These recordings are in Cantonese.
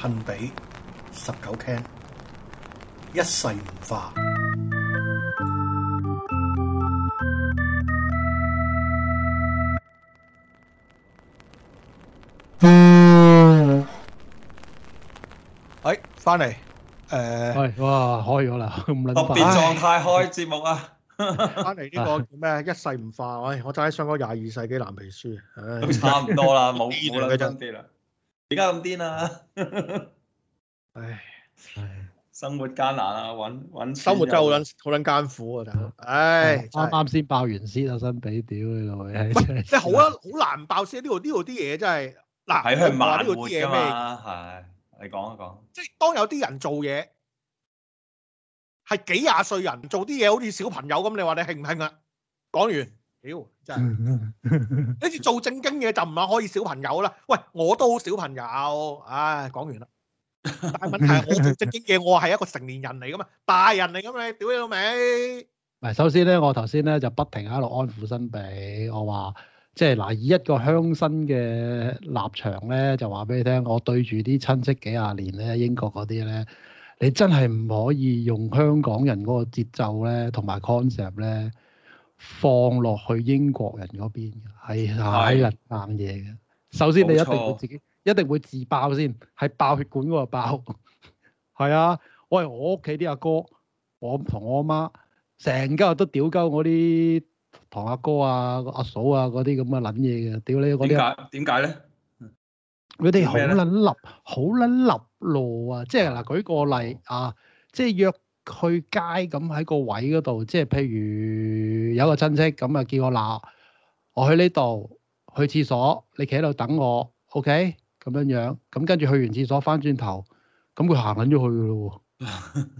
幸比十九 Ken，一世唔化。哎，翻嚟，誒，哇，開咗啦，唔特別狀態開節目啊！翻嚟呢個叫咩？一世唔化，喂，我就喺上嗰廿二世紀藍皮書。唉、哎，都差唔多啦，冇冇啦真啲啦。了而家咁癲啊！唉 生活艱難啊，揾揾生活真係好捻好捻艱苦啊！哎、啊真唉是，啱啱先爆完先啊，幸比屌是是你老味！即係好啊，好 難爆先、啊，呢度呢度啲嘢真係嗱，係、啊、佢慢活噶嘛，係你講一講，即係當有啲人做嘢係幾廿歲人做啲嘢，好似小朋友咁，你話你興唔興啊？講完。屌、哎，真係，好似做正經嘢就唔可以小朋友啦。喂，我都好小朋友，唉、哎，講完啦。但係問題係， 我做正經嘢，我係一個成年人嚟噶嘛，大人嚟噶嘛，屌你老味。唔係，首先咧，我頭先咧就不停喺度安撫幸比，我話，即係嗱，以一個鄉紳嘅立場咧，就話俾你聽，我對住啲親戚幾十年咧，英國嗰啲咧，你真係唔可以用香港人嗰個節奏咧，同埋 concept 咧。放落去英國人嗰邊，係硬人硬嘢嘅。首先你一定要自己，一定會自爆先，係爆血管嗰個爆。係啊，喂！我屋企啲阿哥，我同我阿媽成家都屌鳩我啲堂阿哥啊、阿嫂啊嗰啲咁嘅撚嘢嘅。屌你嗰啲點解？點解咧？佢哋好撚笠，好撚笠路啊！即係嗱，舉個例啊，即係若。去街咁喺個位嗰度，即係譬如有個親戚咁啊，就叫我嗱，我去呢度去廁所，你企喺度等我，OK，咁樣樣，咁跟住去完廁所翻轉頭，咁佢行緊咗去噶咯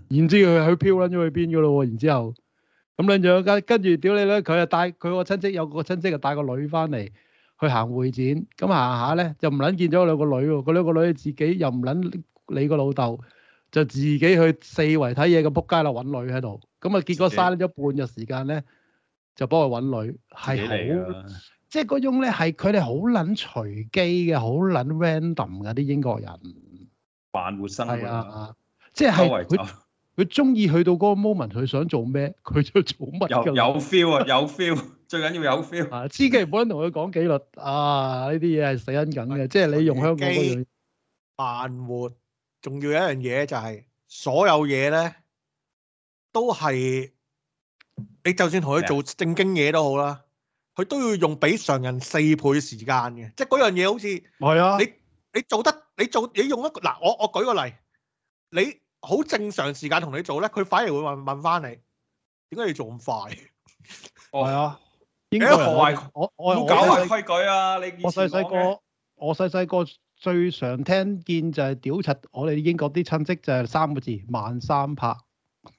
喎，然之後佢去漂撚咗去邊噶咯喎，然之後咁樣樣，跟跟住屌你咧，佢啊帶佢個親戚有個親戚啊帶個女翻嚟去行會展，咁行下咧就唔撚見咗兩個女喎，嗰兩個女自己又唔撚你個老豆。就自己去四圍睇嘢咁扑街啦，揾女喺度。咁啊，結果嘥咗半日時間咧，就幫佢揾女，係好，即係嗰種咧，係佢哋好捻隨機嘅，好捻 random 噶啲英國人。泛活生活。係啊，即係佢佢中意去到嗰個 moment，佢想做咩，佢就做乜。有有 feel 啊，有 feel，最緊要有 feel。千祈唔好同佢講紀律啊，呢啲嘢係死緊緊嘅，即係你用香港嗰樣。泛活。仲要有一樣嘢就係所有嘢咧，都係你就算同佢做正經嘢都好啦，佢都要用比常人四倍時間嘅，即係嗰樣嘢好似係啊，你你做得你做你用一個嗱我我舉個例，你好正常時間同你做咧，佢反而會問問翻你點解你做咁快？係啊，應該要破壞我我要搞壞規矩啊！你我細細個，我細細個。最常聽見就係屌柒，我哋英國啲親戚就係三個字，慢三拍。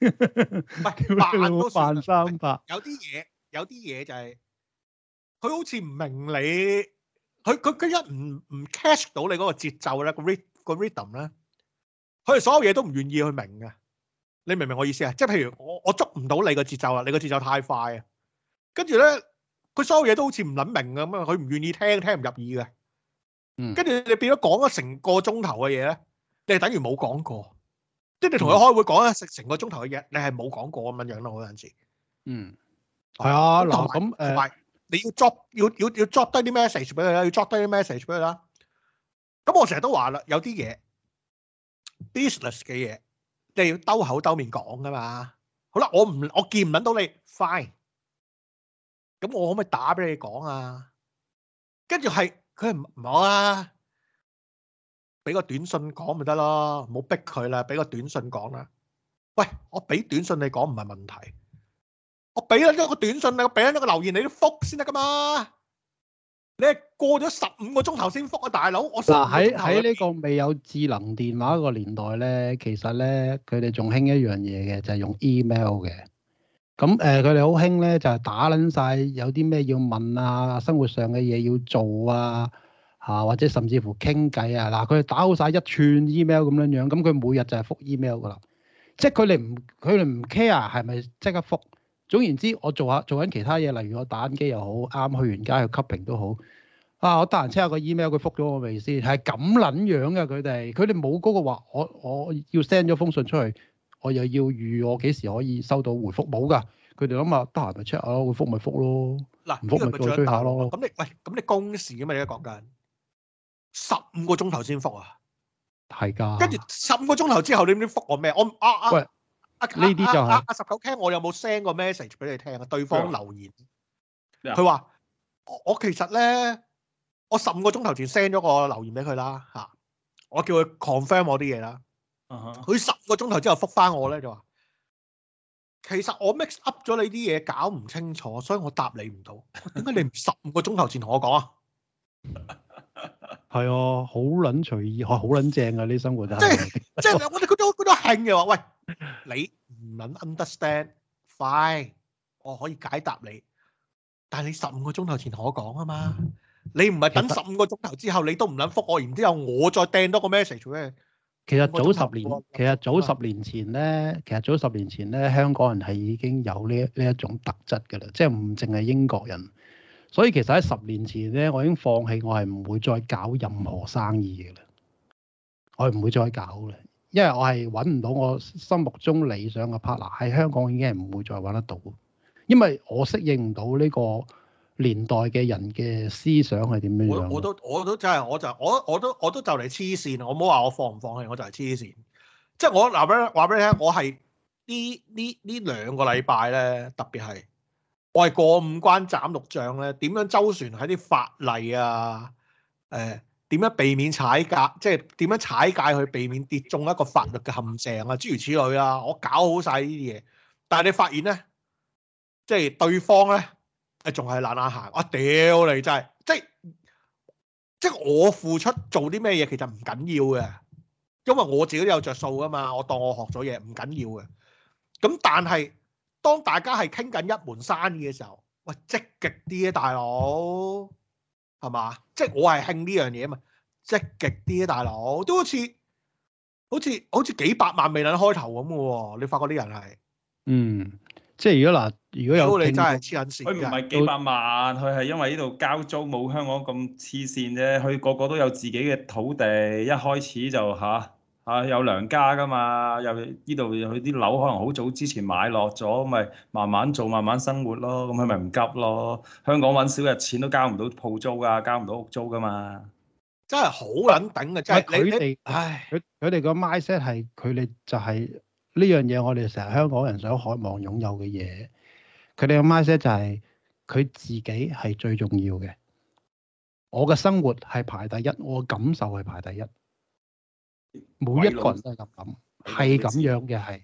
唔 慢都慢三拍。有啲嘢，有啲嘢就係、是、佢好似唔明你，佢佢佢一唔唔 catch 到你嗰個節奏咧，個 rhythm 咧，佢哋所有嘢都唔願意去明嘅。你明唔明我意思啊？即係譬如我我捉唔到你個節奏啊，你個節奏太快啊，跟住咧佢所有嘢都好似唔諗明咁啊，佢唔願意聽，聽唔入耳嘅。嗯，跟住你變咗講咗成個鐘頭嘅嘢咧，你係等於冇講過，即係你同佢開會講啊，食成個鐘頭嘅嘢，你係冇講過咁樣樣咯，嗰陣時，嗯，係啊，嗱咁誒，係你要 drop 要要要 drop 低啲 message 俾佢啦，要 drop 低啲 message 俾佢啦。咁我成日都話啦，有啲嘢 business 嘅嘢，你要兜口兜面講噶嘛。好啦，我唔我見唔到你快，咁我可唔可以打俾你講啊？跟住係。佢唔好啊！俾個短信講咪得咯，唔好逼佢啦。俾個短信講啦。喂，我俾短信你講唔係問題。我俾咗一個短信你，我俾咗一個留言你都覆先得㗎嘛？你係過咗十五個鐘頭先覆啊，大佬！我喺喺呢個未有智能電話個年代咧，其實咧佢哋仲興一樣嘢嘅，就係用 email 嘅。咁誒，佢哋好興咧，就係、是、打撚晒有啲咩要問啊，生活上嘅嘢要做啊，嚇、啊、或者甚至乎傾偈啊嗱，佢、啊、哋打好晒一串 email 咁樣樣，咁佢每日就係覆 email 㗎喇，即係佢哋唔佢哋唔 care 係咪即刻覆。總言之，我做下做緊其他嘢，例如我打緊機又好，啱去完街去 cupping 都好，啊我得閒 check 下個 email，佢覆咗我未先？係咁撚樣嘅佢哋，佢哋冇嗰個話，我我要 send 咗封信出去。我又要預我幾時可以收到回覆冇㗎？佢哋諗下，得閒咪 check 下咯，回覆咪覆咯，嗱唔覆咪再追下咯。咁你喂，咁你公事嘅嘛而家講緊，十五個鐘頭先覆啊，係㗎。跟住十五個鐘頭之後，你唔知覆我咩？我啊啊，喂，呢啲就係啊十九 Ken 我有冇 send 個 message 俾你聽啊？對方留言，佢話我我其實咧，我十五個鐘頭前 send 咗個留言俾佢啦嚇，我叫佢 confirm 我啲嘢啦。佢十五個鐘頭之後覆翻我咧就話，其實我 mix up 咗你啲嘢搞唔清楚，所以我答你唔到。點解你唔十五個鐘頭前同我講啊？係啊，好捻隨意，係好捻正啊！呢生活即係即係我哋嗰度嗰度興嘅話，喂，你唔捻 understand？fine，我可以解答你，但係你十五個鐘頭前同我講啊嘛，你唔係等十五個鐘頭之後你都唔捻覆我，然之後我再掟多個 message 咧。其實早十年，其實早十年前咧，其實早十年前咧，香港人係已經有呢一呢一種特質嘅啦，即係唔淨係英國人。所以其實喺十年前咧，我已經放棄，我係唔會再搞任何生意嘅啦。我係唔會再搞啦，因為我係揾唔到我心目中理想嘅 partner，喺香港已經係唔會再揾得到，因為我適應唔到呢個年代嘅人嘅思想係點樣我？我都我都我都真係我就我我都我都就嚟黐線我冇話我放唔放棄，我就係黐線。即係我嗱俾你話俾你聽，我係呢呢呢兩個禮拜咧，特別係我係過五關斬六將咧，點樣周旋喺啲法例啊？誒、呃、點樣避免踩界？即係點樣踩界去避免跌中一個法律嘅陷阱啊？諸如此類啊！我搞好晒呢啲嘢，但係你發現咧，即係對方咧。誒仲係懶懶行，我、啊、屌你真係，即係即係我付出做啲咩嘢其實唔緊要嘅，因為我自己都有着數噶嘛，我當我學咗嘢唔緊要嘅。咁但係當大家係傾緊一門生意嘅時候，喂積極啲啊，大佬係嘛？即係我係興呢樣嘢啊嘛，積極啲啊，大佬都好似好似好似幾百萬未能開頭咁嘅喎，你發覺啲人係嗯。即係如果嗱，如果有你真係黐線，佢唔係幾百萬，佢係到因為呢度交租冇香港咁黐線啫。佢個個都有自己嘅土地，一開始就吓，嚇、啊啊、有娘家㗎嘛。又呢度佢啲樓可能好早之前買落咗，咁咪慢慢做，慢慢生活咯。咁佢咪唔急咯。香港揾少日錢都交唔到鋪租㗎，交唔到屋租㗎嘛。真係好撚頂嘅，真係佢哋唉，佢佢哋個 mindset 係佢哋就係、是。呢樣嘢我哋成日香港人想渴望擁有嘅嘢，佢哋嘅 mindset 就係佢自己係最重要嘅。我嘅生活係排第一，我嘅感受係排第一。每一個人都咁諗，係咁了樣嘅係。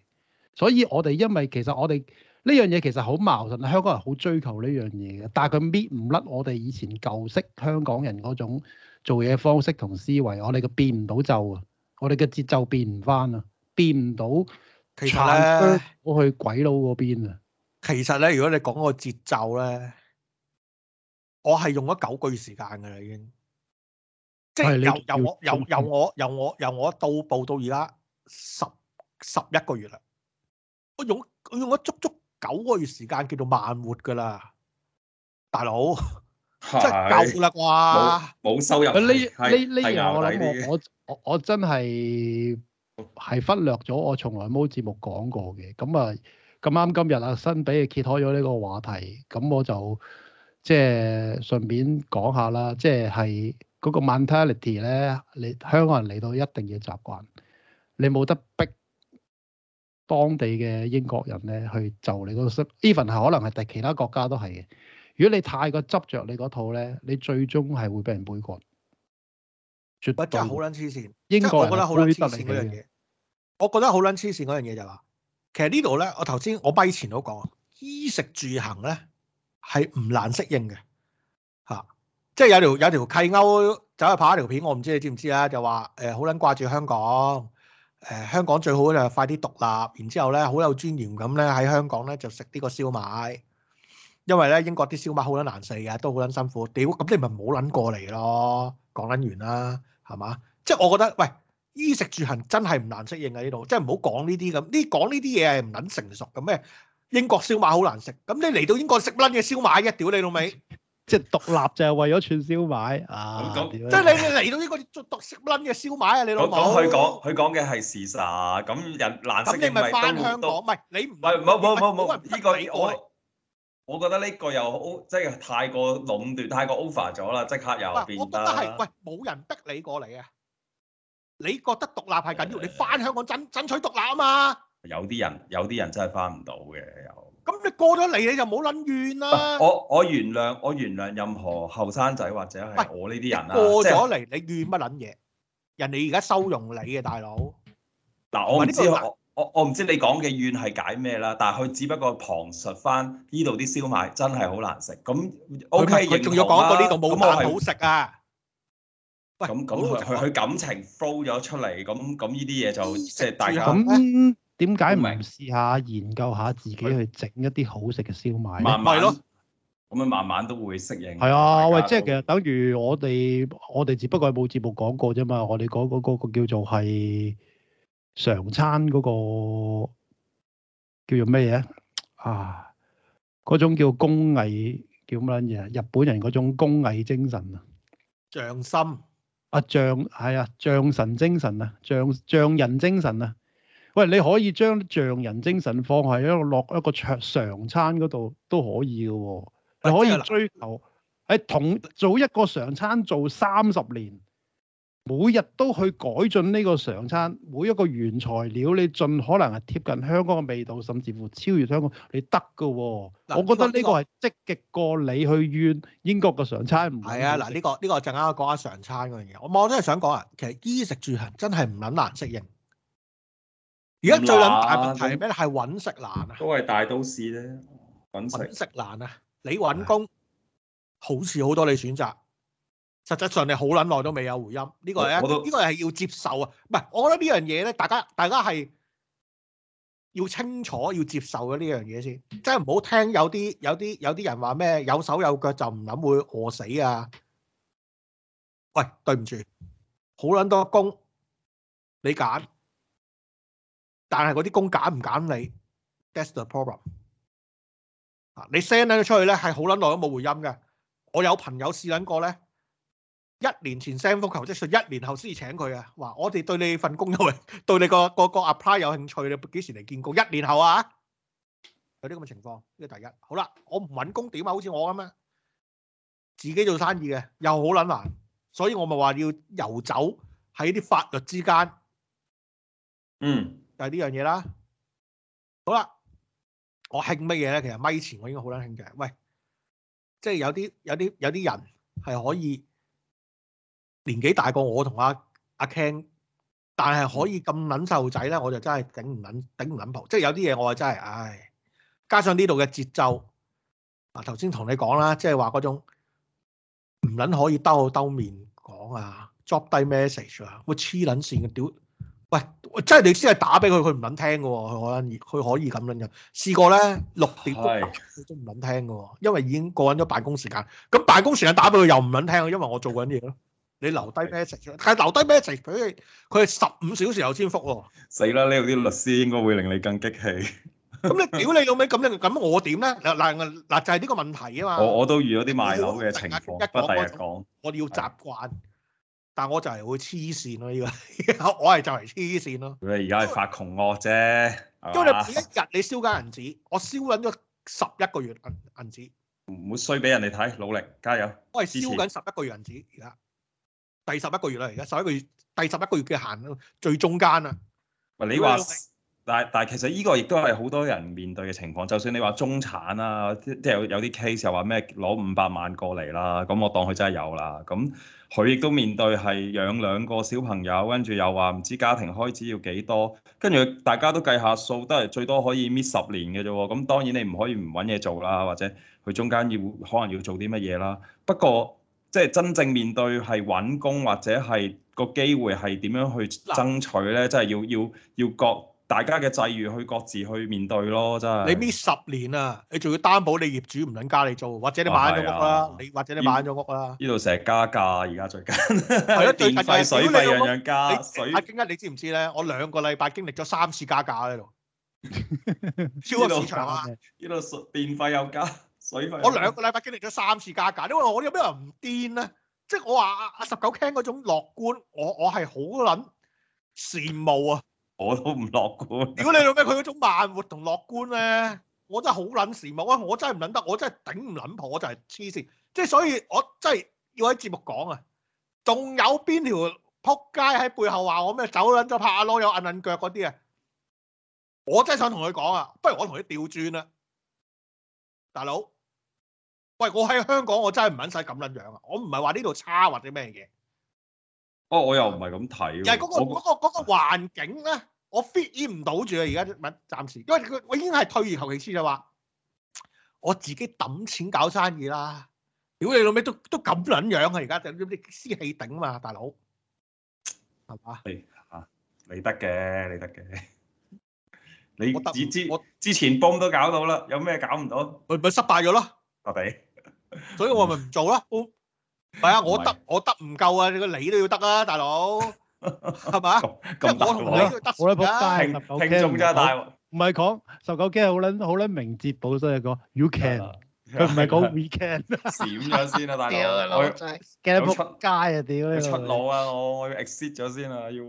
所以我哋因為其實我哋呢樣嘢其實好矛盾啊。香港人好追求呢樣嘢嘅，但係佢搣唔甩我哋以前舊式香港人嗰種做嘢方式同思維，我哋嘅變唔到就啊，我哋嘅節奏變唔返啊，變唔到。其實咧，我去鬼佬嗰邊啊。其實咧，如果你講個節奏咧，我係用咗九個月時間噶啦，已經。即係由由我由由我由我由我到步到而家十十一個月啦。我用我用咗足足九個月時間，叫做慢活噶啦，大佬。係。夠啦啩？冇收入。呢呢呢樣我諗我我我真係。係忽略咗，我從來冇節目講過嘅。咁啊，咁啱今日啊新俾你揭開咗呢個話題，咁我就即係順便講下啦。即係嗰個 mentality 呢，你香港人嚟到一定要習慣，你冇得逼當地嘅英國人咧去就你嗰個心。Even 係可能係第其他國家都係嘅。如果你太過執着你嗰套咧，你最終係會俾人背鑊。真係好撚黐線，即係絕我覺得好撚黐線嗰樣嘢。我覺得好撚黐線嗰樣嘢就話其實呢度咧，我頭先我跛前都講衣食住行咧係唔難適應嘅嚇，即係有條有條契歐走去拍一條片，我唔知你知唔知啊？就話誒好撚掛住香港誒、呃，香港最好就快啲獨立，然之後咧好有尊嚴咁咧喺香港咧就食呢個燒賣，因為咧英國啲燒賣好撚難食嘅，都好撚辛苦屌咁，你咪冇撚過嚟咯。講撚完啦～係嘛？即係我覺得、oh，喂，衣食住行真係唔難適應啊！呢度即係唔好講呢啲咁，呢講呢啲嘢係唔撚成熟嘅咩？英國燒賣好難食，咁你嚟到英國食撚嘅燒賣一屌你老味，即係獨立就係為咗串燒賣啊！即係你嚟到英國食撚嘅燒賣啊！你老母，佢講佢講嘅係事實，咁人難適應你咪翻香港？唔係你唔唔唔唔唔，依個我。我覺得呢個又好，即係太過壟斷，太過 over 咗啦，即刻又變啦。我覺得係，喂，冇人逼你過嚟啊！你覺得獨立係緊要，你翻香港爭爭取獨立啊嘛？有啲人，有啲人真係翻唔到嘅，有。咁你過咗嚟，你就冇捻怨啦。我我原諒，我原諒任何後生仔或者係我呢啲人啦。過咗嚟，你怨乜捻嘢？人哋而家收容你啊，大佬。嗱，我唔知。我我唔知你講嘅怨係解咩啦，但係佢只不過旁述翻呢度啲燒賣真係好難食。咁 OK 嘅，佢仲要講到呢度冇咁好食啊！咁咁佢佢感情 flow 咗出嚟，咁咁呢啲嘢就即係大家咁點解唔試下研究下自己去整一啲好食嘅燒賣？慢慢咯，咁樣慢慢都會適應。係啊，喂，即係其實等於我哋我哋只不過係冇節目講過啫嘛，我哋講嗰個叫做係。常餐嗰個叫做咩嘢啊？嗰種叫工藝叫乜嘢？日本人嗰種工藝精神啊，匠心深啊，匠係啊，匠神精神啊，匠匠人精神啊。喂，你可以將匠人精神放喺一個落一個桌常餐嗰度都可以嘅喎、啊，喂你可以追求喺同做一個常餐做三十年。每日都去改進呢個常餐，每一個原材料你盡可能係貼近香港嘅味道，甚至乎超越香港，你得㗎、哦。啊、我覺得呢個係積極過你去怨英國嘅常餐唔係啊。嗱、這個，呢、這個呢個陣間講下常餐樣嘢、嗯。我我都係想講啊，其實衣食住行真係唔捻難適應。而家、啊、最捻大問題係咩咧？係揾食難啊！都係大都市咧，揾食,食難啊！你揾工，唉好事好多，你選擇。實質上你好撚耐都未有回音，呢個係呢個係要接受啊！唔係，我覺得呢樣嘢咧，大家大家係要清楚要接受嘅呢樣嘢先，即係唔好聽有啲有啲有啲人話咩有手有腳就唔諗會餓死啊！喂，對唔住，好撚多工你揀，但係嗰啲工揀唔揀你，that's the problem 啊！你 send 咗出去咧係好撚耐都冇回音嘅，我有朋友試撚過咧。一年前 send 封求職信，一年後先至請佢啊！哇，我哋對你份工有，對你個個個 apply 有興趣，你幾時嚟見工？一年後啊，有啲咁嘅情況，呢個第一。好啦，我唔搵工點啊？好似我咁啊，自己做生意嘅又好捻難，難，所以我咪話要游走喺啲法律之間。嗯，就係呢樣嘢啦。好啦，我興乜嘢咧？其實咪前我應該好捻興嘅。喂，即係有啲有啲有啲人係可以。年紀大過我同阿阿 Ken，但係可以咁捻細路仔咧，我就真係頂唔捻頂唔捻蒲。即係有啲嘢我啊真係，唉，加上呢度嘅節奏，嗱頭先同你講啦，即係話嗰種唔捻可以兜口兜面講啊，drop 低 message 啊，會黐捻線嘅屌，喂，即係你先係打俾佢，佢唔捻聽嘅，佢可，可以佢可以咁捻嘅，試過咧六點都都唔捻聽嘅，因為已經過緊咗辦公時間，咁辦公時間打俾佢又唔捻聽，因為我做緊嘢咯。你留低 message，但係留低 message，佢佢係十五小時後先復喎。死啦！呢度啲律師應該會令你更激氣。咁你屌你老味咁樣咁我點咧？嗱嗱嗱就係、是、呢個問題啊嘛。我、哦、我都遇到啲賣樓嘅情況，一講一講，我哋要習慣。的但我就係會黐線咯，呢 個我係就係黐線咯。佢而家係發窮惡啫，因為你一日你燒緊銀紙，我燒緊咗十一個月銀銀紙，唔會衰俾人哋睇，努力加油。持我係燒緊十一個月銀紙而家。第十一個月啦，而家十一個月，第十一個月嘅行到最中間啊。你話，但但係其實呢個亦都係好多人面對嘅情況。就算你話中產啊，即係有有啲 case 又話咩攞五百萬過嚟啦，咁我當佢真係有啦。咁佢亦都面對係養兩個小朋友，跟住又話唔知家庭開支要幾多，跟住大家都計下數，都係最多可以搣十年嘅啫喎。咁當然你唔可以唔揾嘢做啦，或者佢中間要可能要做啲乜嘢啦。不過，即係真正面對係揾工或者係個機會係點樣去爭取咧？即係要要要各大家嘅際遇去各自去面對咯，真係。你呢十年啊，你仲要擔保你業主唔肯加你租，或者你買咗屋啦，哎、你或者你買咗屋啦。呢度成日加價，而家最緊係啊，電費水費樣各樣加。水阿京一，你知唔知咧？我兩個禮拜經歷咗三次加價喺度。超過市場啊！呢度水電費又加，我兩個禮拜經歷咗三次加價，你話我有咩人唔癲咧？即係我話阿阿十九 K 嗰種樂觀，我我係好撚羨慕啊！我都唔樂觀啊。屌你做咩？佢嗰種慢活同樂觀咧，我真係好撚羨慕啊！我真係唔撚得，我真係頂唔撚婆。我就係黐線。即係所以，我真係要喺節目講啊！仲有邊條撲街喺背後話我咩走撚咗怕攞又韌韌腳嗰啲啊？我真係想同佢講啊，不如我同佢調轉啊大佬！喂，我喺香港，我真係唔肯使咁撚樣啊！我唔係話呢度差或者咩嘢，哦，我又唔係咁睇。其實嗰、嗰個嗰我個個環境咧，我 fit 唔到住啊！而家暫時，因為佢我已經係退而求其次，就話我自己抌錢搞生意啦。屌你老味都都咁撚樣啊！而家就啲私氣頂嘛，大佬係嘛？誒，吓、hey. 你得嘅，你得嘅，你之我之前幫都搞到啦，有咩搞唔到？咪咪失敗咗咯，阿比。所以我咪唔做咯，係啊，我得我得唔夠啊，你個你都要得啊，大佬，係嘛？即係我同你得，我得。聽聽眾啫，大，唔係講，十九 K 好撚好撚明哲保身係講，You can，佢唔係講 We can。閃咗先啊，大佬！屌啊老仔，仆街啊，屌！出腦啊，我我要 exit 咗先啊，要。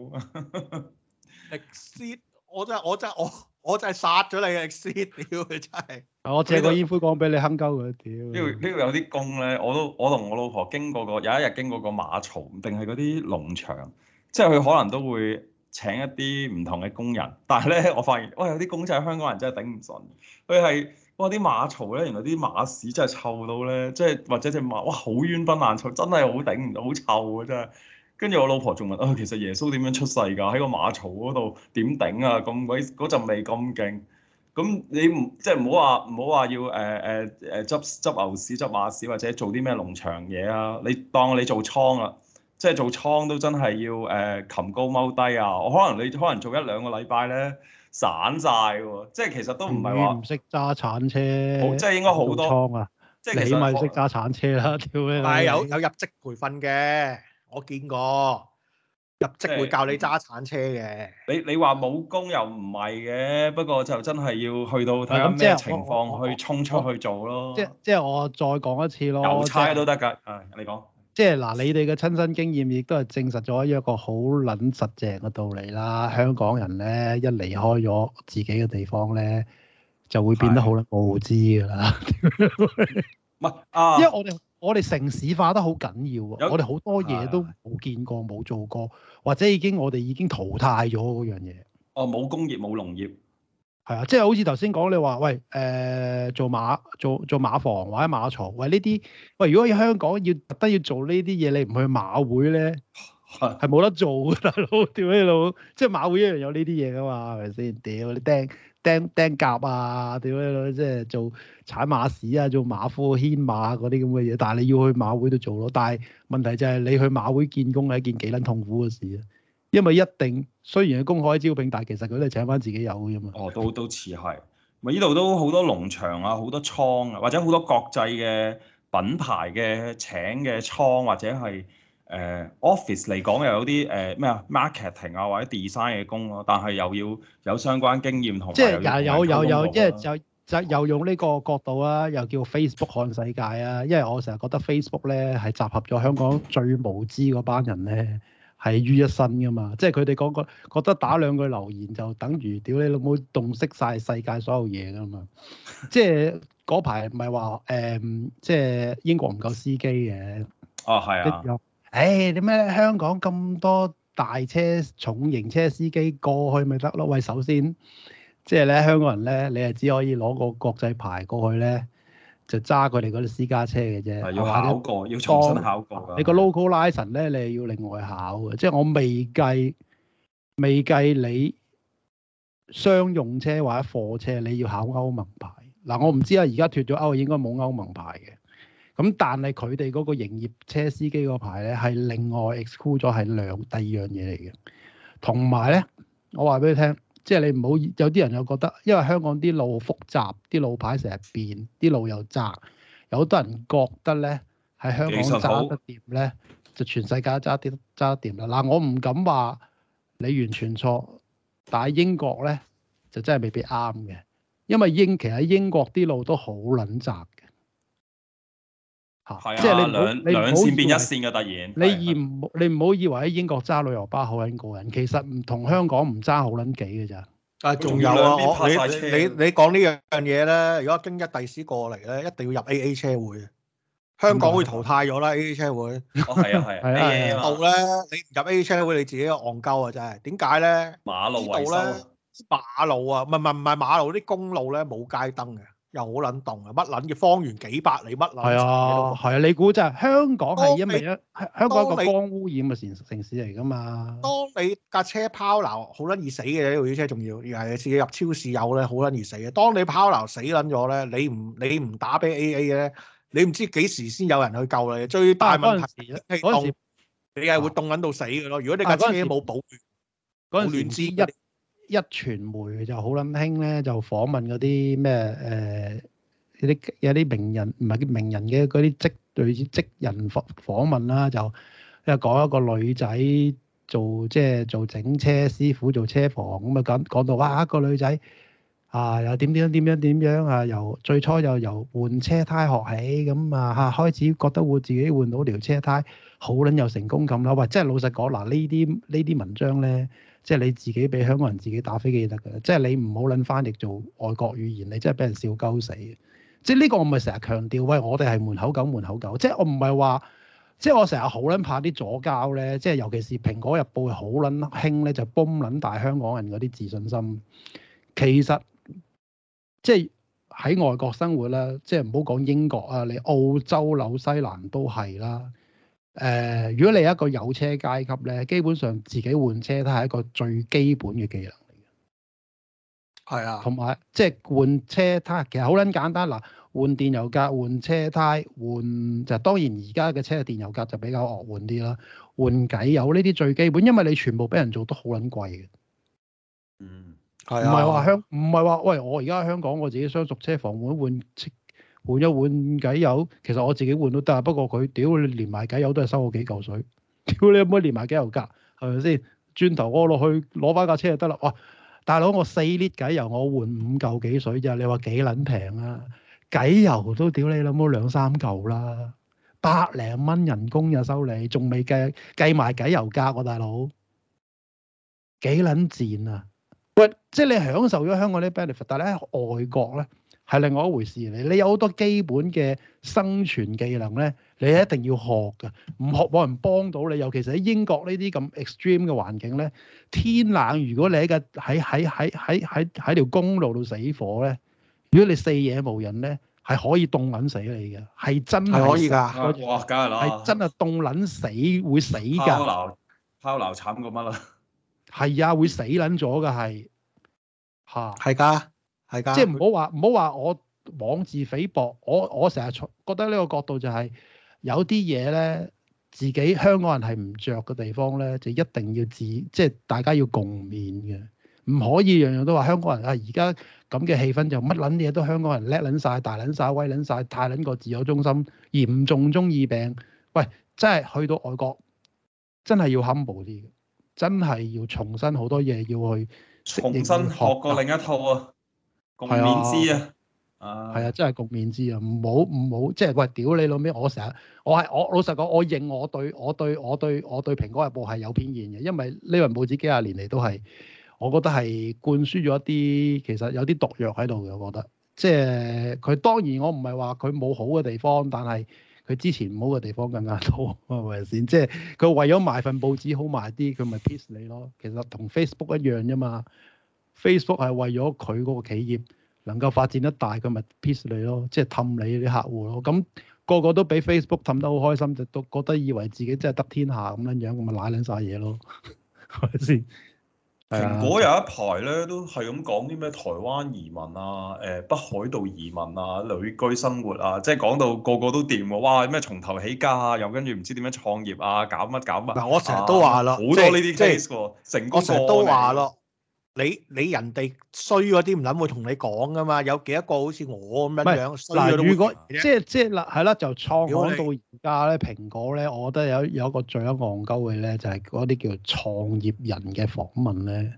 exit，我真係我真我。我真係殺咗你嘅屎，屌佢真係、啊！我借個煙灰缸俾你慳鳩佢，屌！呢度呢個有啲工咧，我都我同我老婆經過個有一日經過個馬槽，定係嗰啲農場，即係佢可能都會請一啲唔同嘅工人，但係咧，我發現哇、哎、有啲工真係香港人真係頂唔順，佢係哇啲馬槽咧，原來啲馬屎真係臭到咧，即係或者隻馬哇好冤崩爛臭，真係好頂唔到，好臭啊真係！跟住我老婆仲問啊，其實耶穌點樣出世㗎？喺個馬槽嗰度點頂啊？咁鬼嗰陣味咁勁，咁你唔即係唔好話唔好話要誒誒誒執執牛屎執馬屎或者做啲咩農場嘢啊？你當你做倉啊，即係做倉都真係要誒擒高踎低啊！我可能你可能做一兩個禮拜咧散晒喎，即係其實都唔係話唔識揸鏟車，即係應該好多倉啊，即其實你咪識揸鏟車啦，跳咩？係有有入職培訓嘅。我見過入職會教你揸鏟車嘅，你你話冇工又唔係嘅，不過就真係要去到睇下咩情況去衝出去做咯。即即、哦、我，我，我再講一次咯，交差都得㗎。誒、就是啊，你講即嗱，你哋嘅親身經驗亦都係證實咗一個好撚實淨嘅道理啦。香港人咧一離開咗自己嘅地方咧，就會變得好撚無知㗎啦、 啊。唔係，因為我哋。我哋城市化得好緊要喎，有我哋好多嘢都冇見過冇做過，或者已經我哋已經淘汰咗嗰樣嘢。哦，冇工業冇農業，係啊，即係好似頭先講你話，喂誒、呃、做馬做做馬房或者馬場，喂呢啲，喂如果喺香港要特登要做呢啲嘢，你唔去馬會咧，係冇、啊、得做嘅，大佬，屌你老，即係馬會一樣有呢啲嘢㗎嘛，係咪先？屌你釘！釘釘甲啊，點樣即係做踩馬屎啊，做馬夫牽馬嗰啲咁嘅嘢，但係你要去馬會度做咯。但係問題就係你去馬會見工係一件幾撚痛苦嘅事啊，因為一定雖然係公開招聘，但係其實佢都係請翻自己友嘅啫嘛。哦，都都似係，咪依度都好多農場啊，好多倉啊，或者好多國際嘅品牌嘅請嘅倉或者係。誒、uh, office 嚟講又有啲誒咩啊 marketing 啊或者 design 嘅工咯，啊，但係又要有相關經驗同、啊、即係又有有有，即係就就，就又用呢個角度啊，又叫 Facebook 看世界啊！因為我成日覺得 Facebook 咧係集合咗香港最無知嗰班人咧，係於一身噶嘛。即係佢哋講個覺得打兩句留言就等於屌你老母洞悉晒世界所有嘢噶嘛。即係嗰排唔係話誒，即係英國唔夠司機嘅。啊，係啊。 誒點解咧香港咁多大車重型車司機過去咪得咯？喂，首先即係咧香港人咧，你係只可以攞個國際牌過去咧，就揸佢哋嗰啲私家車嘅啫。要考過，要重新考過。你個 local license 咧，你係要另外考嘅。即係 我未計，未計你商用車或者貨車，你要考歐盟牌。嗱，我唔知啊，而家脫咗歐應該冇歐盟牌嘅。咁但係佢哋嗰個營業車司機嗰牌咧係另外 exclude 咗，係兩第二樣嘢嚟嘅。同埋咧，我話俾你聽，即係你唔好有啲人又覺得，因為香港啲路複雜，啲路牌成日變，啲路又窄，有好多人覺得咧喺香港揸得掂咧，就全世界揸啲揸得掂啦。嗱，我唔敢話你完全錯，但係英國咧就真係未必啱嘅，因為英其實喺英國啲路都好撚窄。嚇！即係你兩兩線變一線嘅突然，你以唔你唔好以為喺英國揸旅遊巴好撚過癮，其實唔同香港唔揸好撚幾嘅咋。啊，仲有啊！你你你講呢樣嘢咧，如果京一第時過嚟咧，一定要入 A A 車會，香港會淘汰咗啦 A A 車會。哦，係啊，係啊，係啊。呢度咧，你唔入 A A 車會，你自己戇鳩啊！真係點解咧？馬路維修，馬路啊，唔唔唔係馬路啲公路咧，冇街燈嘅。又好撚凍啊！乜撚嘅，方圓幾百里乜撚？係啊，係啊！你估真係香港係因為你香港一個光污染嘅城城市嚟㗎嘛？當你架車拋錨好撚易死嘅，呢部車仲要又係試,試入超市有咧，好撚易死嘅。當你拋錨死撚咗咧，你唔你唔打俾 AA 咧，你唔知幾時先有人去救你。最大問題係當、啊、你係會凍撚到死㗎咯。如果你架車冇保暖，保暖之一。一傳媒就好撚興咧，就訪問嗰啲咩誒，啲、呃、有啲名人，唔係啲名人嘅，嗰啲職類似職人訪訪問啦、啊，就因為講一個女仔做即係做整車師傅，做車房咁啊，講講到哇個女仔啊又點點點樣點樣，點樣啊，由最初又由換車胎學起咁啊，嚇、啊、開始覺得會自己換到條車胎，好撚有成功感啦。喂，即係老實講嗱，呢啲呢啲文章咧～即係你自己俾香港人自己打飛機得嘅，即係你唔好撚翻譯做外國語言，你真係俾人笑鳩死。即係呢個我咪成日強調，喂，我哋係門口狗，門口狗。即係我唔係話，即係我成日好撚怕啲左膠咧。即係尤其是蘋果日報好撚興咧，就 boom 撚大香港人嗰啲自信心。其實即係喺外國生活啦，即係唔好講英國啊，你澳洲、紐西蘭都係啦。誒、呃，如果你係一個有車階級咧，基本上自己換車胎係一個最基本嘅技能嚟嘅。係啊，同埋即係換車胎，其實好撚簡單。嗱，換電油格、e l 換車胎、換就當然而家嘅車嘅電油格就比較惡換啲啦。換偈油呢啲最基本，因為你全部俾人做得好撚貴嘅。嗯，係啊。唔係話香，唔係話喂，我而家喺香港我自己相熟車房換換。換換換一換偈油，其實我自己換都得，不過佢屌你連埋偈油都係收我幾嚿水，屌你唔冇連埋偈油價，係咪先？轉頭屙落去攞翻架車就得啦。哇，大佬我四列偈油，我換五嚿幾水咋？你話幾撚平啊？偈油都屌你諗冇兩三嚿啦，百零蚊人工又收你，仲未計計埋偈油價喎、啊，大佬幾撚賤啊？喂即係你享受咗香港啲 benefit，但係喺外國咧。係另外一回事嚟，你有好多基本嘅生存技能咧，你一定要學噶，唔學冇人幫到你。尤其是喺英國呢啲咁 extreme 嘅環境咧，天冷，如果你喺個喺喺喺喺喺喺條公路度死火咧，如果你四野無人咧，係可以凍撚死你嘅，係真係可以㗎。哇！梗係啦，係真係凍撚死會死㗎。拋流拋流，慘過乜啦，啊？係啊，會死撚咗嘅係嚇，係㗎。啊係噶，即係唔好話唔好話，我妄自菲薄。我我成日從覺得呢個角度就係、是、有啲嘢咧，自己香港人係唔着嘅地方咧，就一定要自即係大家要共勉嘅，唔可以樣樣都話香港人啊！而家咁嘅氣氛就乜撚嘢都香港人叻撚晒、大撚晒、威撚晒、太撚過自我中心，嚴重中二病。喂，真係去到外國，真係要 humble 啲嘅，真係要重新好多嘢要去重新學過另一套啊！共勉之啊！係啊，啊，啊，真係共勉之啊！唔好唔好，即係話屌你老味！我成日我係我老實講，我認我對我對我對我對蘋果日報係有偏見嘅，因為呢份報紙幾廿年嚟都係，我覺得係灌輸咗一啲其實有啲毒藥喺度嘅。我覺得即係佢當然我唔係話佢冇好嘅地方，但係佢之前唔好嘅地方更加多，係咪先？即係佢為咗賣份報紙好賣啲，佢咪 bias 你咯。其實同 Facebook 一樣啫嘛。Facebook 係為咗佢嗰個企業能夠發展得大，佢咪 piece 你咯，即係氹你啲客戶咯。咁個個都俾 Facebook 氹得好開心，就都覺得以為自己真係得天下咁樣樣，咁咪瀨撚晒嘢咯，係咪先？蘋果有一排咧，都係咁講啲咩台灣移民啊、誒北海道移民啊、旅居生活啊，即係講到個個都掂喎。哇！咩從頭起家啊，又跟住唔知點樣創業啊，搞乜搞乜？嗱，我成日都話啦，好即多呢啲 case 即成功個案。我成日都話咯。你你人哋衰嗰啲唔諗會同你講噶嘛？有幾多個好似我咁樣樣衰嗰啲會？嗱，如果即係即係嗱，係啦，就創到而家咧，蘋果咧，我覺得有有一個最一戇鳩嘅咧，就係嗰啲叫做創業人嘅訪問咧，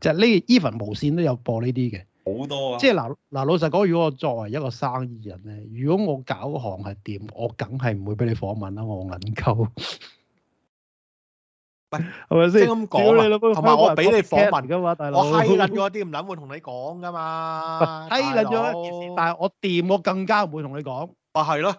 就呢 even 無線都有播呢啲嘅，好多啊！即係嗱嗱，老實講，如果我作為一個生意人咧，如果我搞行係點，我梗係唔會俾你訪問啦，我戇鳩。 喂，係咪先？咁屌你老母！同埋我俾你訪問噶 嘛，大佬。 at, 我低捻咗啲唔捻會同你講噶嘛。低捻咗，但係我掂我更加唔會同你講。 啊，係咯。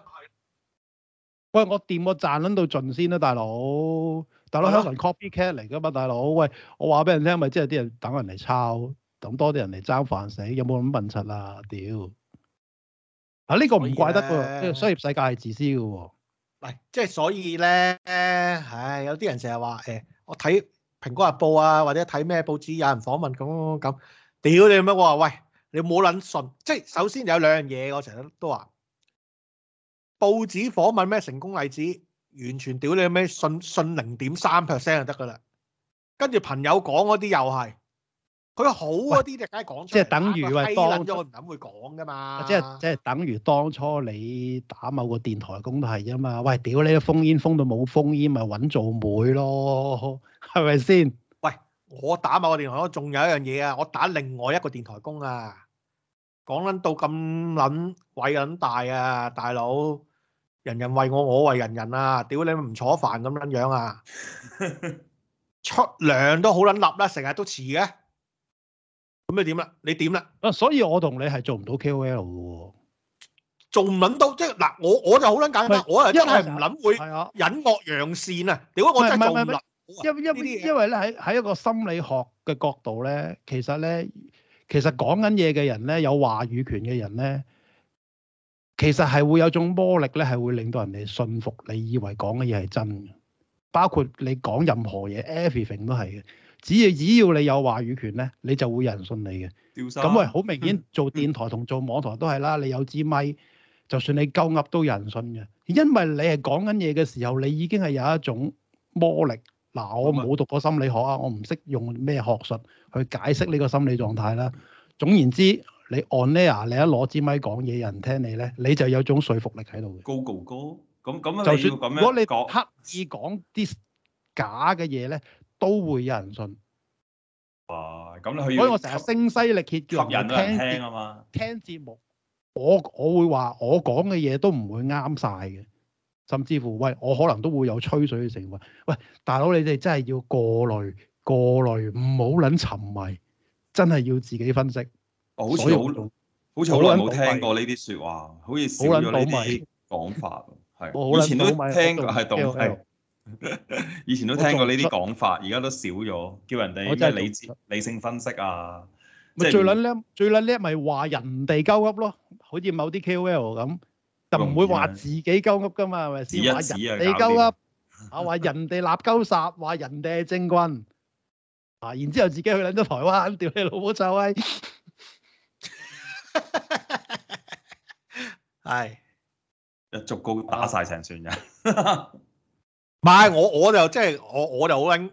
喂，我掂我賺捻到盡先啦，大佬。大佬香港人 copycat 嚟噶嘛，大佬。喂，我話俾人聽，咪即係啲人等人嚟抄，等多啲人嚟爭飯食，有冇咁笨柒啊？屌、啊！啊、這個、呢個唔怪得，商業世界係自私噶。即係所以咧，唉，有啲人成日話誒，我睇《蘋果日報》啊，或者睇咩報紙，有人訪問咁咁，屌你咩？我話，喂，你冇撚信。即係首先有兩樣嘢，我成日都話，報紙訪問咩成功例子，完全屌你咩信信零點三 percent 就得噶啦。跟住朋友講嗰啲又係。佢好嗰啲，就梗係講出，即係等於喂當咗我唔敢會講㗎嘛。即係即係等於當初你打某個電台工都係啫嘛。喂，屌你都封煙封到冇封煙，咪揾做妹咯，係咪先？喂，我打某個電台工仲有一樣嘢啊！我打另外一個電台工啊，講撚到咁撚鬼撚大啊，大佬！人人為我，我為人人啊！屌你唔坐飯咁撚樣啊！出糧都好撚笠啦，成日都遲嘅。咁咩？點啦？你點啦？啊，所以我同你係做唔到 K O L 嘅，啊，做唔諗到，即係嗱，我我就好捻簡，我我因係唔諗會隱惡揚善啊！點解的我真係因因因為咧，喺喺一個心理學嘅角度咧，其實咧，其實講緊嘢嘅人咧，有話語權嘅人咧，其實係會有種魔力咧，係會令到人哋信服，你以為講嘅嘢係真嘅，包括你講任何嘢，everything 都係嘅。只要只要你有話語權咧，你就會有人信你嘅。咁喂三，好明顯，嗯、做電台同做網台都係啦。嗯、你有支咪，就算你鳩噏都有人信嘅，因為你係講緊嘢嘅時候，你已經係有一種魔力。嗱、啊，我冇讀過心理學啊，我唔識用咩學術去解釋呢個心理狀態啦。總言之，你按呢，你一攞支咪講嘢，有人聽你咧，你就有一種說服力喺度嘅。高高高，咁咁就算咁樣，如果你刻意講啲假嘅嘢咧？都會有人信。哇！咁你去，所以我成日聲嘶力竭叫人，人，人聽啊嘛。聽節目，啊、我我會說我說話，我講嘅嘢都唔會啱晒嘅，甚至乎喂，我可能都會有吹水嘅成分。喂，大佬你哋真係要過濾過濾，唔好撚沉迷，真係要自己分析。好似好，好似好耐冇聽過呢啲説話，懂懂米好似少咗呢啲講法，係。我以前都聽過，係動聽。以前都聽過呢啲講法，而家都少咗，叫人哋理智理性分析啊。咪最撚叻，最撚叻咪話人哋鳩噏咯，好似某啲 KOL 咁，就唔會話自己鳩噏㗎嘛，係咪先？話人哋鳩噏，啊話人哋立鳩殺，話人哋精軍，啊然之後自己去撚咗台灣，屌你老母臭威，係，一逐個打晒成船人。唔係我我就即係我我就好捻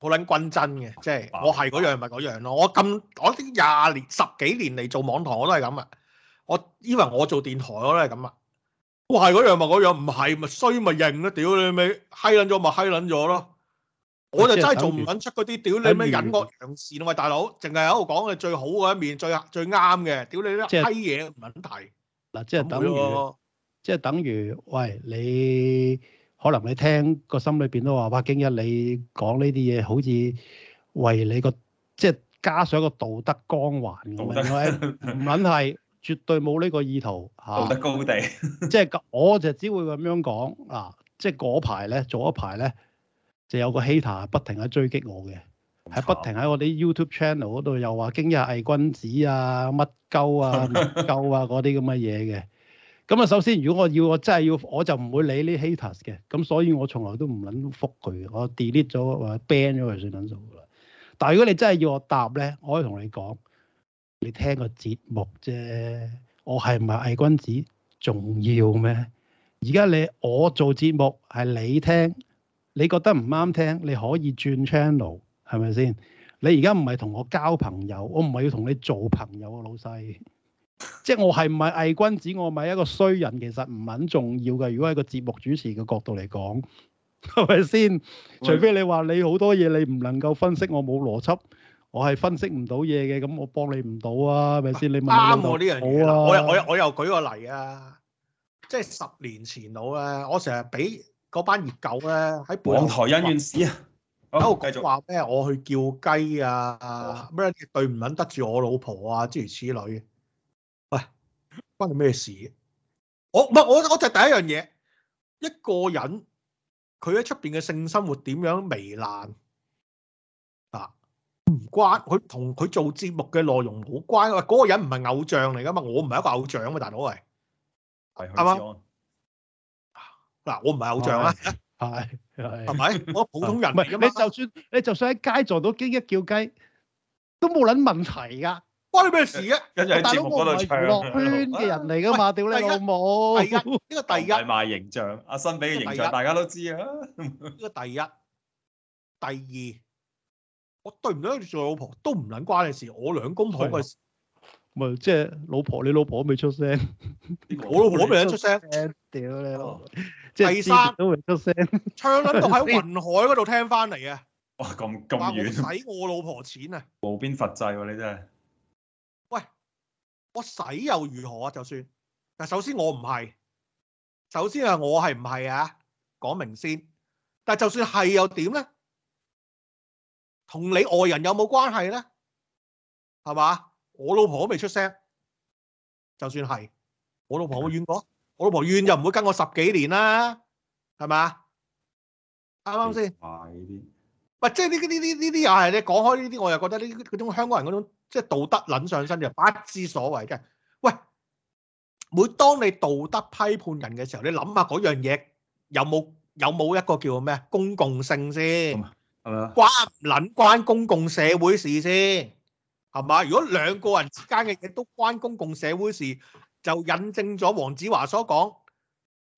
好捻均真嘅，即係我係嗰樣咪嗰樣咯。我咁我啲廿年十幾年嚟做網台我都係咁啊！我依家我做電台我都係咁啊！我係嗰樣咪嗰樣，唔係咪衰咪認咯？屌你咪嗨撚咗咪嗨撚咗咯！我就真係做唔撚出嗰啲屌你咩隱惡揚善喂，大佬淨係喺度講係最好嘅一面，最最啱嘅，屌你啲閪嘢唔撚提嗱，即係、嗯就是、等於、嗯、即係等於，等於喂你。你可能你聽個心裏邊都話：哇，京一你講呢啲嘢，好似為你個即係加上一個道德光環咁樣，唔緊係，絕對冇呢個意圖嚇。道德高地，啊、即係我就只會咁樣講嗱、啊，即係嗰排咧，早一排咧，就有個 hater 不停喺追擊我嘅，係不停喺我啲 YouTube channel 度又話京一偽君子啊，乜鳩啊，乜鳩啊嗰啲咁嘅嘢嘅。咁啊，首先如果我要我真係要，我就唔會理呢 haters 嘅，咁所以我從來都唔撚覆佢，我 delete 咗或 ban 咗佢算撚數噶啦。但係如果你真係要我答咧，我可以同你講，你聽個節目啫，我係唔係偽君子重要咩？而家你我做節目係你聽，你覺得唔啱聽，你可以轉 channel，係咪先？你而家唔係同我交朋友，我唔係要同你做朋友啊，老細。即係我係唔係偽君子，我咪一個衰人，其實唔係好重要嘅。如果係個節目主持嘅角度嚟講，係咪先？除非你話你好多嘢你唔能夠分析、我冇邏輯，我係分析唔到嘢嘅，咁我幫你唔到啊？係咪先？你啱我呢樣嘢啦。我又我又我又舉個例啊！即係十年前度咧，我成日俾嗰班熱狗咧喺本台恩怨史啊，喺度繼續話咩？我去叫雞啊，咩對唔緊得住我老婆啊，諸如此類。關佢咩事？我唔係我，我就第一樣嘢，一個人佢喺出邊嘅性生活點樣糜爛啊？唔關佢同佢做節目嘅內容冇關，嗰個人唔係偶像嚟噶嘛？我唔係一個偶像啊嘛，大佬係係嘛？嗱，我唔係偶像啊，係係咪？我普通人唔係，你就算你就算喺街撞到雞一叫雞，都冇捻問題噶。關你咩事嘅？跟住喺節目嗰度唱。娛樂圈嘅人嚟噶嘛？屌你老母！係啊，呢個第一賣形象，阿新俾嘅形象，大家都知啊。呢個第一、第二，我對唔到住做老婆都唔撚關你事。我兩公婆嘅事。咪即係老婆，你老婆都未出聲。我老婆都未出聲。屌你老，即係第三都未出聲，唱到喺雲海嗰度聽翻嚟啊！哇，咁咁遠，使我老婆錢啊！無邊佛制喎，你真係。我使又如何啊？就算，但首先我唔係，首先係我係唔係啊？講明先，但就算係又點咧？同你外人有冇關係咧？係嘛？我老婆都未出聲，就算係，我老婆會怨我？我老婆怨就唔會跟我十幾年啦，係嘛？啱啱先？咪怪即係呢？呢呢呢啲又係你講開呢啲，我又覺得呢嗰種香港人嗰種。即係道德撚上身就不知所謂嘅，喂！每當你道德批判人嘅時候，你諗下嗰樣嘢有冇有冇一個叫咩啊？公共性先係咪啊？關唔撚關公共社會事先係嘛？如果兩個人之間嘅嘢都關公共社會事，就引證咗黃子華所講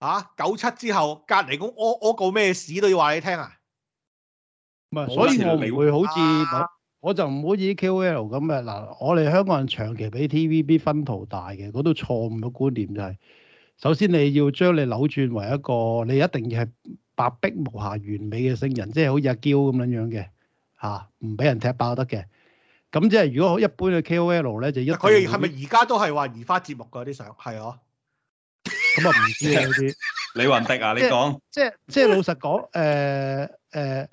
啊！九七之後隔離屋屙屙個咩屎都要話你聽啊！唔係，所以我未會好似。我就唔好似 K O L 咁嘅。嗱，我哋香港人長期俾 T V B 分圖大嘅，嗰度錯誤嘅觀念就係、是，首先你要將你扭轉為一個你一定要係百壁無瑕完美嘅聖人，即係好似阿嬌咁樣樣嘅嚇，唔、啊、俾人踢爆得嘅。咁即係如果一般嘅 K O L 咧，就一佢係咪而家都係話移花接木㗎啲相？係哦、啊，咁啊唔知啊啲李雲迪啊，你講即係即係老實講誒誒。呃呃呃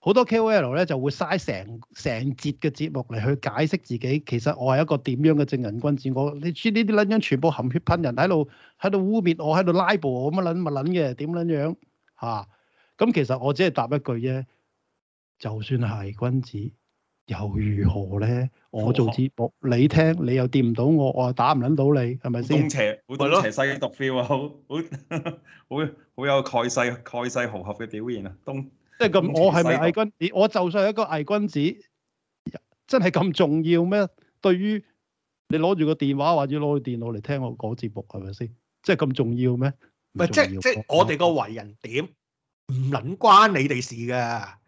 好多 KOL 咧就會嘥成成節嘅節目嚟去解釋自己，其實我係一個點樣嘅正人君子。我你知呢啲撚樣全部含血噴人喺度，喺度污蔑我，喺度拉布我乜啊撚物撚嘅，點撚樣嚇？咁其實我只係答一句啫，就算係君子又如何咧？我做節目你聽，你又掂唔到我，我又打唔撚到你，係咪先？東邪，東邪西毒 feel 啊！好好好好有蓋世蓋世豪俠嘅表現啊！東即係咁，我係咪偽君子？我就算係一個偽君子，真係咁重要咩？對於你攞住個電話或者攞住電腦嚟聽我講節目，係咪先？即係咁重要咩？唔係，即係即係我哋個為人點，唔捻關你哋事噶。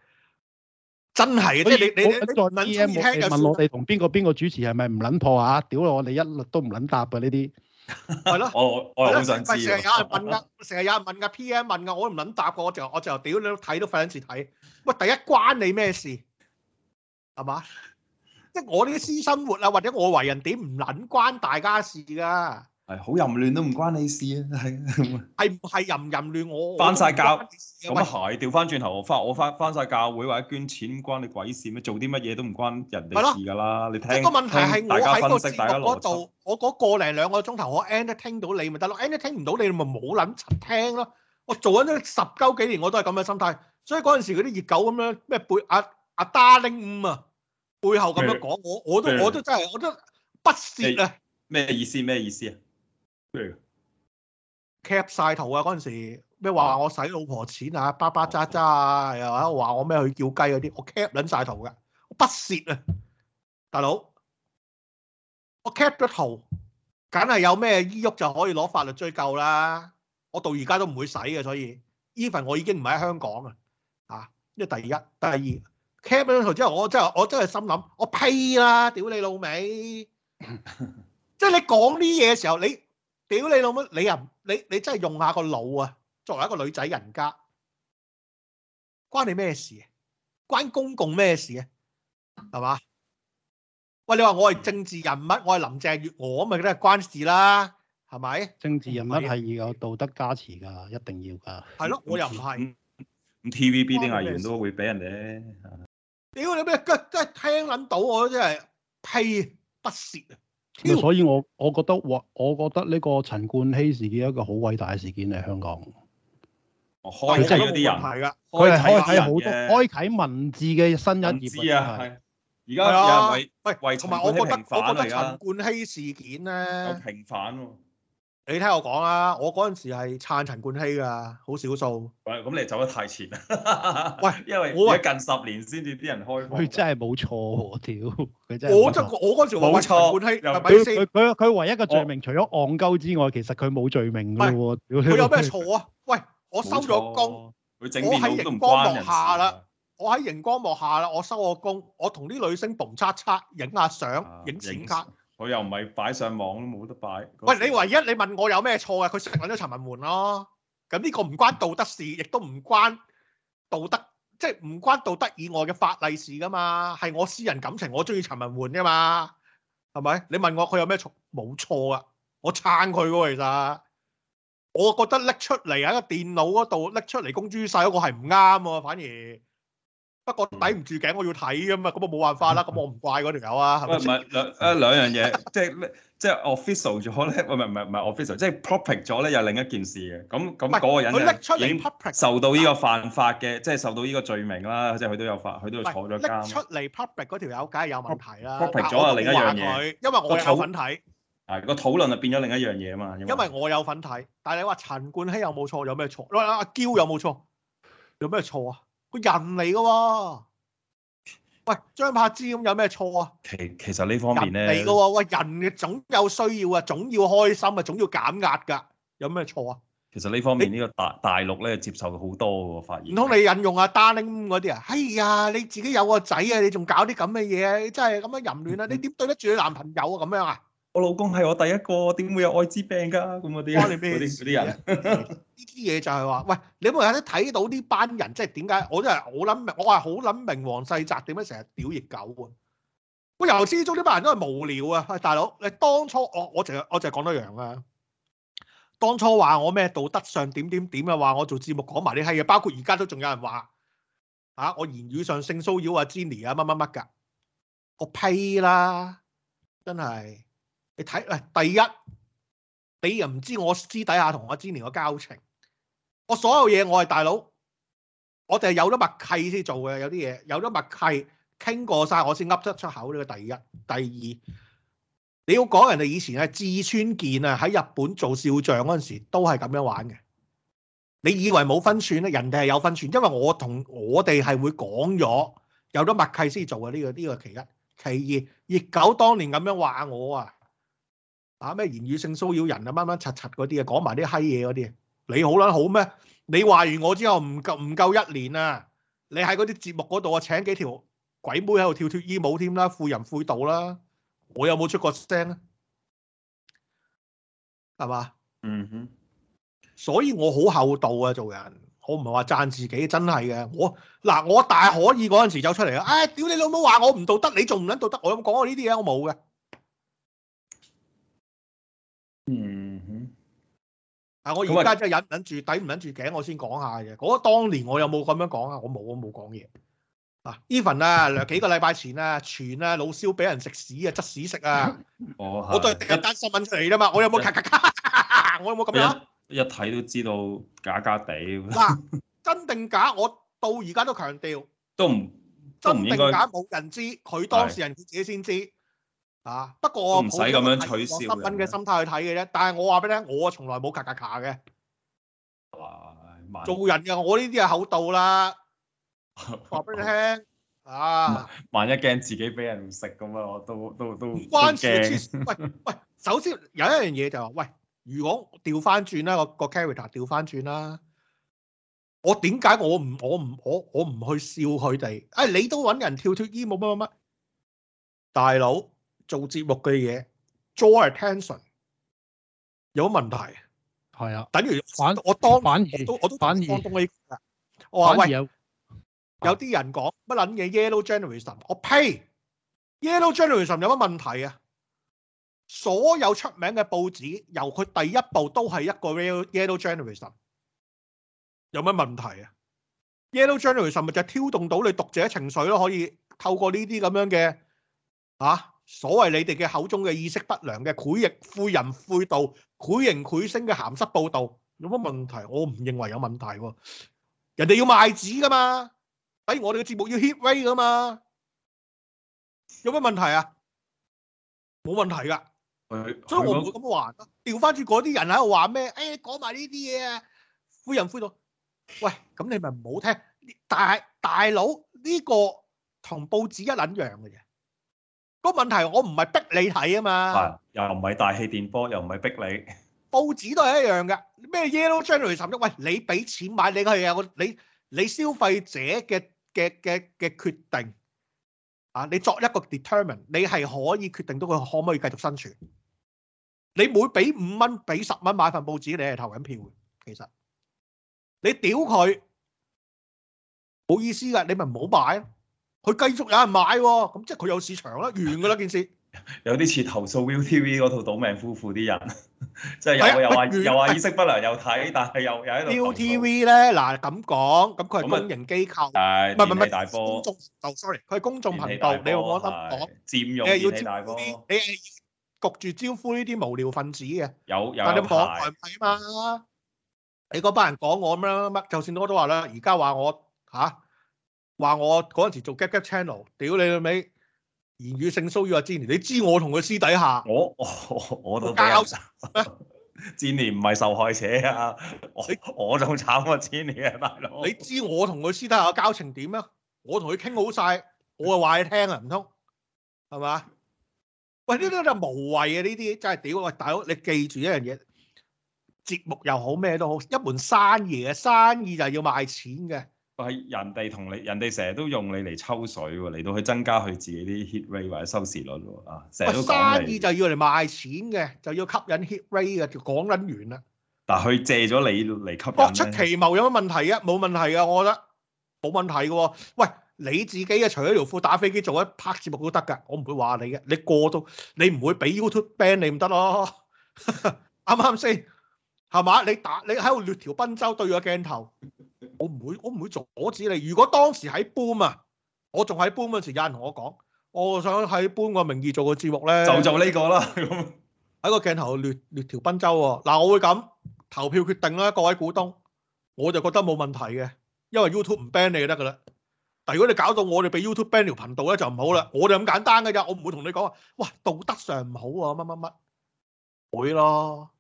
真係，即係以你你我你不再你問我，你同邊個邊個主持係咪唔捻破啊？屌我，你一律都唔捻答噶呢啲。係咯，我我係好想知，成日有人問噶、啊，成日有人問噶，P.M. 問噶、啊，我都唔捻答噶，我就我就屌你都睇都費緊事睇，喂，第一關你咩事？係嘛？即係我呢啲私生活啊，或者我為人點唔捻關大家事噶？係好淫亂都唔關你事啊！係係唔係淫淫亂我翻晒教咁啊？係調翻轉頭，我翻我翻翻晒教會或者捐錢關你鬼事咩？做啲乜嘢都唔關人哋事噶啦！你聽個問題係我喺度。我嗰個零兩個鐘頭我 end 咧聽到你咪得咯，end 咧聽唔到你咪冇捻陳聽咯。我做緊都十鳩幾年，我都係咁嘅心態。所以嗰陣時嗰啲熱狗咁樣咩背阿阿達令五啊，背後咁樣講我，我都我都真係，我都不屑啊！咩意思？咩意思啊？cap 晒圖啊！嗰陣時咩話我使老婆錢啊？巴巴渣渣啊！又話我咩去叫雞嗰啲，我 cap 捻晒圖嘅，我不屑啊！大佬，我 cap 咗圖，梗係有咩依喐就可以攞法律追究啦。我到而家都唔會使嘅，所以 even 我已經唔係喺香港啊。吓，呢第一，第二，cap 咗圖之後，我真係我真係心諗，我屁啦，屌你老味！即係你講呢嘢嘅時候，你。屌你老母，你又你你真係用下個腦啊！作為一個女仔人家，關你咩事啊？關公共咩事啊？係嘛？喂，你話我係政治人物，我係林鄭月娥咪梗係關事啦，係咪？政治人物係要有道德加持㗎，一定要㗎。係咯，我又唔係。咁、嗯、TVB 啲藝員都會俾人哋屌你咩？真係聽撚到我真係屁不屑啊！所以，我我覺得我我覺得呢個陳冠希事件一個好偉大嘅事件喺香港，開即係嗰啲人係㗎，開啓好多，開啓文字嘅新一頁。啊，係而家喂，同埋我覺得，我覺得陳冠希事件咧，有平反喎、啊。你聽我講啦，我嗰陣時係撐陳冠希㗎，好少數。喂，咁你走得太前啊！喂， 因為我係近十年先至啲人開，佢真係冇錯喎，屌佢真係。我我嗰陣時話冇錯。陳冠希佢佢佢唯一個罪名，哦、除咗戇鳩之外，其實佢冇罪名㗎喎。佢有咩錯啊？喂，我收咗工，我喺熒光幕下啦，我喺熒光幕下啦，我收我工，我同啲女星 boom 叉叉影下相，影閃卡。佢又唔係擺上網都冇得擺。喂，你唯一你問我有咩錯呀？佢成日揾咗陳文媛咯。咁呢個唔關道德事，亦都唔關道德，即係唔關道德以外嘅法例事噶嘛。係我私人感情，我中意陳文媛噶嘛，係咪？你問我佢有咩錯？冇錯啊！我撐佢喎，其實我覺得拎出嚟喺個電腦嗰度拎出嚟公諸世嗰個係唔啱喎，反而。抵唔住頸，我要睇吖嘛，咁啊冇辦法啦，咁我唔怪嗰條友啊，係咪？唔係兩啊兩樣嘢，即係即係 official 咗咧，唔係唔係唔係 official，即係 public 咗咧，又另一件事嘅。咁咁嗰個人又已經受到呢個犯法嘅，即係受到呢個罪名啦，即係佢都有法，佢都有坐咗監。出嚟 public 嗰條友，梗係有問題啦。public 咗啊，另一樣嘢。因為我有份睇，啊個討論就變咗另一樣嘢啊嘛。因為我有份睇，但係你話陳冠希有冇錯？有咩錯？阿阿嬌有冇錯？有咩錯啊？個人嚟噶喎，喂張柏芝咁有咩錯啊？其其實呢方面咧，人嚟噶喎，喂人嘅總有需要啊，總要開心啊，總要減壓噶，有咩錯啊？其實呢方面呢個大大陸咧接受好多嘅發現。唔通你引用阿 Darling 嗰啲啊？哎呀，你自己有個仔啊，你仲搞啲咁嘅嘢啊？你真係咁樣淫亂啊？你點對得住你男朋友啊？咁樣啊？我老公係我第一個，點會有艾滋病噶咁嗰啲嗰啲嗰啲人？呢啲嘢就係話，喂，你有冇睇到呢班人，即係點解我真係好諗明，我係好諗明黃世澤點解成日屌熱狗啊！我由始至終呢班人都係無聊啊！大佬，你當初我我成日我就講多樣啊！當初話我咩道德上點點點啊，怎樣怎樣怎樣話我做節目講埋啲係啊，包括而家都仲有人話啊，我言語上性騷擾阿 Jenny 啊，乜乜乜噶，我批啦，真係。你睇，第一，你又唔知我私底下同我之年嘅交情，我所有嘢我係大佬，我哋係有咗默契先做嘅。有啲嘢有咗默契傾過晒，我先噏得出口，呢個第一。第二，你要講人哋以前係志川健啊喺日本做少將嗰陣時都係咁樣玩嘅。你以為冇分寸咧？人哋係有分寸，因為我同我哋係會講咗，有咗默契先做嘅，呢個呢個其一。其二，熱狗當年咁樣話我啊。啊！咩言語性騷擾人啊，掹掹柒柒嗰啲啊，講埋啲閪嘢嗰啲啊，你好撚、啊、好咩？你話完我之後唔夠唔夠一年啊！你喺嗰啲節目嗰度啊，請幾條鬼妹喺度跳脫衣舞添、啊、啦，誨淫誨盜啦、啊！我有冇出過聲咧、啊？係嘛？嗯哼，所以我好厚道啊，做人我唔係話讚自己，真係嘅。我嗱我大可以嗰陣時走出嚟啊！唉、哎，屌你老母話我唔道德，你仲唔撚道德？我有冇講過呢啲嘢？我冇嘅。我而家真係忍忍住，抵唔忍住頸我說說，我先講下嘅。嗰當年我有冇咁樣講啊？我冇，我冇講嘢。啊，Evan 啊，幾個禮拜前啊，傳啊，老蕭俾人食屎啊，執屎食啊。我嚇是。我都係第一單新聞出嚟㗎嘛，我有冇咔咔咔？我有冇咁樣？一睇都知道假假地。嗱 真定假，我到而家都強調。都唔真定假，冇人知，佢當事人自己先知。啊！不過唔使咁樣取笑嘅心態去睇嘅啫。但係我話俾你聽，我從來冇咔咔咔嘅。哇！做人噶，我呢啲係厚道啦。話俾你聽啊！萬一驚自己俾人唔食咁啊，都都都驚。唔關事。喂喂，首先有一樣嘢就係話，喂，如果調翻轉啦，我個 character 調翻轉啦，我點解我唔我唔我我唔去笑佢哋？哎，你都揾人跳脫衣舞乜乜乜？大佬。做節目嘅嘢，draw attention 有乜問題？係啊的，等於反我當都而我都反當而我話說喂，有啲人講乜撚嘢 yellow journalism，我呸，yellow journalism 有乜問題啊？所有出名嘅報紙由佢第一步都係一個 yellow journalism，有乜問題啊？yellow journalism 咪就係挑動到你讀者情緒咯，可以透過呢啲咁樣嘅啊～所謂你哋嘅口中嘅意識不良嘅，誨淫、誨人、誨盜、繪形、繪聲嘅鹹濕報道，悔悔道有乜問題？我唔認為有問題喎。人哋要賣紙噶嘛？誒，我哋嘅節目要 hit rate 噶嘛？有乜問題啊？冇問題㗎。所以我唔會咁話咯。調翻轉嗰啲人喺度話咩？誒、哎，講埋呢啲嘢啊，誨人誨盜。喂，咁你咪唔好聽。但係大佬呢、呢個同報紙一撚樣嘅嘢。個問題我唔係逼你睇啊嘛，又唔係大氣電波，又唔係逼你。報紙都係一樣嘅，咩 Yellow journalism，喂，你俾錢買，你係有個你你消費者嘅嘅嘅嘅決定啊，你作一個 determine，你係可以決定到佢可唔可以繼續生存。你每俾五蚊俾十蚊買份報紙，你係投緊票嘅。其實你屌佢，冇意思噶，你咪唔好買。佢繼續有人買，咁即係佢有市場啦，完噶啦件事。有啲似投訴 ViuTV 嗰套賭命夫婦啲人，即係又又話又話意識不良又睇，但係又又喺度。ViuTV 咧嗱咁講，咁佢係公營機構，唔係唔係大波公眾度，sorry，佢係公眾頻道，你唔好心講佔用。你要佔用啲，你係焗住招呼呢啲無聊分子嘅。有有，但你講台唔係嘛？你嗰班人講我乜乜乜，就算我都話啦，而家話我吓。話我嗰陣時做 Gap Gap Channel，屌你老味！言語性騷擾阿詹年，你知我同佢私底下，我我我同佢交手，阿詹年唔係受害者啊，你我就仲慘啊，詹年啊大佬，你知我同佢私底下交情點啊？我同佢傾好晒，我話你聽啊，唔通係嘛？喂呢啲就無謂啊，呢啲真係屌喂，大佬你記住一樣嘢，節目又好咩都好，一門生意啊，生意就要賣錢嘅。我係人哋同你，人哋成日都用你嚟抽水喎，嚟到去增加佢自己啲 hit rate 或者收視率喎，啊，成日都講你。生意就要嚟賣錢嘅，就要吸引 hit rate 嘅，就講緊完啦。但係佢借咗你嚟吸引咧、哦。出奇謀有乜問題啊？冇問題啊，我覺得冇問題嘅喎、哦。喂，你自己啊，除咗條褲打飛機做一 part 節目都得㗎，我唔會話你嘅。你過到你唔會俾 YouTube ban 你唔得咯，啱啱先？係嘛？你打你喺度掠條賓周對個鏡頭，我唔會我唔會阻止你。如果當時喺搬啊，我仲喺搬嗰陣時有人同我講，我想喺搬個名義做個節目咧，就就呢個啦。咁喺個鏡頭掠掠條賓周喎。嗱，我會咁投票決定啦、啊，各位股東，我就覺得冇問題嘅，因為 YouTube 唔 ban 你就得噶啦。但如果你搞到我哋畀 YouTube ban 條頻道咧，就唔好啦。我哋咁簡單噶咋，我唔會同你講話，哇，道德上唔好啊，乜乜乜，會咯。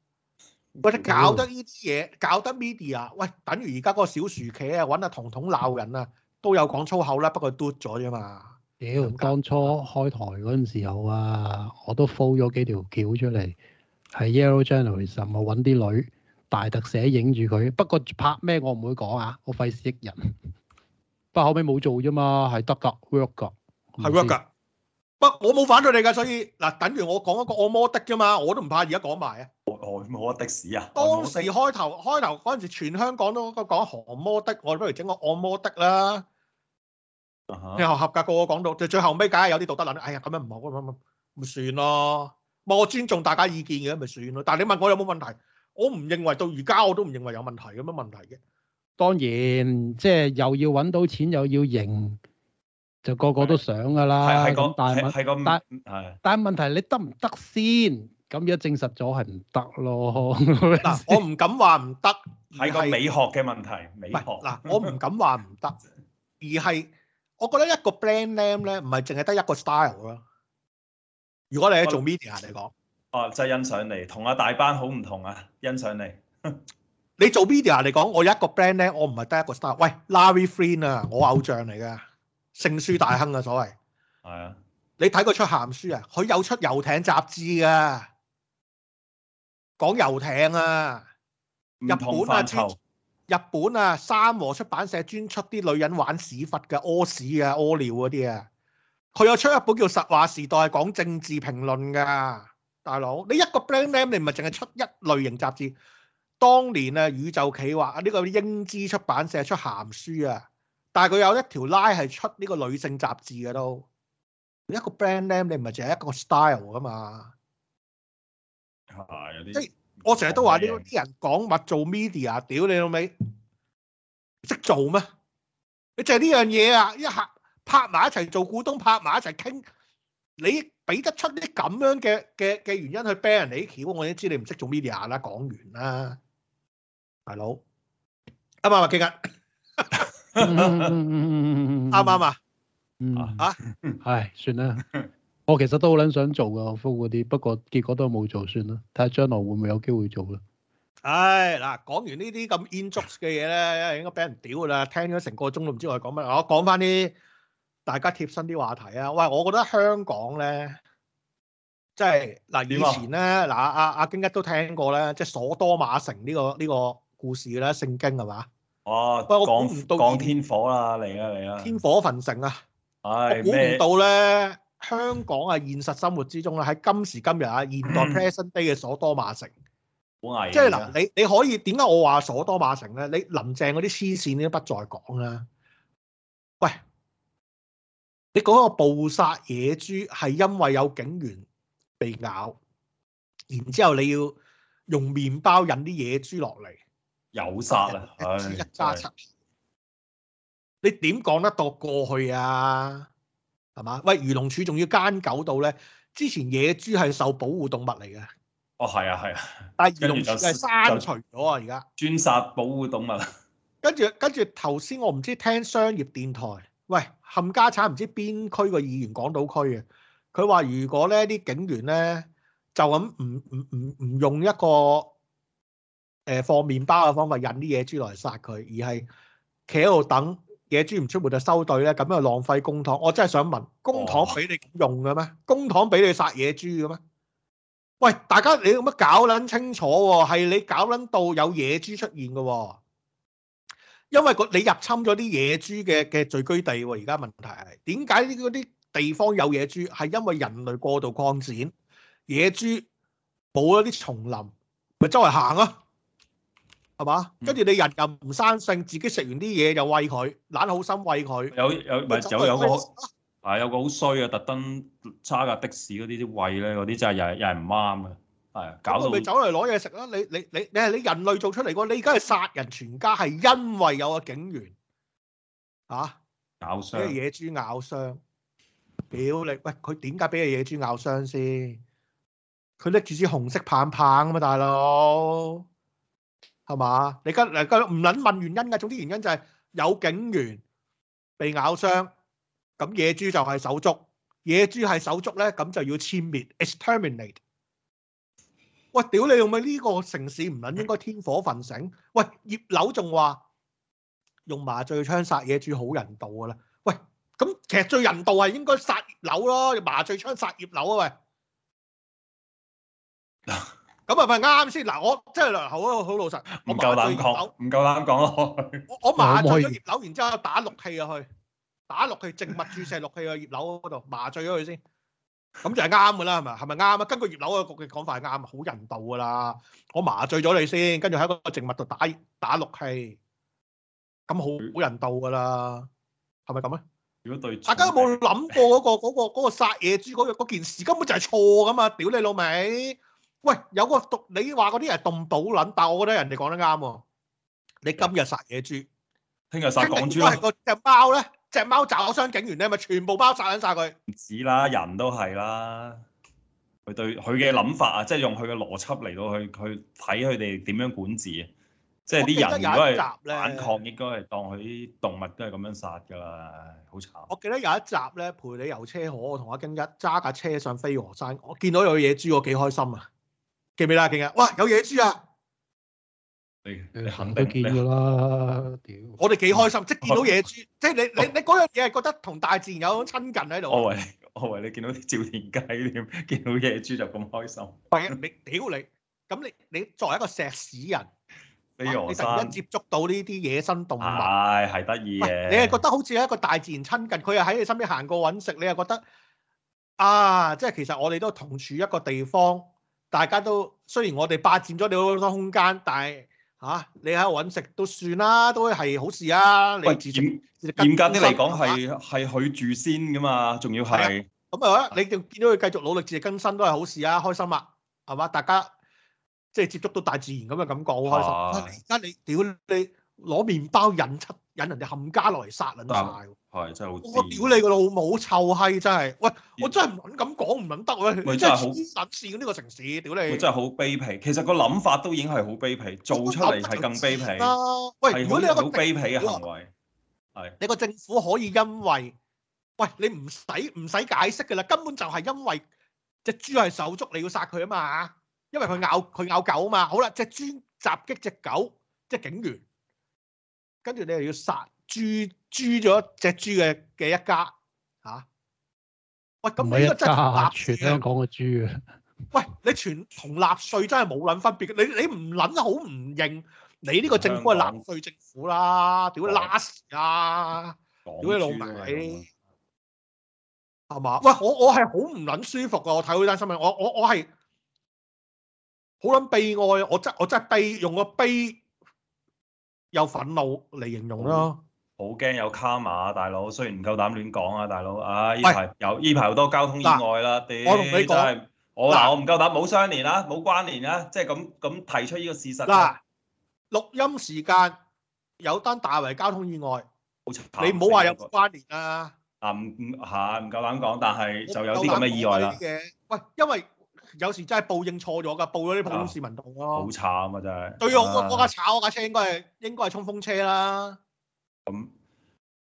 喂，你搞得呢啲嘢，搞得 media，喂，等於而家嗰個小薯茄啊，揾阿、啊、彤彤鬧人啊，都有講粗口啦、啊，不過嘟咗啫嘛。屌、欸，嗎當初開台嗰陣時候啊，我都 follow 咗幾條橋出嚟，係 yellow journalism，我揾啲女大特寫影住佢，不過拍咩我唔會講啊，我費事激人。不，不過後尾冇做啫嘛，係得㗎，work 㗎，係 work 㗎。不，我冇反對你㗎，所以嗱，等於我講一個按摩的啫嘛，我都唔怕，而家講埋啊。按摩的士啊！當時開頭開頭嗰陣時，全香港都講航摩的，我不如整個按摩的啦。然後合格個個講到，就最後尾，梗係有啲道德難。哎呀，咁樣唔好咁咁，咪算咯。我尊重大家意見嘅，咪算咯。但係你問我有冇問題，我唔認為，到而家我都唔認為有問題，有乜問題嘅？當然，即係又要搵到錢又要贏，就個個都想噶啦。係係個，係個，但係問題你得唔得先？咁而家證實咗係唔得咯？ 嗱，我唔敢話唔得，係個美學嘅問題。美學嗱，我唔敢話唔得， 而係我覺得一個 brand name 咧，唔係淨係得一個 style 咯。如果你係做 media 嚟講，啊，啊，真係欣賞你，同阿大班好唔同啊！欣賞你， 你做 media 嚟講，我一個 brand name，我唔係得一個 style 喂。喂，Larry Freen 啊，我偶像嚟噶，聖書大亨啊，所謂係 啊，你睇佢出鹹書啊，佢有出遊艇雜誌啊。講遊艇啊，日本啊日本啊三和出版社專出啲女人玩屎忽嘅、屙屎啊屙尿嗰啲啊，佢又出一本叫《實話時代》，講政治評論噶，大佬你一個 brand name 你唔係淨係出一類型雜誌。當年啊宇宙企劃呢個英姿出版社出鹹書啊，但係佢有一條 line 係出呢個女性雜誌嘅都。你一個 brand name 你唔係淨係一個 style 噶嘛？係，即係我成日都話呢啲人講乜做 media，屌你老味，識做咩？你就係呢樣嘢啊！一客拍埋一齊做股東，拍埋一齊傾，你俾得出呢啲咁樣嘅嘅嘅原因去 ban 人哋？橋我已經知你唔識做 media 啦，講完啦，大佬，啱唔啱啊？今 得、mm，啱唔啱啊？啊，係算啦。 我其實都好撚想做噶，復嗰啲，不過結果都冇做，算啦。睇下將來會唔會有機會做啦。誒嗱，講完呢啲咁 in jokes 嘅嘢咧，應該俾人屌啦。聽咗成個鐘都唔知我哋講乜。我講翻啲大家貼身啲話題啊。喂，我覺得香港咧，即係嗱，以前咧嗱阿阿阿京一都聽過咧，即係所多瑪城呢個呢個故事啦，聖經係嘛？哦，不過我講唔到天火啦，嚟啦嚟啦，天火焚城啊！我估唔到咧。香港啊，現實生活之中咧，喺今時今日啊，現代 present day 嘅所多馬城，好危、嗯，即係嗱，嗯、你你可以點解我話所多馬城咧？你林鄭嗰啲黐線都不再講啦。喂，你嗰個暴殺野豬係因為有警員被咬，然之後你要用麵包引啲野豬落嚟，誘殺啊！唉，哎就是、你點講得到過去啊？係嘛？喂，漁農署仲要奸狗到咧！之前野豬係受保護動物嚟嘅。哦，係啊，係啊。但係漁農署誒刪除咗啊，而家專殺保護動物。跟住，跟住頭先我唔知聽商業電台，喂冚家鏟唔知邊區個議員港島區嘅，佢話如果咧啲警員咧就咁唔唔唔唔用一個誒、呃、放麵包嘅方法引啲野豬嚟殺佢，而係企喺度等。野豬唔出門就收隊咧，咁樣浪費公帑。我真係想問，公帑俾你用嘅咩？公帑俾你殺野豬嘅咩？喂，大家你有乜搞撚清楚喎、啊？係你搞撚到有野豬出現嘅喎、啊，因為你入侵咗啲野豬嘅嘅聚居地喎。而家問題係點解啲啲地方有野豬？係因為人類過度擴展，野豬冇咗啲叢林，咪周圍行咯。係嘛？跟住你日日唔生性，自己食完啲嘢又餵佢，懶好心餵佢。有跑有唔有有個啊？有個好喂衰啊！特登揸架的士嗰啲，餵咧嗰啲真係又係又係唔啱嘅，係搞到。走嚟攞嘢食啦！你你你你係你人類做出嚟個，你而家係殺人全家係因為有個警員啊！咬傷俾野豬咬傷，屌你餵佢點解俾隻野豬咬傷先？佢拎住支紅色棒棒棒啊嘛，大佬。係嘛？你今嚟唔捻問原因嘅，總之原因就係有警員被咬傷，咁野豬就係手足，野豬係手足咧，咁就要殲滅，exterminate。喂，屌你用咪呢個城市唔捻應該天火焚城？喂，葉柳仲話用麻醉槍殺野豬好人道嘅啦。喂，咁其實最人道係應該殺葉柳咯，麻醉槍殺葉柳啊喂。 咁係咪啱先？嗱，我真係好好，好老實，唔不夠膽講，唔夠膽講咯。 我麻醉咗葉柳，然之後打氯氣入去，打氯氣靜脈注射氯氣去葉柳嗰度麻醉咗佢先，咁就係啱噶啦，係咪？係咪啱啊？根據葉柳嘅講法，係啱，好人道噶啦。我麻醉咗你先，跟住喺個靜脈度打打氯氣，咁好好人道噶啦，係咪咁啊？如果對，大家都冇諗過嗰、那個嗰個殺野豬嗰件、那個那個、事，根本就係錯噶嘛！屌你老味。喂，有個獨你話嗰啲人動保卵，但係我覺得人哋講得啱喎。你今日殺野豬，聽日殺港豬咯。隻貓咧，隻 貓襲傷警員咧，咪全部包殺緊晒佢。唔止啦，人都係啦。佢對佢嘅諗法啊，即係用佢嘅邏輯嚟到去去睇佢哋點樣管治啊。即係啲人如果係反抗，應該係當佢啲動物都係咁樣殺㗎啦，好慘。我記得有一集咧，陪你遊車河，同阿 Ken 一揸架車上飛鵝山，我見到有野豬，我幾開心啊！見咩啦？見啊！哇，有野豬啊！你你肯定見噶啦！屌！我哋幾開心，即係見到野豬，即係你你你嗰樣嘢係覺得同大自然有種親近喺度。我為我為你見到啲照田雞，點見到野豬就咁開心？係啊！你屌你！咁你你作為一個石屎人，你突然間接觸到呢啲野生動物，係係得意嘅。你係覺得好似有一個大自然親近，佢又喺你身邊行過搵食，你又覺得啊，即係其實我哋都同處一個地方。大家都雖然我哋霸佔咗你好多空間，但係吓、啊，你喺度揾食都算啦，都係好事啊！你自喂自嚴格啲嚟講係係佢住先㗎嘛，仲要係咁啊！就你就見到佢繼續努力自力更新都係好事啊！開心啊，係、啊、嘛？大家即係、就是、接觸到大自然咁嘅感覺，好開心。而家、啊、你屌你攞麵包引出引人哋冚家落嚟殺撚曬。係真係好，我個屌你個老母臭閪真係，喂，我真係唔肯咁講唔肯得喂，真係黐撚線呢個城市，屌你！真係好卑鄙，其實個諗法都已經係好卑鄙，做出嚟係更卑鄙。喂，如果你有一個政府好卑鄙嘅行為，係你個政府可以因為，喂，你唔使唔使解釋嘅啦，根本就係因為隻豬係手足你要殺佢啊嘛，因為佢咬佢咬狗啊嘛，好啦，隻豬襲擊隻狗，即係警員，跟住你又要殺。豬豬咗隻豬嘅嘅一家，吓，喂咁你呢個真係全香港嘅豬啊！喂，你全同納粹真係冇卵分別嘅，你你唔捻好唔認？你呢個政府係納粹政府啦，啊，港屌你拉屎啊！港屌你老米，係嘛？喂，我我係好唔捻舒服噶，我睇到單新聞，我我我係好捻悲哀，我真我真係悲，用個悲又憤怒嚟形容咯。好驚有卡馬，大佬，雖然唔夠膽亂講啊，大佬。啊，依排又依排好多交通意外啦，我同你講真係我嗱，我唔夠膽冇相連啦，冇關連啦。即係咁咁提出呢個事實。嗱，錄音時間有單大圍交通意外，你唔好話有關連啊。啊，唔唔係唔夠膽講，但係就有啲咁嘅意外啦。喂，因為有時真係報應錯咗㗎，報咗啲普通市民度咯。好慘啊，真係。最好我架炒架車應該係應該係衝鋒車啦。咁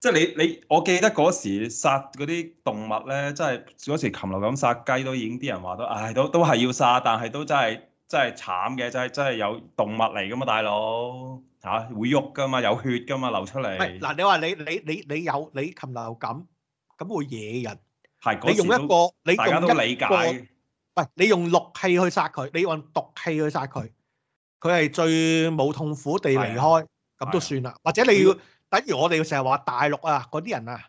即係你你我記得嗰時殺嗰啲動物咧，即係嗰時禽流感殺雞都已經啲人話都，唉，都都係要殺，但係都真係真係慘嘅，真係真係有動物嚟噶嘛，大佬吓會喐噶嘛，有血噶嘛流出嚟。喂，嗱，你話你你你你有你禽流感咁會惹人，係你用一個，你用一個大家都理解，喂，你用氯氣去殺佢，你用毒氣去殺佢，佢係最冇痛苦地離開咁都算啦，或者你要。等於我哋要成日話大陸啊，嗰啲人啊，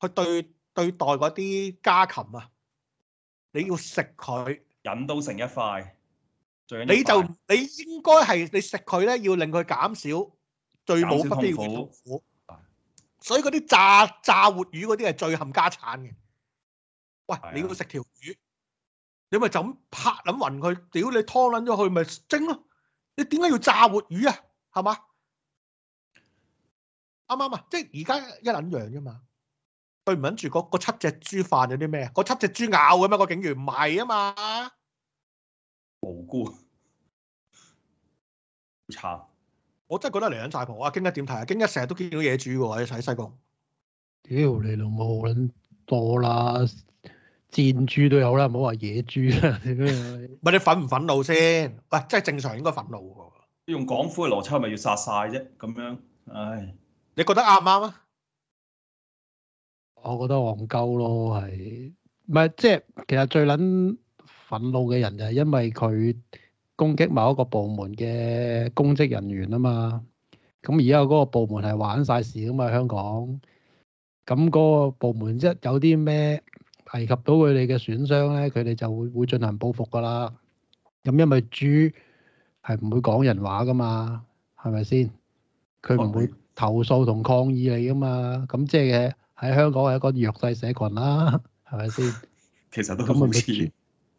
去對對待嗰啲家禽啊，你要食佢，引刀成一快，最緊，你就你應該係你食佢咧，要令佢減少，最冇不必要痛苦。痛苦，所以嗰啲炸炸活魚嗰啲係最冚家產嘅。喂，的你要食條魚，你咪就咁拍捻暈佢，屌你劏捻咗佢咪蒸咯。你點解要炸活魚啊？係嘛？啱啱啊？即係而家一撚樣啫嘛。佢唔撚住嗰七隻豬犯有啲咩啊？嗰七隻豬咬嘅咩？個警員唔係啊嘛，無辜慘。差我真係覺得嚟緊曬蒲啊！京一點睇啊？京一成日都見到野豬喎，你睇西江。屌你老母！撚多啦，箭豬都有啦，唔好話野豬啊！點樣？喂、嗯，你憤唔憤怒先？喂，真係正常應該憤怒喎，你用港府嘅邏輯，係咪要殺晒啫？咁樣，唉。你覺得啱啱啊？我覺得戇鳩咯，係唔係？即係其實最撚憤怒嘅人就係因為佢攻擊某一個部門嘅公職人員啊嘛。咁而家嗰個部門係玩晒事啊嘛，香港。咁嗰個部門即係有啲咩提及到佢哋嘅損傷咧，佢哋就會會進行報復噶啦。咁因為豬係唔會講人話噶嘛，是是，係咪先？佢唔會。投訴同抗議嚟㗎嘛，咁即係喺香港係一個弱勢社群啦，係咪先？其實都咁似，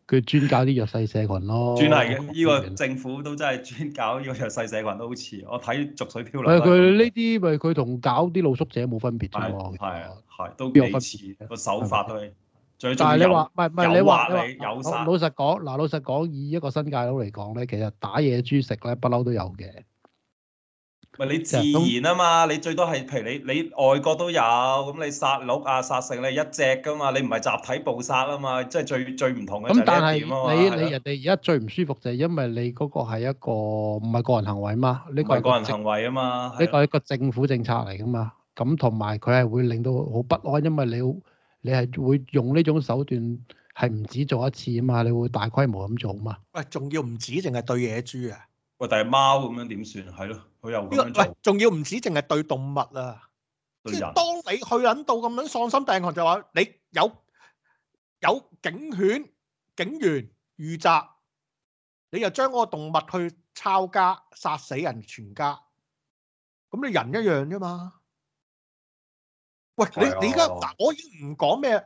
佢專搞啲弱勢社群咯。專係嘅，呢個政府都真係專搞呢個弱勢社群都好似。我睇逐水漂流。佢呢啲咪佢同搞啲露宿者冇分別啫。係係係，都幾似個手法都。但係你話唔係唔係你話有？老實講嗱，老實講以一個新界佬嚟講咧，其實打野豬食咧，不嬲都有嘅。咪你自然啊嘛，你最多係譬如你你外國都有，咁你殺鹿啊殺成你一隻噶嘛，你唔係集體暴殺啊嘛，即係最最唔同嘅一點咁但係你的你人哋而家最唔舒服就係因為你嗰個係一個唔係個人行為嘛，呢唔係個人行為啊嘛，呢個係個,的個,個政府政策嚟噶嘛。咁同埋佢係會令到好不安，因為你你係會用呢種手段係唔止做一次啊嘛，你會大規模咁做啊嘛。喂，仲要唔止淨係對野豬啊？喂，但係貓咁樣點算？係咯，佢又咁樣做。喂，仲要唔止淨係對動物啊？對人，即當你去揾到咁樣喪心病狂，就話你有有警犬警員預習，你又將嗰個動物去抄家，殺死人全家。咁你人一樣啫嘛？喂，的你你而家，的我已經唔講咩。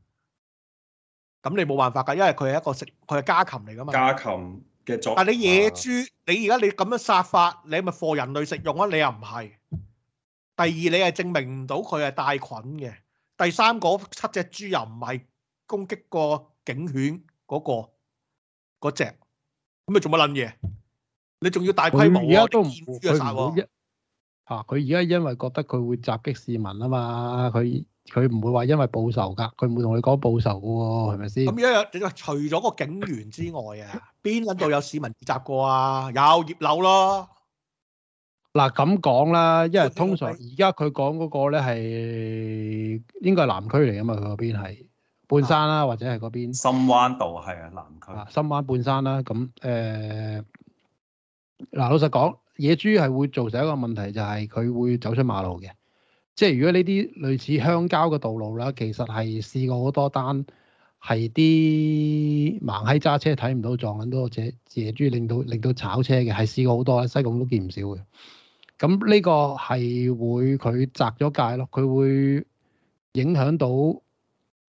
咁你冇辦法噶，因為佢係一個食，佢係家禽嚟噶嘛。家禽嘅作，但你野豬，你而家你咁樣殺法，你咪供人類食用啊？你又唔係。第二，你係證明唔到佢係帶菌嘅。第三，嗰七隻豬又唔係攻擊過警犬嗰、嗰個嗰隻，咁你做乜捻嘢？你仲要大規模啊？佢而家都唔，佢一吓，佢而家因為覺得佢會襲擊市民啊嘛，佢。佢唔會話因為報仇㗎，佢唔會同你講報仇嘅喎，係咪先？咁一樣，除咗個警員之外啊，邊撚度有市民遇襲過啊？有葉柳咯。嗱咁講啦，因為通常而家佢講嗰個咧係應該係南區嚟㗎嘛，佢嗰邊係半山啦、啊，啊、或者係嗰邊、啊、深灣道係啊南區啊。深灣半山啦、啊，咁誒嗱，老實講，野豬係會造成一個問題，就係、是、佢會走出馬路嘅。即係如果呢啲類似鄉郊嘅道路啦，其實係試過好多單，係啲盲閪揸車睇唔到撞緊多隻野豬，令到令到炒車嘅，係試過好多，喺西貢都見唔少嘅。咁呢個係會佢窄咗界咯，佢會影響到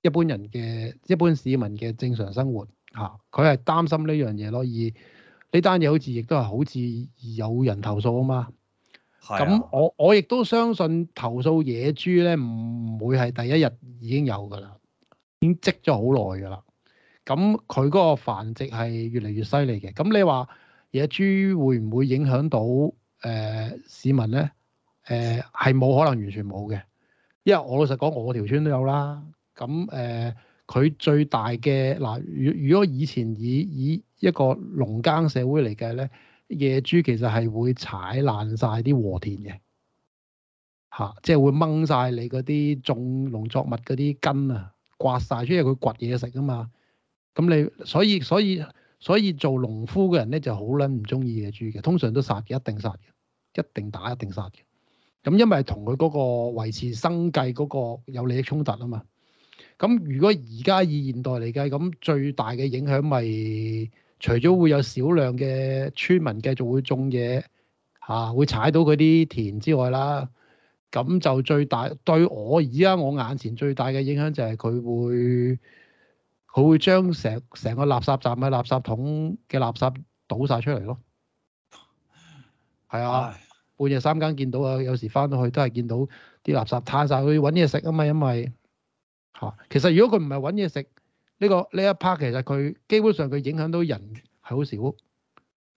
一般人嘅一般市民嘅正常生活嚇。佢、啊、係擔心呢樣嘢咯，而呢單嘢好似亦都係好似有人投訴啊嘛。咁我我亦都相信投訴野豬咧唔會係第一日已經有㗎啦，已經積咗好耐㗎啦。咁佢嗰個繁殖係越嚟越犀利嘅。咁你話野豬會唔會影響到誒、呃、市民咧？誒係冇可能完全冇嘅，因為我老實講，我條村都有啦。咁誒佢最大嘅嗱，如、呃、如果以前以以一個農耕社會嚟計咧。野豬其實係會踩爛晒啲禾田嘅，嚇、啊，即係會掹晒你嗰啲種農作物嗰啲根啊，刮晒，因為佢掘嘢食啊嘛。咁你所以所以所以做農夫嘅人咧就好撚唔中意野豬嘅，通常都殺嘅，一定殺嘅，一定打一定殺嘅。咁因為同佢嗰個維持生計嗰個有利益衝突啊嘛。咁如果而家以現代嚟計，咁最大嘅影響咪、就係？除咗會有少量嘅村民繼續會種嘢，嚇、啊，會踩到佢啲田之外啦，咁就最大對我而家我眼前最大嘅影響就係佢會佢會將成成個垃圾站嘅垃圾桶嘅垃圾，垃圾倒晒出嚟咯。係 啊，半夜三更見到啊，有時翻到去都係見到啲垃圾攤晒，佢揾嘢食啊嘛，因為嚇、啊、其實如果佢唔係揾嘢食。呢個呢一 part 其實佢基本上佢影響到人係好少。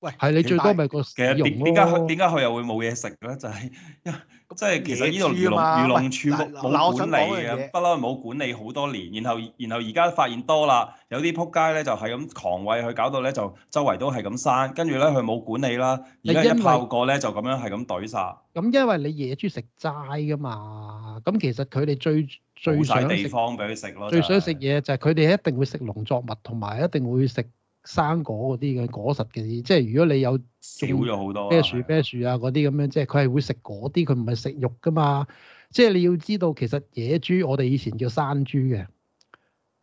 喂，係你最多咪個食蟲咯？其實點點解點解佢又會冇嘢食咧？就係、是，即係其實呢度漁、漁護署冇管理不嬲冇管理好多年。然後然後而家發現多啦，有啲仆街咧就係咁狂餵佢，搞到咧就周圍都係咁生。跟住咧佢冇管理啦，而家為一炮過咧就咁樣係咁懟晒。咁因為你野豬食齋噶嘛，咁其實佢哋最最，最想地方俾佢食咯，最想食嘢就係佢哋一定會食農作物，同埋一定會食。生果嗰啲嘅果實嘅嘢，即係如果你有少咗好多，啤樹啤樹啊嗰啲咁樣，即係佢係會食嗰啲，佢唔係食肉㗎嘛。即係你要知道，其實野豬我哋以前叫山豬嘅，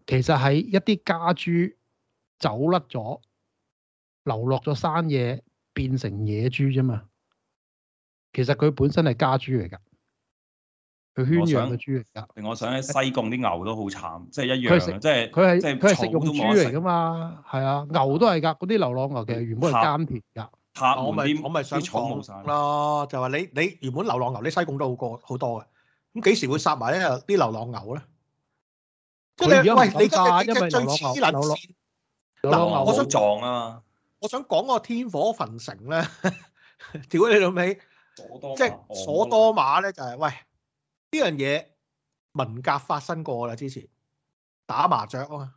其實係一啲家豬走甩咗，流落咗山野變成野豬啫嘛。其實佢本身係家豬嚟㗎。佢圈養嘅豬嚟噶，令我想喺西貢啲牛都好慘，即係一樣嘅，即係佢係即係佢係食用豬嚟噶嘛，係啊，牛都係噶，嗰啲流浪牛嘅原本係耕田噶，我咪我咪想撞啦，就話你你原本流浪牛，你西貢都好過好多嘅，咁幾時會殺埋啲流浪牛咧？即係你而家喂，你今日點解追錢捻錢？流浪牛，我想撞啊！我想講嗰個天火焚城咧，屌你老味，即係索多馬咧，就係喂。呢樣嘢文革發生過啦，之前打麻雀啊嘛，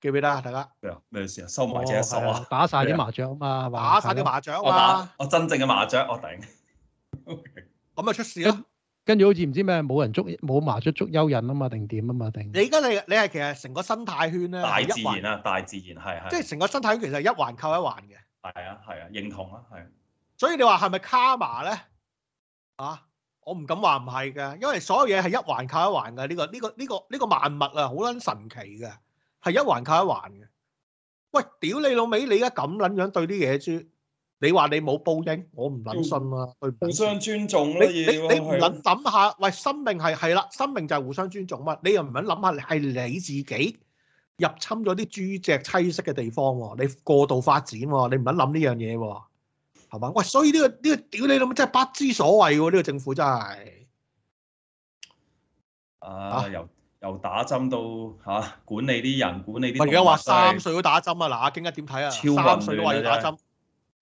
記唔記得啊？大家咩事啊？收埋隻手啊！打晒啲麻雀啊嘛，打晒啲麻雀啊嘛！我打我真正嘅麻雀，我頂。咁啊，出事啦，跟住好似唔知咩冇人捉冇麻雀捉蚯蚓啊嘛，定點啊嘛，定？你而家你你係其實成個生態圈，咧，大自然啊，大自然係係，即係成個生態圈其實一環扣一環嘅。係啊係啊，認同啊係。啊啊所以你話係咪卡瑪咧啊？我唔敢話唔係嘅，因為所有嘢係一環靠一環嘅呢、呢個呢、呢個呢個呢個萬物啊，好撚神奇嘅，係一環靠一環嘅。喂，屌你老味，你而家咁撚樣對啲野豬，你話你冇報應，我唔撚信啊。嗯、信互相尊重你，你的你你唔撚諗下？喂，生命係係啦，生命就係互相尊重嘛。你又唔撚諗下，係你自己入侵咗啲豬隻棲息嘅地方喎？你過度發展喎？你唔撚諗呢樣嘢喎？喂，所以呢個呢個屌你老母真係不知所謂喎！呢個政府真係啊，由由打針到嚇管理啲人，管理啲。唔係而家話三歲都打針啊！嗱，阿經京一點睇啊？超混亂啊！三歲都話要打針，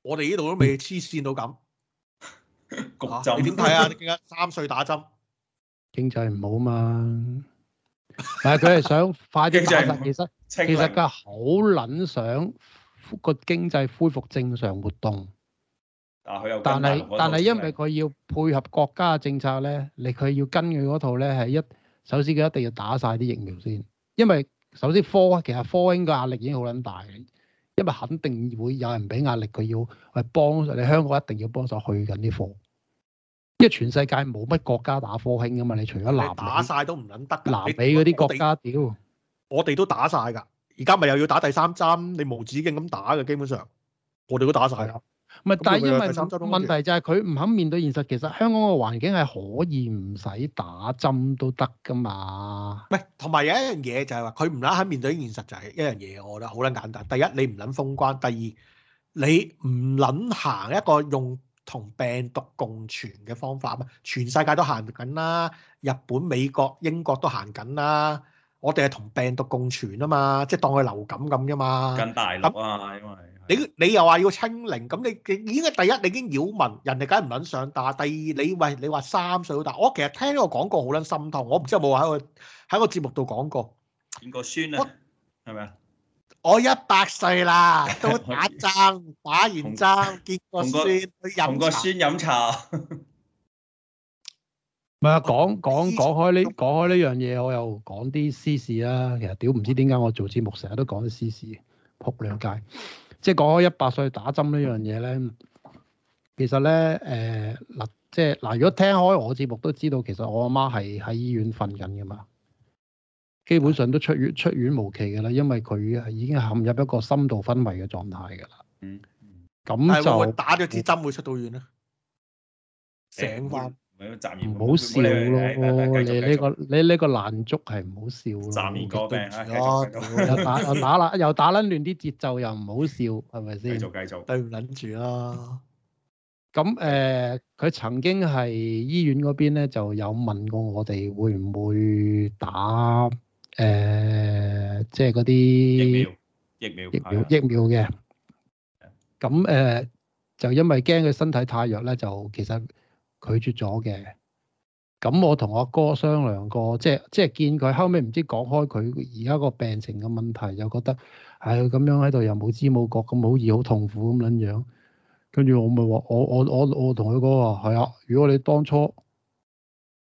我哋呢度都未黐線到咁。你點睇啊？你點睇？三歲打針，經濟唔好嘛？但係佢係想快啲。經濟其實其實佢好撚想個經濟恢復正常活動。但係但係，因為佢要配合國家嘅政策咧，你佢要跟佢嗰套咧係一。首先佢一定要打晒啲疫苗先，因為首先科其實科興嘅壓力已經好捻大，因為肯定會有人俾壓力佢要去幫你香港一定要幫手去緊啲科，因為全世界冇乜國家打科興噶嘛，你除咗南美打晒都唔捻得，南美嗰啲國家屌，我哋都打晒噶，而家咪又要打第三針，你無止境咁打嘅，基本上我哋都打晒啦。咪但係因為問題就係佢唔肯面對現實，其實香港嘅環境係可以唔使打針都得噶嘛。唔同埋有一樣嘢就係話佢唔肯肯面對現實就係一樣嘢，我覺得好撚簡單。第一你唔撚封關，第二你唔撚行一個用同病毒共存嘅方法啊嘛。全世界都行緊啦，日本、美國、英國都行緊啦。我哋係同病毒共存啊嘛，即係當佢流感咁㗎嘛。跟大陸啊，因為那。你你又話要清零咁，你已經第一，你已經擾民，人哋梗係唔肯上。但係第二，你喂你話三歲都大，我其實聽呢個廣告好撚心痛，我唔知有冇喺個喺個節目度講過。見過孫啊？係咪啊？我一百歲啦，都打針，打完針見過孫去飲茶。同個孫飲茶。唔係啊，講講講開呢講開呢樣嘢，我又講啲私事啦。其實屌唔知點解我做節目成日都講啲私事，撲兩街。即係講開一百歲打針呢樣嘢咧，其實咧誒嗱，即係嗱，如果聽開我節目都知道，其實我阿媽係喺醫院瞓緊㗎嘛，基本上都出院出院無期㗎啦，因為佢係已經陷入一個深度昏迷嘅狀態㗎啦。嗯，咁就會唔會打咗支針會出到院咧？醒翻、呃。唔好笑咯，你呢個你呢個爛 gag 係唔好笑咯，暫然過病啊，又打又打爛，又打撚亂啲節奏，又唔好笑，係咪先？繼續繼續，對唔撚住啦。咁誒，佢曾經係醫院嗰邊咧，就有問過我哋會唔會打誒，即係嗰啲疫苗疫苗疫苗疫苗嘅。咁誒，就因為驚佢身體太弱咧，就其實。拒絕咗嘅，咁我同阿哥，哥商量過，即係即係見佢後尾唔知講開佢而家個病情嘅問題，就覺得係、哎、佢咁樣喺度又冇知冇覺咁好易好痛苦咁撚樣，跟住我咪話我我我我同佢講話係啊，如果你當初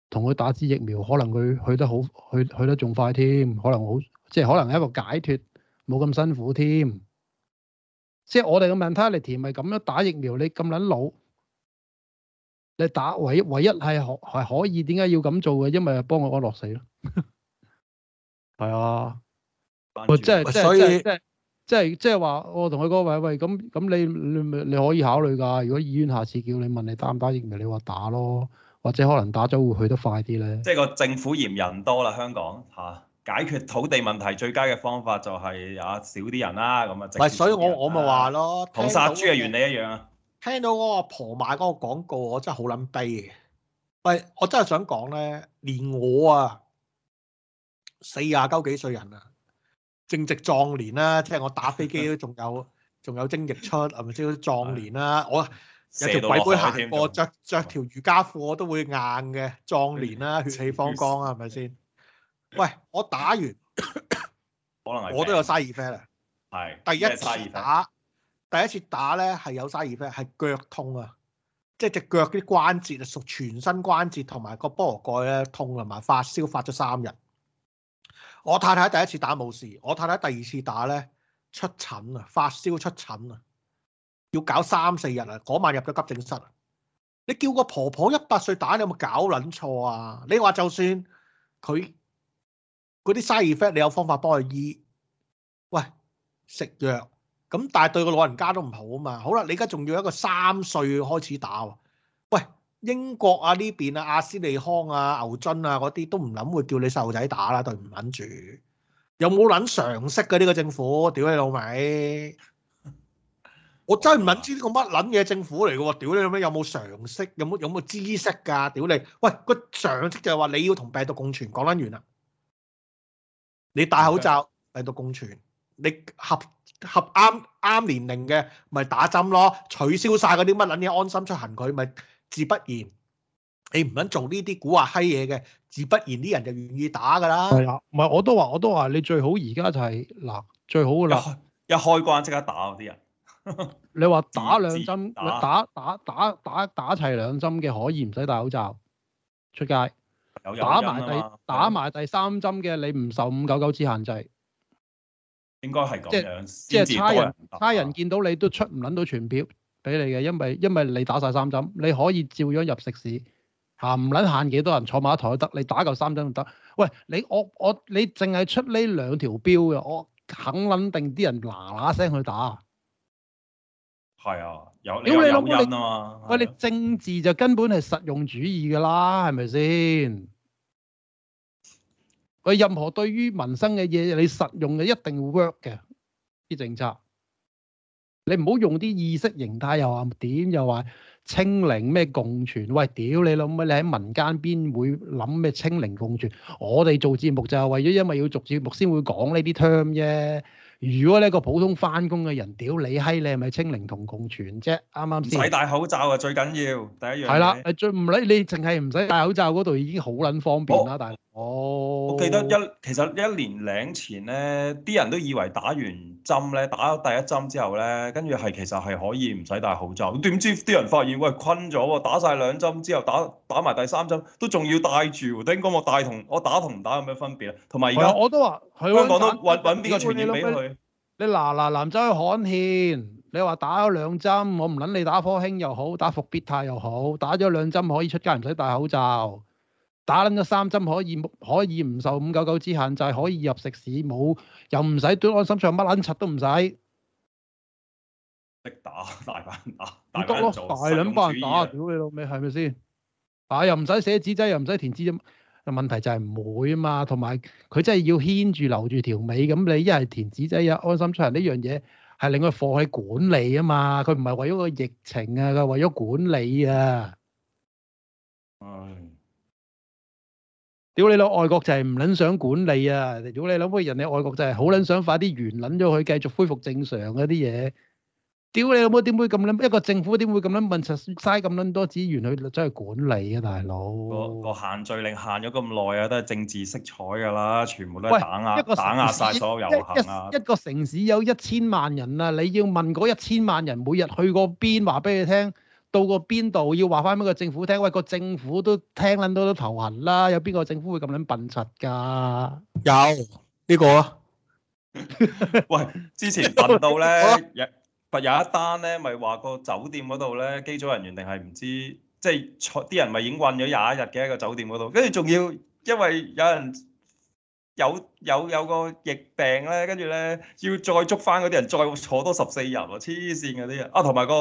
同佢打支疫苗，可能佢去得好去去得仲快添，可能好即係可能係一個解脫，冇咁辛苦添。即係我哋嘅 mentality 咪咁樣打疫苗，你咁撚老。你打唯唯一係可係可以，點解要咁做嘅？因為幫我安樂死咯，係啊，即係即係即係即係即係話，我同佢講喂，咁咁你你咪你可以考慮噶。如果醫院下次叫你問你打唔打疫苗，你話打咯，或者可能打咗會去得快啲咧。即係個政府嫌人多啦，香港吓解決土地問題最佳嘅方法就係啊少啲人啦咁啊。係，所以我我咪話咯，同殺豬嘅原理一樣啊。聽到嗰阿婆買嗰個廣告，我真係好撚悲。喂，我真係想講咧，連我啊，四廿九幾歲人啊，正值壯年啦，聽我打飛機都仲有仲有精液出，係咪先？壯年啦、啊，我有條鬼褲行過，着著條瑜伽褲我都會硬嘅。壯年啦、啊，血氣方剛、啊，係咪先？喂，我打完，可能係我都有 side effect。係第一次打。第一次打呢，係有 side effect，e e 係腳痛啊，即係隻腳啲關節啊，屬全身關節同埋個菠蘿蓋咧痛，同埋發燒發咗三日。我太太第一次打冇事，我太太第二次打呢，出疹啊，發燒出疹啊，要搞三四日啊，嗰晚入咗急症室。你叫個婆婆一百歲打，你有冇搞撚錯啊？你話就算佢嗰啲 side effect，你有方法幫佢醫？喂，食藥。咁但係對個老人家都唔好啊嘛！好啦，你而家仲要一個三歲開始打喎，啊？喂，英國啊呢邊啊，阿斯利康啊，牛津啊嗰啲都唔諗會叫你細路仔打啦，啊，對唔諗住？有冇諗常識嘅呢個政府？屌你老味！哇我真係唔諗知呢個乜撚嘢政府嚟嘅喎！屌你有咩？有冇常識？有冇有冇知識㗎？屌你！喂，個常識就係話你要同病毒共存。講得完啦，你戴口罩病毒共存，你合，合啱啱年齡嘅，咪打針咯，取消晒嗰啲乜撚嘢安心出行佢，咪自不然，你唔肯做呢啲古惑閪嘢嘅，自不然啲人就願意打㗎啦。係啊，唔係我都話，我都話你最好而家就係、是、嗱，最好㗎啦，一開關即刻打嗰啲人。 你話打兩針，打打打打打，打，打齊兩針嘅可以唔使戴口罩出街，打埋第打埋第三針嘅你唔受五九九之限制。應該係咁樣，即係差人差人見到你都出唔捻到全票俾你嘅，因為因為你打晒三針，你可以照樣入食肆，吓、啊，唔捻限幾多人坐埋一台都得，你打夠三針都得。喂，你我我你淨係出呢兩條標嘅，我肯捻定啲人嗱嗱聲去打啊？係啊，有、哎、你有，有因啊嘛。啊喂，你政治就根本係實用主義噶啦，係咪先？佢任何對於民生嘅嘢，你實用嘅一定 work 嘅啲政策，你唔好用啲意識形態又話點，又話清零咩共存，喂，屌你老母，你喺民間邊會諗咩清零共存？我哋做節目就係為咗因為要做節目先會講呢啲 term 啫。如果你一個普通翻工嘅人，屌你閪，你係咪清零同共存啫？啱啱先。唔使戴口罩啊，最緊要第一樣。係啦，係最唔理你，淨係唔使戴口罩嗰度已經好撚方便啦，但係。哦，oh, 我記得一其實一年零前咧，啲人都以為打完針咧，打咗第一針之後咧，跟住係其實係可以唔使戴口罩。點知啲人發現，喂，昆咗喎，打晒兩針之後打打埋第三針都仲要戴住。點講我戴同我打同唔打有咩分別啊？同埋而家我都話，香港都揾揾邊個傳染俾佢？你嗱嗱南州罕欠，你話打咗兩針，我唔撚你打科興又好，打復必泰又好，打咗兩針可以出街唔使戴口罩。打撚咗三針可以，可以唔受五九九之限制，可以入食肆，冇又唔使都安心出行，上乜撚柒都唔使。的打大，班打大，班人大人把人打，大撚幫人打，屌你老味，係咪先？打又唔使寫紙仔，又唔使填紙啫。問題就係唔會啊嘛，同埋佢真係要牽住留住條尾咁。你一係填紙仔，啊，安心出行呢樣嘢係令佢放喺管理啊嘛，佢唔係為咗個疫情啊，佢係為咗管理啊。唉。屌你老！外國就係唔撚想管理啊！屌你老母，人哋外國就係好撚想快啲完撚咗佢，繼續恢復正常嗰啲嘢。屌你老母！點會咁撚一個政府點會咁撚問晒咁撚多資源去走去管理啊，大佬！個限聚令限咗咁耐啊，都係政治色彩㗎啦，全部都係打壓、打壓曬所有遊客、啊、一,一,一個城市有一千萬人啊，你要問嗰一千萬人每日去過邊，話俾你聽。到過邊度要話翻俾個政府聽？喂，個政府都聽撚到都頭痕啦！有邊個政府會咁撚笨柒㗎？有呢、呢個啊！ 喂，之前笨到咧 好、啊，有有一單咧，咪話個酒店嗰度咧，機組人員定係唔知，即係啲人咪已經困咗廿一日嘅一個酒店嗰度，跟住仲要，因為有人。有有有個疫病咧，跟住咧要再捉翻嗰啲人，再坐多十四日啊！黐線嗰啲人啊，同埋個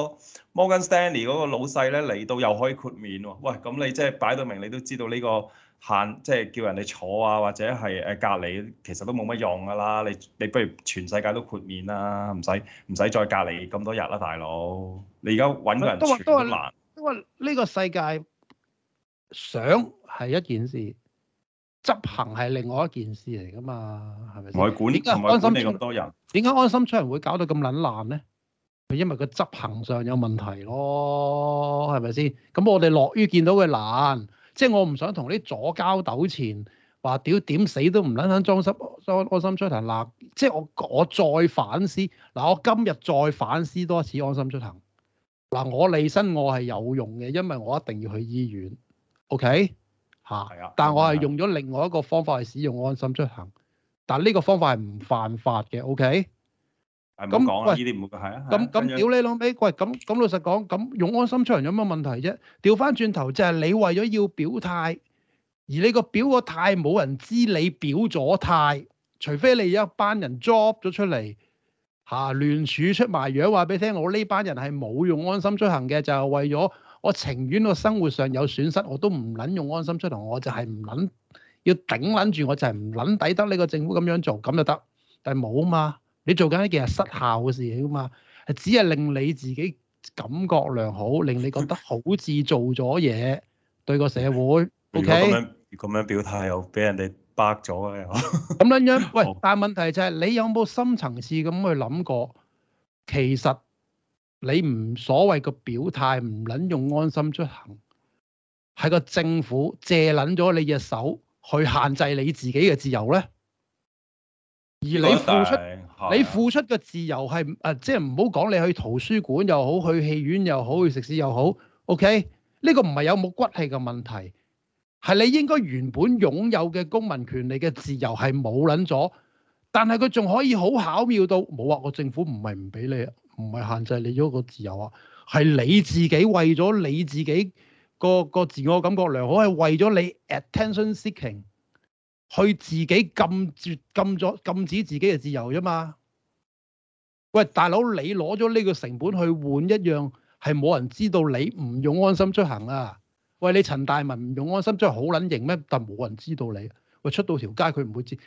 Morgan Stanley 嗰個老細咧，嚟到又可以豁免喎、啊。喂，咁你即係擺到明，你都知道呢個限，即係叫人哋坐啊，或者係誒隔離，其實都冇乜用噶啦。你你不如全世界都豁免啦、啊，唔使唔使再隔離咁多日啦、啊，大佬。你而家搵個人傳都難。呢、這個世界想係一件事。執行係另外一件事嚟噶嘛，係咪先？點解安心出行咁多人？點解安心出行會搞到咁撚爛咧？係因為個執行上有問題咯，係咪先？咁我哋樂於見到佢爛，即係我唔想同啲左膠糾纏，話屌點死都唔撚肯裝失安安心出行嗱。即係我我再反思，嗱我今日再反思多一次安心出行，嗱我離身我係有用嘅，因為我一定要去醫院，OK？係啊，但係我係用咗另外一個方法嚟使用安心出行，但係呢個方法係唔犯法嘅，OK？咁講啦，係啊那。咁咁屌你老尾，喂，咁咁老實講，咁用安心出行有乜問題啫？調返轉頭就係、是、你為咗要表態，而你個表個態冇人知你表咗態，除非你一班人 drop 咗出嚟，吓聯署出埋樣話俾你聽，我呢班人係冇用安心出行嘅，就係、是、為咗。我情願我生活上有損失，我都唔撚用安心出嚟，我就係唔撚要頂撚住，我就係唔撚抵得你個政府咁樣做，咁就得。但係冇啊嘛，你做緊一件失效嘅事啊嘛，係只係令你自己感覺良好，令你覺得好似做咗嘢對個社會。O K. 咁樣表態又俾人哋 back 咗啊又。咁 撚樣，喂！好但係問題就係、是、你有冇深層次咁去諗過，其實？你唔所謂個表態，唔捻用安心出行，係個政府借捻咗你隻手去限制你自己嘅自由呢。而你付出，你付出嘅自由係誒、呃，即係唔好講你去圖書館又好，去戲院又好，去食肆又好，OK？呢個唔係有冇骨氣嘅問題，係你應該原本擁有嘅公民權利嘅自由係冇捻咗，但係佢仲可以好巧妙到冇話個政府唔係唔俾你啊！唔係限制你咗個自由啊，係你自己為咗你自己個個自我感覺良好，係為咗你 attention seeking 去自己禁住禁咗禁止自己嘅自由啫嘛。喂，大佬，你攞咗呢個成本去換一樣係冇人知道你唔用安心出行啊？喂，你陳大文唔用安心出行好撚型咩？但冇人知道你，喂，出到條街佢唔會知。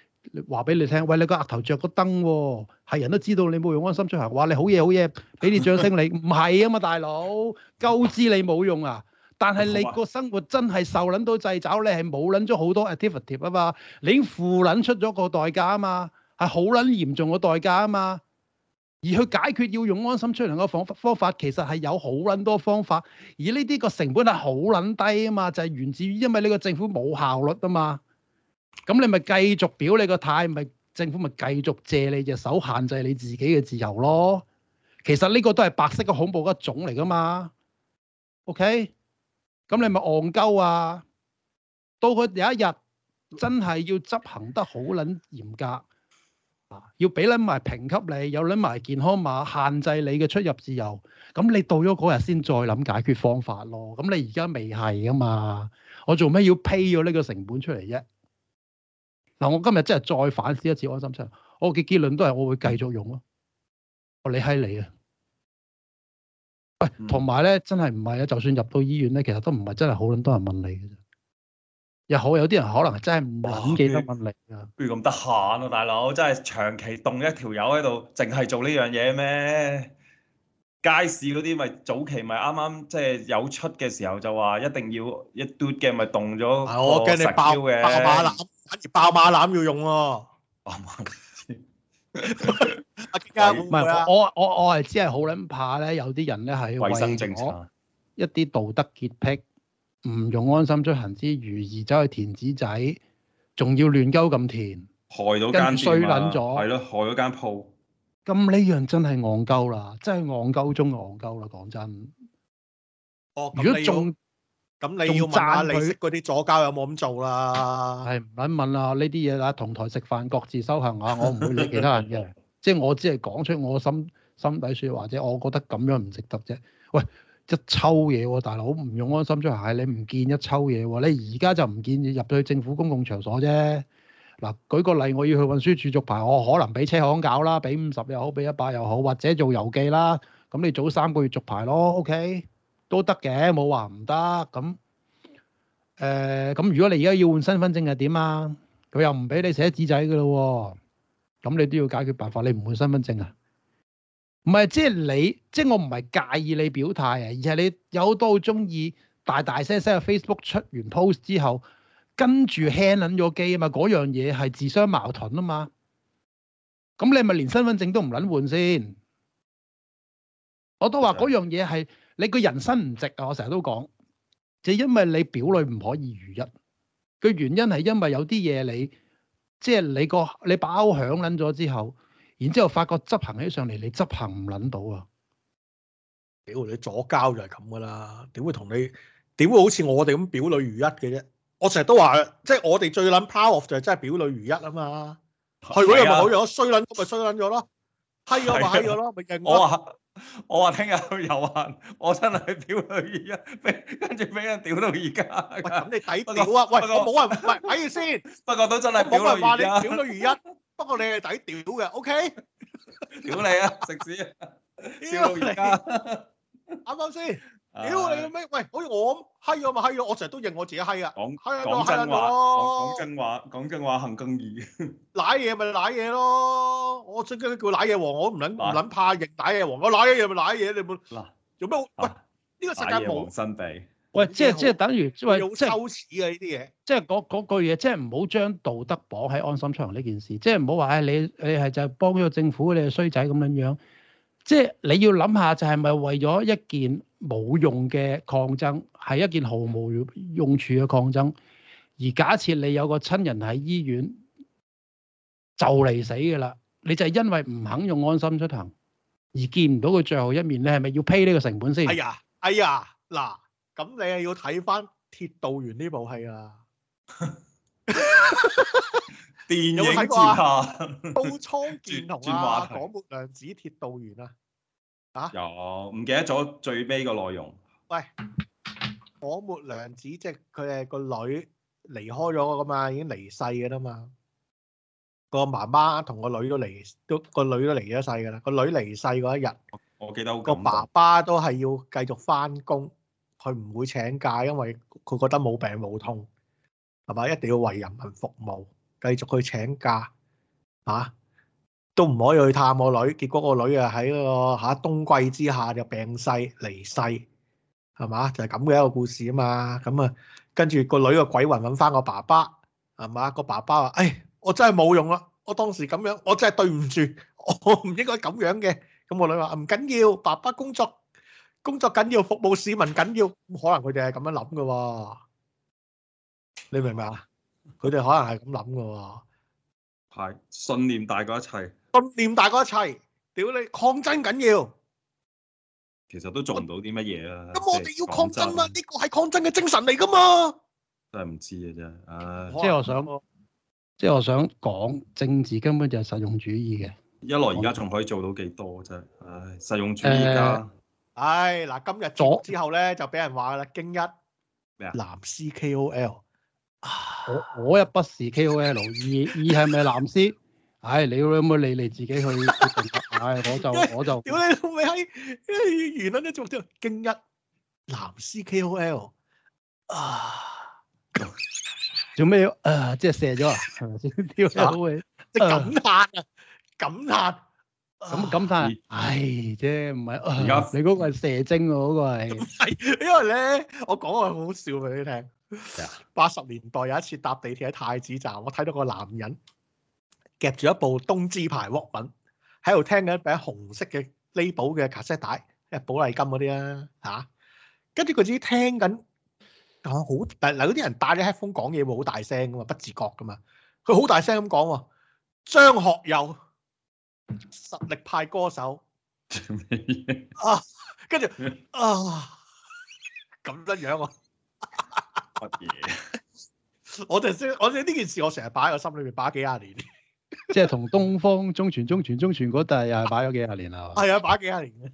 話俾你聽，餵你個額頭着個燈喎，啊，係人都知道你冇用安心出行，話你好嘢好嘢，俾你掌聲你，唔係啊嘛，大佬救知你冇用啊，但係你個生活真係受撚到掣肘，你係冇撚咗好多 activity 啊嘛，你已經負撚出咗個代價啊嘛，係好撚嚴重嘅代價啊嘛，而去解決要用安心出行嘅方方法其實係有好撚多方法，而呢啲個成本係好撚低啊嘛，就係、是、源自於因為呢個政府冇效率啊嘛。咁你咪繼續表你個態，咪政府咪繼續借你隻手限制你自己嘅自由咯。其實呢個都係白色嘅恐怖一種嚟噶嘛。OK，咁你咪戇鳩啊。到佢第一日真係要執行得好撚嚴格啊，要俾撚埋評級你，有撚埋健康碼，限制你嘅出入自由。咁你到咗嗰日先再諗解決方法咯。咁你而家未係噶嘛？我做咩要 pay 咗呢個成本出嚟啫？嗱，我今日真係再反思一次安心出行，我嘅結論都係我會繼續用咯。我你閪你啊！喂、哎，同埋咧，真係唔係啊！就算入到醫院咧，其實都唔係真係好撚多人問你嘅啫。又好有啲人可能真係唔記得問你啊。不如咁得閒啊，大佬，真係長期凍一條友喺度，淨係做呢樣嘢咩？街市嗰啲咪早期咪啱啱即係有出嘅時候就話一定要一嘟嘅咪凍咗我驚你爆嘅。爆反而爆馬籃要用喎、啊 啊，阿邊唔係我我我係只係好撚怕咧，有啲人咧係衛生政策，一啲道德潔癖，唔用安心出行之餘，而走去填紙仔，仲要亂鳩咁填，害到間店啊，係咯，害咗間鋪。咁呢樣真係戇鳩啦，真係戇鳩中嘅戇鳩啦，講真。哦，如果仲……咁你要炸你嗰啲左膠有冇咁做啦、啊？係唔想問啦，呢啲嘢啦，同台食飯各自修行嚇，我唔會理會其他人嘅， 即係我只係講出我心心底説話或者我覺得咁樣唔值得啫。喂，一抽嘢喎，大佬唔用安心出行係你唔見一抽嘢喎，你而家就唔建議入到去政府公共場所啫。嗱、啊，舉個例，我要去運輸署續，續牌，我可能俾車行搞啦，俾五十又好，俾一百又好，或者做郵寄啦。咁你早三個月續，續牌咯，OK？都得嘅，冇話唔得咁。誒，咁、呃、如果你而家要換身份證係點啊？佢又唔俾你寫紙仔噶咯、哦，咁你都要解決辦法。你唔換身份證啊？唔係，即係你，即係我唔係介意你表態啊，而係你有好多好中意大大聲聲喺 Facebook 出完 post 之後，跟住 hang 撚咗機啊嘛。嗰樣嘢係自相矛盾啊嘛。咁你咪連身份證都唔撚換先？我都話嗰樣嘢係。你個人生唔值啊！我成日都講，就係因為你表裏唔可以如一。個原因係因為有啲嘢你，即係你個你把口響撚咗之後，然之後發覺執行起上嚟你執行唔撚到啊！屌你左膠就係咁噶啦！點會同你點會好似我哋咁表裏如一嘅啫？我成日都話，即係我哋最撚 proud of 就係真係表裏如一啊嘛！去嗰咪好樣，衰撚咗咪衰撚咗咯，閪咗咪閪咗咯，咪認咯。我話聽日去遊行，我真係屌佢二一，跟住俾人屌到而家。咁你抵屌啊？喂過，過我冇人，喂，睇住先。不過都真係屌到二一。冇人話你屌到如一，不過你係抵屌嘅，OK？屌你啊，食屎！屌 你啊，啱啱先？屌你咩？喂，好似我咁閪咗咪閪咗，我成日都認我自己閪啊。講講真話，講真話，講真話行更易，賴嘢咪賴嘢咯！我最近叫賴嘢王，我唔撚唔撚怕認賴嘢王，我賴嘢咪賴嘢，你冇。嗱，做咩？喂，呢個世界冇新地。喂，即係即係等於即係即係羞恥啊！呢啲嘢。即係嗰句嘢，即係唔好將道德綁喺安心出行呢件事，即係唔好話誒你你係就係幫咗政府，你係衰仔咁樣樣。即係你要諗下，就係咪為咗一件冇用嘅抗爭，係一件毫無用處嘅抗爭？而假設你有個親人喺醫院就嚟死㗎啦，你就係因為唔肯用安心出行而見唔到佢最後一面，你係咪要 pay 呢個成本先？哎呀，哎呀，嗱，咁你係要睇返鐵道員呢部戲啊！ 電影之塔，到蒼勁雄啊！《廣末涼子鐵道員》啊，啊有唔記得咗最尾個內容？喂，《廣末涼子》即係佢係個女離開咗噶嘛，已經離世噶啦嘛。個媽媽同個女都離，都個女都離咗世噶啦。個女離世嗰一日，我記得好個爸爸都係要繼續翻工，佢唔會請假，因為佢覺得冇病冇痛，係咪，一定要為人民服務。繼續去請假，啊，都唔可以去探我女，結果我女個女啊喺個吓冬季之下就病逝離世，係嘛？就係咁嘅一個故事啊嘛。咁啊，跟住個女個鬼魂揾翻個爸爸，係嘛？個、啊、爸爸話，哎，我真係冇用啦，我當時咁樣，我真係對唔住，我唔應該咁樣嘅。咁、啊、個女話唔緊要，爸爸工作工作緊要，服務市民緊要，可能佢哋係咁樣諗噶、哦。你明唔明啊？佢哋可能係咁諗噶喎，係信念大過一切，信念大過一切，屌你抗爭緊要，其實都做唔到啲乜嘢啦。咁我哋要抗爭啊！呢個係抗爭嘅精神嚟噶嘛？真係唔知啊，真係。即係我想，即係我想講，政治根本就係實用主義嘅。一來而家仲可以做到幾多啫？唉，實用主義家。呃、唉，嗱，今日咗之後咧，就俾人話啦，京一咩啊？藍絲 KOL。我我又不是 K O L，二二係咪藍絲？唉、哎，你你冇理你自己去決定。唉、 哎，我就 我就……屌 你老尾閪！原來你做啲京一藍絲 K O L 啊？做咩啊？即係射咗 啊？係咪先？丟你老尾！你感嘆啊？感嘆？咁感嘆唉，即係唔係？你嗰、嗰個係射精喎，嗰個係。因為咧，我講個好好笑俾你聽。八十年代有一次搭地鐵喺太子站，我睇到個男人夾住一部東芝牌 Walkman，喺度聽緊一餅紅色嘅 label 嘅卡式帶，誒寶麗金嗰啲啦吓，跟住佢自己聽緊講好嗱嗱嗰啲人戴咗 headphone 講嘢會好大聲噶嘛，不自覺噶嘛，佢好大聲咁講喎，張、啊、學友實力派歌手啊？跟住啊，咁、啊、樣樣啊！乜嘢？ 我就即係，我即呢件事，我成日擺喺個心裏邊，擺幾廿年。 即係同東方中傳、中傳、中傳嗰度又係擺咗幾廿年啦。係啊，擺咗幾廿年。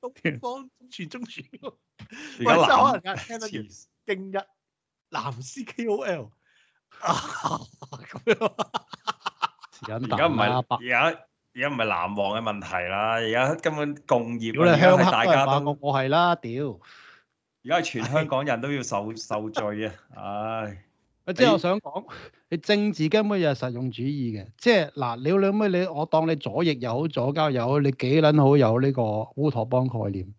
東方中傳、中傳嗰，或者 可能有人聽得完。京一、啊、藍絲 KOL 咁樣。而家唔係而家而家唔係藍黃嘅問題啦，而家根本共業大家。如果你香港嘅話，我我係啦，屌。而家全香港人都要受 受罪啊！唉、哎，即係我想講，哎、你政治根本又係實用主義嘅。即係嗱，你兩咪你我當你左翼又好，左交又好，你幾捻好有呢個烏托邦概念？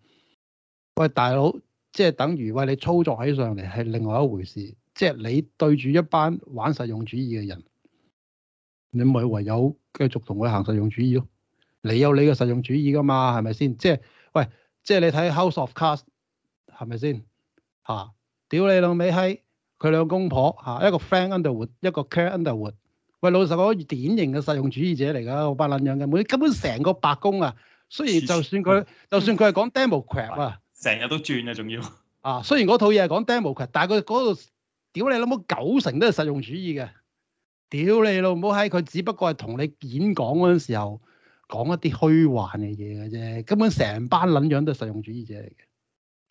喂，大佬，即係等於喂你操作起上嚟係另外一回事。即係你對住一班玩實用主義嘅人，你咪唯有繼續同佢行實用主義咯。你有你嘅實用主義噶嘛？係咪先？即係喂，即係你睇 House of Cards 係咪先嚇？屌你老尾閪，佢兩公婆嚇，一個 Frank Underwood，一個 Claire Underwood。喂，老實講，典型嘅實用主義者嚟噶，班撚樣嘅，每根本成個白宮啊。雖然就算佢，就算佢係講 democracy 啊，成日都轉嘅，仲要啊。雖然嗰套嘢係講 democracy，但係佢嗰度屌你老母九成都係實用主義嘅。屌你老母閪，佢只不過係同你演講嗰陣時候講一啲虛幻嘅嘢嘅啫。根本成班撚樣都係實用主義者嚟嘅。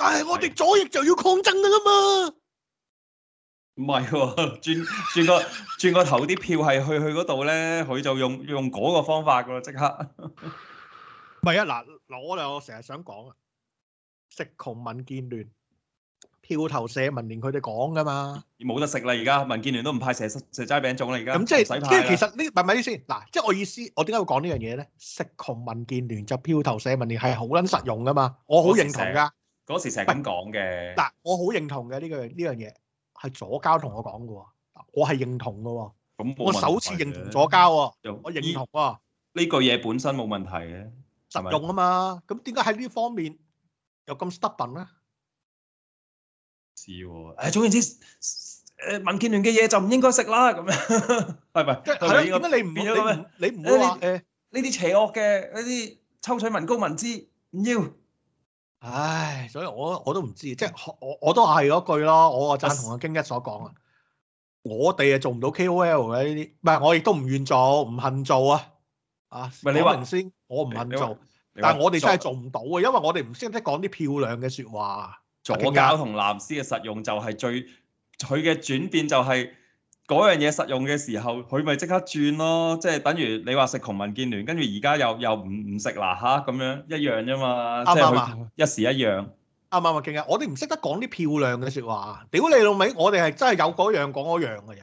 但係我哋左翼就要抗爭噶啦嘛，唔係喎，轉轉個轉個頭啲票係去去嗰度咧，佢就用用嗰個方法噶咯，即刻。唔係啊，嗱，嗱，我又成日想講啊，食窮民建聯，票頭社民連佢哋講噶嘛，冇得食啦而家，民建聯都唔派蛇蛇齋餅粽啦而家，咁即係，即係其實呢，咪咪先，嗱，即係我意思，我點解會講呢樣嘢咧？食窮民建聯就票頭社民連係好捻實用噶嘛，我好認同噶。嗰時成日咁講嘅，嗱，我好認同嘅呢個呢樣嘢係左膠同我講嘅喎，我係認同嘅喎。咁我首次認同左膠喎，我認同喎。呢句嘢本身冇問題嘅，實用啊嘛。咁點解喺呢方面又咁 stubborn 咧？知喎，誒總言之，誒民建聯嘅嘢就唔應該食啦咁樣，係咪？係咯，點解你唔要嘅咩？你唔好話，呢啲邪惡嘅，呢啲抽取民膏民脂，唔要。唉，所以我我都唔知，即係我我都係嗰句咯，我啊贊同阿京一所講啊，我哋啊做唔到 KOL 嘅呢啲，唔係我亦都唔願做，唔肯做啊，啊，係你話先，我唔肯做，但係我哋真係做唔到啊，因為我哋唔識即係講啲漂亮嘅說話，左教同藍絲嘅實用就係最，佢嘅轉變就係。嗰樣嘢實用嘅時候，佢咪即刻轉咯，即係等於你話食窮民建聯，跟住而家又又唔唔食啦吓，咁樣一樣啫嘛，即係一時一樣。啱啱啊？勁啊！我哋唔識得講啲漂亮嘅説話，屌你老味，我哋係真係有嗰樣講嗰樣嘅嘢。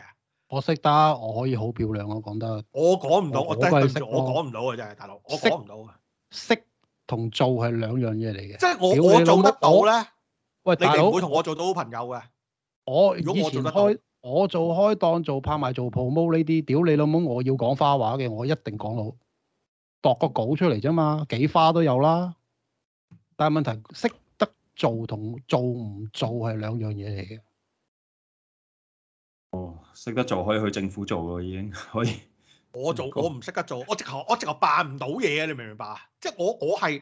我識得，我可以好漂亮，我講得。我講唔到，我真佢識，我講唔到嘅真係，大佬，我講唔到啊。識同做係兩樣嘢嚟嘅。即係我我做得到咧，喂，你哋唔會同我做到好朋友嘅。我如果我做得到。我做開檔、做拍賣、做 promo 呢啲，屌你老母！我要講花話嘅，我一定講到度個稿出嚟啫嘛，幾花都有啦。但係問題，識得做同做唔做係兩樣嘢嚟嘅。哦，識得做可以去政府做嘅已經可以。我做我唔識得做，我直頭我直頭辦唔到嘢啊！你明唔明白啊？即係我我係。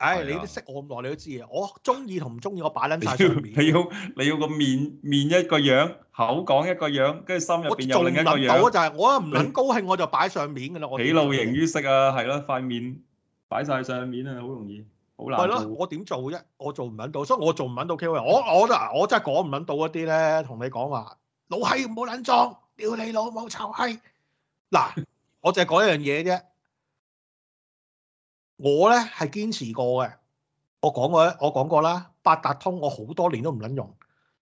唉，你都識我咁耐，你都知嘅。我中意同唔中意，我擺撚曬上面。你要你要個面面一個樣，口講一個樣，跟住心入邊做另一個樣。我仲諗到就係，我唔撚高興，我就擺上面噶啦。喜怒形於色啊，係咯，塊面擺曬上面啊，好容易，好難。係咯，我點做一，我做唔撚到，所以我做唔撚到 keyway。我我嗱，我真係講唔撚到一啲咧，同你講話，老係唔好撚裝，屌你老母臭閪。嗱，我淨係講一樣嘢啫。我咧係堅持過嘅，我講過，我講過啦。八達通我好多年都唔撚用，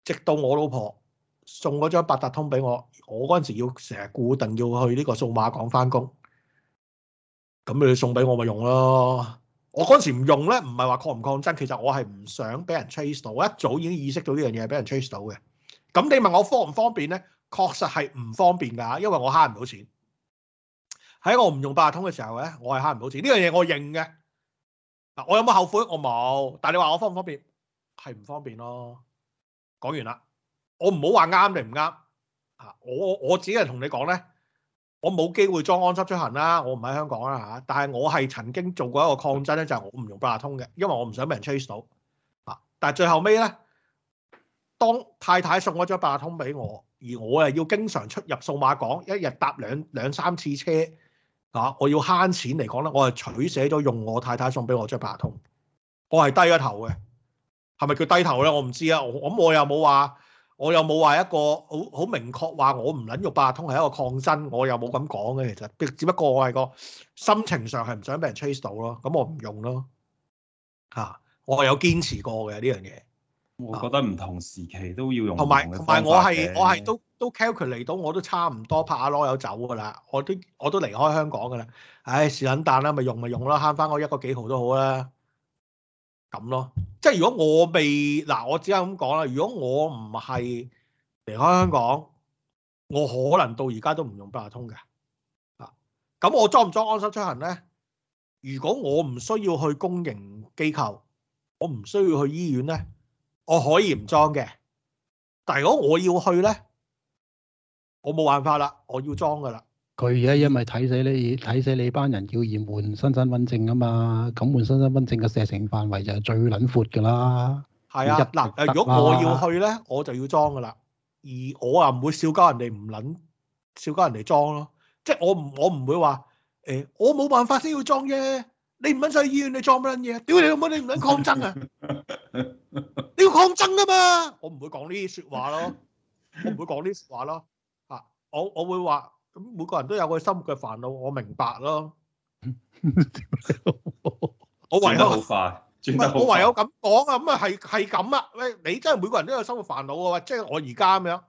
直到我老婆送嗰張八達通俾我，我嗰陣時要成日固定要去呢個數碼港翻工，咁你送俾我咪用咯。我嗰陣時唔用咧，唔係話抗唔抗爭，其實我係唔想俾人 trace 到。我一早已經意識到呢樣嘢係俾人 trace 到嘅。咁你問我方唔方便咧？確實係唔方便㗎，因為我慳唔到錢。喺我唔用八達通嘅時候咧，我係慳唔到錢。呢樣嘢我認嘅。嗱，我有冇後悔？我冇。但係你話我方唔方便，係唔方便咯。講完啦。我唔好話啱定唔啱。嚇，我我只係同你講咧，我冇機會裝安心出行啦。我唔喺香港啦嚇。但係我係曾經做過一個抗爭咧，就係我唔用八達通嘅，因為我唔想俾人 trace 到。嚇！但係最後尾咧，當太太送咗張八達通俾我，而我係要經常出入數碼港，一日搭兩兩三次車。啊！我要慳錢嚟講咧，我係取捨咗用我太太送俾我張八達通，我係低咗頭嘅，係咪叫低頭咧？我唔知啊。我咁我又冇話，我又冇話一個好好明確話我唔撚用八達通係一個抗爭，我又冇咁講嘅。其實只不過我係個心情上係唔想俾人 trace 到咯，咁我唔用咯。嚇、啊！我有堅持過嘅呢樣嘢。我覺得唔同時期都要用，同埋同埋，我係我係都都 calculate 嚟到，我都差唔多拍下籮柚走噶啦，我都我都離開香港噶啦。唉、哎，是撚蛋啦，咪用咪用啦，慳翻我一個幾毫都好啦，咁咯。即係如果我未嗱、啊，我只係咁講啦。如果我唔係離開香港，我可能到而家都唔用八達通嘅啊。咁我裝唔裝安心出行咧？如果我唔需要去公營機構，我唔需要去醫院咧？我可以唔裝嘅，但係如果我要去咧，我冇辦法啦，我要裝噶啦。佢而家因為睇死你睇死，死你班人要延新換新身份證啊嘛，咁換新身份證嘅射程範圍就係最撚闊噶啦。係啊，嗱，誒，如果我要去咧，我就要裝噶啦。而我啊唔會笑鳩人哋唔撚笑鳩人哋裝咯，即係我唔我唔會話誒，我冇、欸、辦法先要裝啫。你唔肯上醫院，你做乜撚嘢啊？屌你老母！你唔肯抗爭啊！你要抗爭噶嘛？我唔會講呢啲説話咯，我唔會講呢啲話咯。啊，我我會話咁，每個人都有佢生活嘅煩惱，我明白咯。我唯有好快我唯有咁講啊！咁啊，係係咁啊！喂，你真係每個人都有生活煩惱嘅喎，即係我而家咁樣。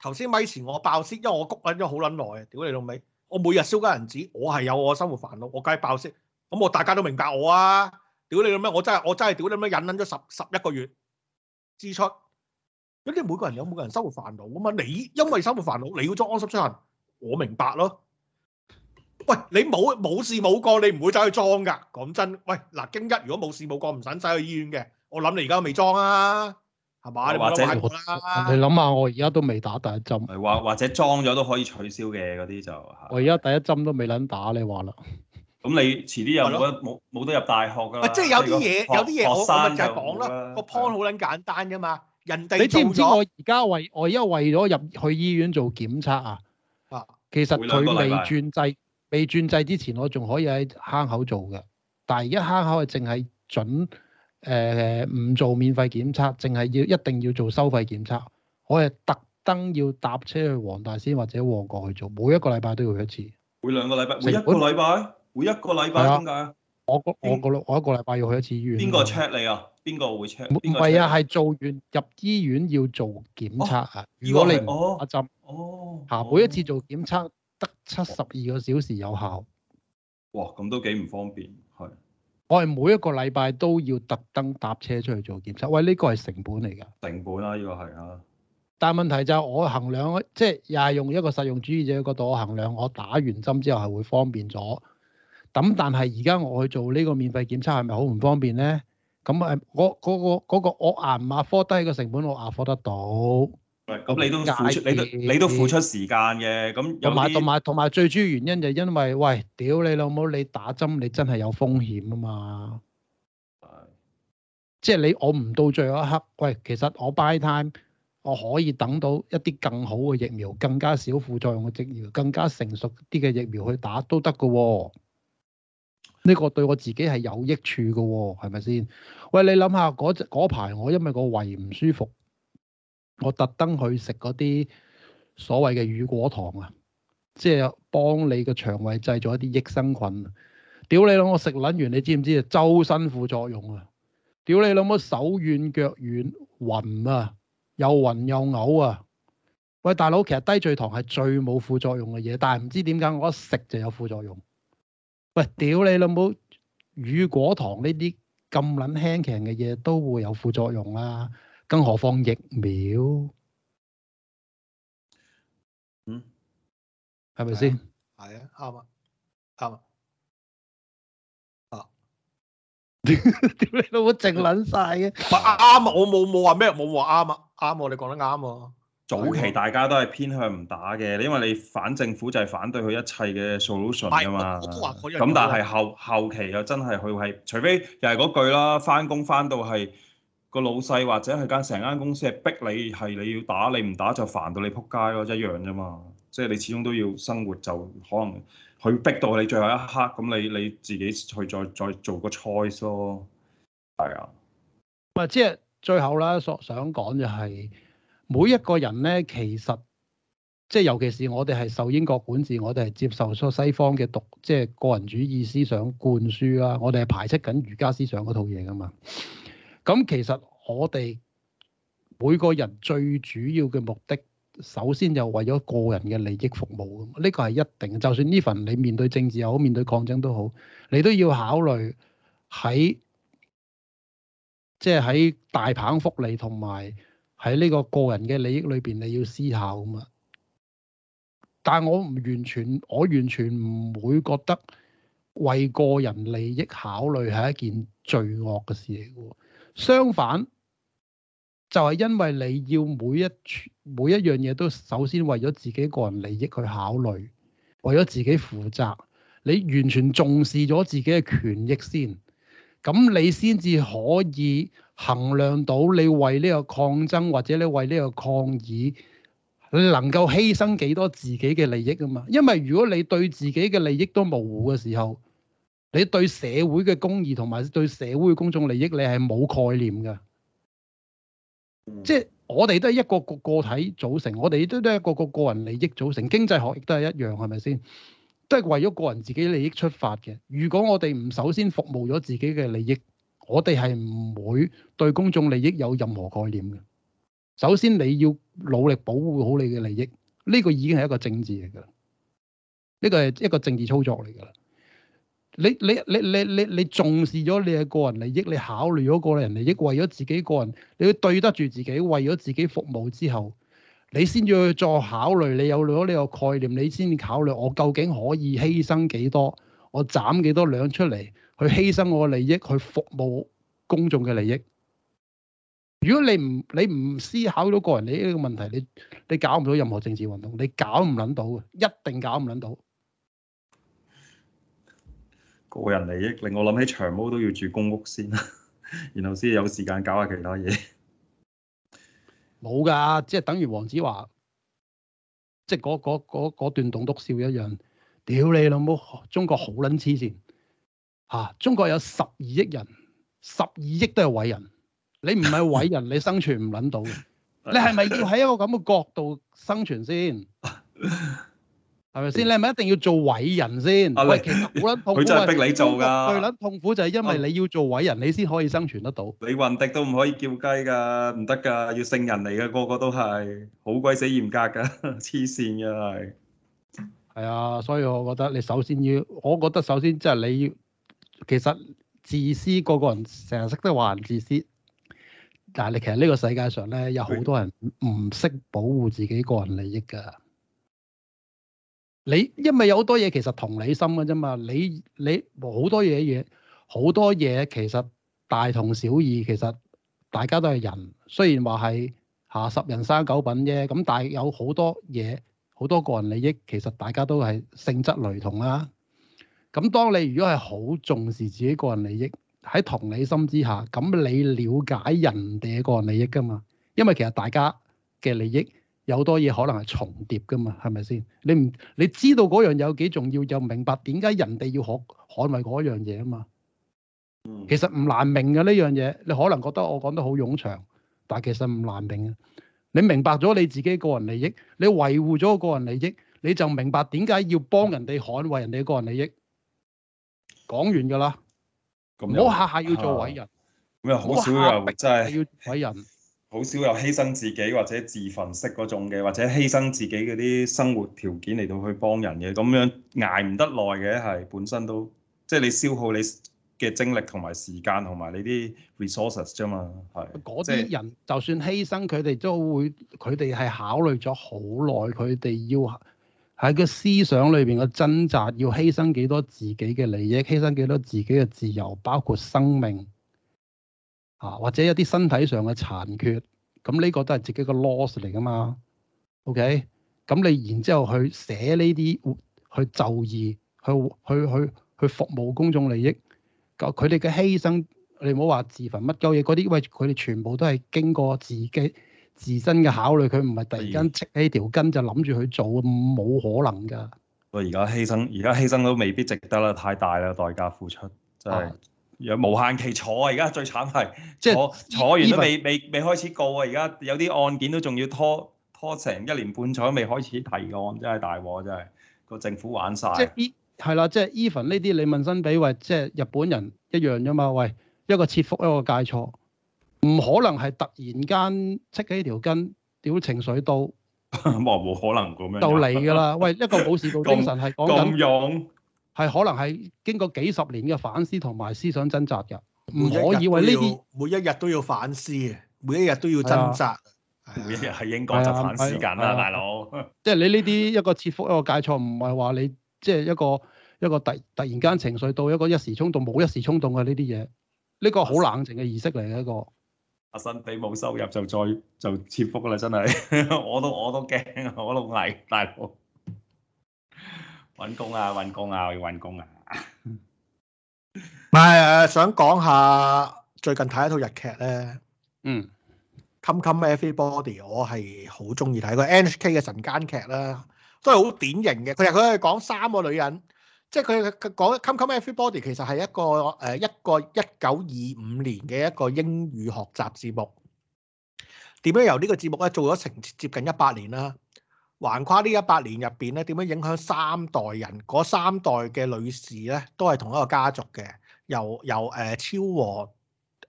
頭先咪前我爆先，因為我谷緊咗好撚耐啊！屌你老味！我每日燒鳩銀紙，我係有我生活煩惱，我梗係爆息。咁、嗯、我大家都明白我啊，屌你咁樣，我真係我真係屌你咁樣忍忍咗十十一個月支出。咁啲每個人有每個人生活煩惱啊嘛，你因為生活煩惱你要裝安心出行，我明白咯。喂，你冇冇事冇過，你唔會走去裝㗎。講真，喂嗱，京一如果冇事冇過唔使使去醫院嘅，我諗你而家都未裝啊。係嘛？你諗下，你諗下，我而家都未打第一針。係或或者裝咗都可以取消嘅嗰啲就。我而家第一針都未撚打，你話啦。咁你遲啲又冇得冇得入大學㗎。即係有啲嘢，有啲嘢好咁咪就係講啦，個 point 好撚簡單㗎嘛。人哋你知唔知我而家為我而家為咗入去醫院做檢測啊？啊，其實佢未轉制，未轉制之前我仲可以喺坑口做㗎，但係而家坑口係淨係準。誒，唔做免費檢測，淨係要一定要做收費檢測。我係特登要搭車去黃大仙或者旺角去做，每一個禮拜都要去一次。每兩個禮拜，每一個禮拜，每一個禮拜點解？啊、我我個我一個禮拜要去一次醫院。邊個 check 你啊？邊個會 check？唔係啊，係做完入醫院要做檢測啊。如果你唔打針，吓、哦，哦、每一次做檢測得七十二個小時有效。哇，咁都幾唔方便。我係每一個禮拜都要特登搭車出去做檢測，喂，呢、這個係成本嚟㗎。成本啦，呢個係啊。這個、啊但係問題就係我衡量，即係又係用一個實用主義者嘅角度，我衡量我打完針之後係會方便咗。咁但係而家我去做呢個免費檢測係咪好唔方便呢？咁誒，我、那、嗰、個那個我壓唔壓貨低嘅成本，我壓貨得到。喂，咁你都付出，你都你都付出時間嘅，咁有同埋同埋同埋最主要原因就係因為，喂，屌你老母，你打針你真係有風險啊嘛，的即係你我唔到最後一刻，喂，其實我 buy time，我可以等到一啲更好嘅疫苗，更加少副作用嘅疫苗，更加成熟啲嘅疫苗去打都得噶喎，呢個對我自己係有益處噶喎，係咪先？喂，你諗下嗰排我因為個胃唔舒服。我特登去食嗰啲所謂嘅乳果糖啊，即係幫你個腸胃製造一啲益生菌。屌你老母食捻完，你知唔知啊？周身副作用啊！屌你老母手軟腳軟，暈啊，又暈又嘔啊！喂，大佬，其實低聚糖係最冇副作用嘅嘢，但係唔知點解我一食就有副作用。喂，屌你老母，乳果糖呢啲咁捻輕奇嘅嘢都會有副作用啊！更何況疫苗，嗯係係，係咪先？係啊，啱啊，啱啊，啊，啊！屌 你老母，啊，靜撚晒嘅。啱啊，我冇冇話咩，冇話啱啊，啱啊，你講得啱啊。早期大家都係偏向唔打嘅，因為你反政府就係反對佢一切嘅 solution 啊是嘛。咁但係後後期又真係佢係，除非又係嗰句啦，翻工翻到係。個老細或者係間成間公司係逼你，係你要打，你唔打就煩到你仆街咯，一樣啫嘛。即係你始終都要生活，就可能佢逼到你最後一刻，咁你你自己去再再做個 choice 咯、哦。係啊，唔即係最後啦，所想講就係、是、每一個人咧，其實即係尤其是我哋係受英國管治，我哋係接受咗西方嘅毒，即、就、係、是、個人主義思想灌輸啦。我哋係排斥緊儒家思想嗰套嘢噶嘛。咁其實我哋每個人最主要嘅目的，首先就為咗個人嘅利益服務。咁呢個係一定，就算呢份你面對政治又好，面對抗爭都好，你都要考慮喺即係喺大棒福利同埋喺呢個個人嘅利益裏邊，你要思考咁啊。但係我唔完全，我完全唔會覺得為個人利益考慮係一件罪惡嘅事嚟嘅喎。相反，就係因為你要每一每一樣嘢都首先為咗自己個人利益去考慮，為咗自己負責，你完全重視咗自己嘅權益先，咁你先至可以衡量到你為呢個抗爭或者你為呢個抗議，你能夠犧牲幾多自己嘅利益啊嘛？因為如果你對自己嘅利益都模糊嘅時候，你對社會嘅公義同埋對社會嘅公眾利益，你係冇概念嘅。即係我哋都係一個個個體組成，我哋都都係一個個個人利益組成。經濟學亦都係一樣，係咪先？都係為咗個人自己利益出發嘅。如果我哋唔首先服務咗自己嘅利益，我哋係唔會對公眾利益有任何概念嘅。首先你要努力保護好你嘅利益，呢個已經係一個政治嚟㗎啦，呢個係一個政治操作嚟㗎啦。你你你你你你重視咗你嘅個人利益，你考慮咗個人利益，為咗自己個人，你要對得住自己，為咗自己服務之後，你先至要再考慮，你有咗呢個概念，你先考慮我究竟可以犧牲幾多，我斬幾多兩出嚟，去犧牲我嘅利益去服務公眾嘅利益。如果你唔你唔思考到個人利益呢個問題，你你搞唔到任何政治運動，你搞唔捻到嘅，一定搞唔捻到。個人利益令我諗起長毛都要住公屋先，然後先有時間搞下其他嘢。冇㗎，即係等於黃子華，即係嗰嗰嗰嗰段棟篤笑一樣。屌你老母，中國好撚黐線嚇！中國有十二億人，十二億都係偉人。你唔係偉人， 你生存唔撚到。你係咪要喺一個咁嘅角度生存先？ 係咪先？你係咪一定要做偉人先？啊、喂，其實佢他痛苦 真係逼你做噶佢諗了痛苦就係因為你要做偉人，啊、你先可以生存得到。你李雲迪都唔可以叫雞噶唔得噶要聖人嚟噶個個都係，好鬼死嚴格噶黐線嘅係。係啊，所以我覺得你首先要，我覺得首先即係你要，其實自私個個人成日識得話人自私，但係你其實呢個世界上咧有好多人唔識保護自己個人利益噶。你因為有好多嘢其實同理心嘅啫嘛，你你好多嘢嘢好多嘢其實大同小異，其實大家都係人，雖然話係吓十人生九品啫，咁但係有好多嘢好多個人利益，其實大家都係性質雷同啦、啊。咁當你如果係好重視自己個人利益，喺同理心之下，咁你瞭解人哋嘅個人利益噶嘛？因為其實大家嘅利益。有多嘢可能係重疊噶嘛？係咪先？你唔你知道嗰樣有幾重要，就明白點解人哋要捍捍衞嗰樣嘢啊嘛。其實唔難明嘅呢樣嘢。你可能覺得我講得好冗長，但係其實唔難明嘅。你明白咗你自己個人利益，你維護咗個人利益，你就明白點解要幫人哋捍衞人哋個人利益。講完㗎啦，唔好下下要做偉人。又好少有真係偉人。好少有犧牲自己或者自焚式嗰種嘅，或者犧牲自己嗰啲生活條件嚟到去幫人嘅，咁樣捱唔得耐嘅，係本身都即係你消耗你嘅精力同埋時間同埋你啲 resources 啫嘛，係。嗰啲人、就係、就算犧牲，佢哋都會，佢哋係考慮咗好耐，佢哋要喺個思想裏邊嘅掙扎，要犧牲幾多自己嘅利益，犧牲幾多自己嘅自由，包括生命。啊、或者有啲身體上嘅殘缺，咁、嗯、呢、這個都係自己嘅 loss 嚟噶嘛？OK，咁、嗯、你然之後去寫呢啲，去就義，去去去去服務公眾利益，佢佢哋嘅犧牲，你唔好話自焚乜鳩嘢，嗰啲喂佢哋全部都係經過自己自身嘅考慮，佢唔係突然間戚起條筋就諗住去做，冇可能㗎。我而家犧牲，而家犧牲都未必值得啦，太大啦代價付出，真係。啊有無限期坐啊！而家最慘係，即係是坐坐完都未未未開始告啊！而家有啲案件都仲要拖拖成一年半載都未開始提案，真係大鑊，真係個政府玩晒，即係依係啦，即係 even 呢啲你問幸比喂，即係日本人一樣㗎嘛？喂，一個切腹，一個戒錯，唔可能係突然間出幾條筋，屌情緒到。冇可能咁樣。就嚟㗎啦！喂 麼，一個武士道精神係咁勇。係可能係經過幾十年嘅反思同埋思想掙扎嘅，唔可以為呢啲，每一日都要反思嘅，每一日都要掙扎。啊啊、每一日係應該就反思緊啦、啊，啊啊啊、大佬哥。 即係你呢啲一個切腹，一個介錯，唔係話你即係一個一個突突然間情緒到一個一時衝動，冇一,一時衝動嘅呢啲嘢，呢個好冷靜嘅儀式嚟嘅一個。阿新、啊，你冇收入就再就切腹啦，真係， 我都我都驚，我都危，大佬。揾工啊！揾工啊！我要揾工啊！唔係誒，想講下最近睇一套日劇咧。嗯，Come Come Everybody，我係好中意睇個 NHK 嘅晨間劇啦，都係好典型嘅。佢係佢係講三個女人，即係佢佢講 Come Come Everybody 其實係一個誒一個一九二五年嘅一個英語學習節目。點樣由呢個節目咧做咗成接近一百年啦？橫跨呢一百年入邊咧，點樣影響三代人？嗰三代嘅女士咧，都係同一個家族嘅，由由誒、呃、超和昭和誒、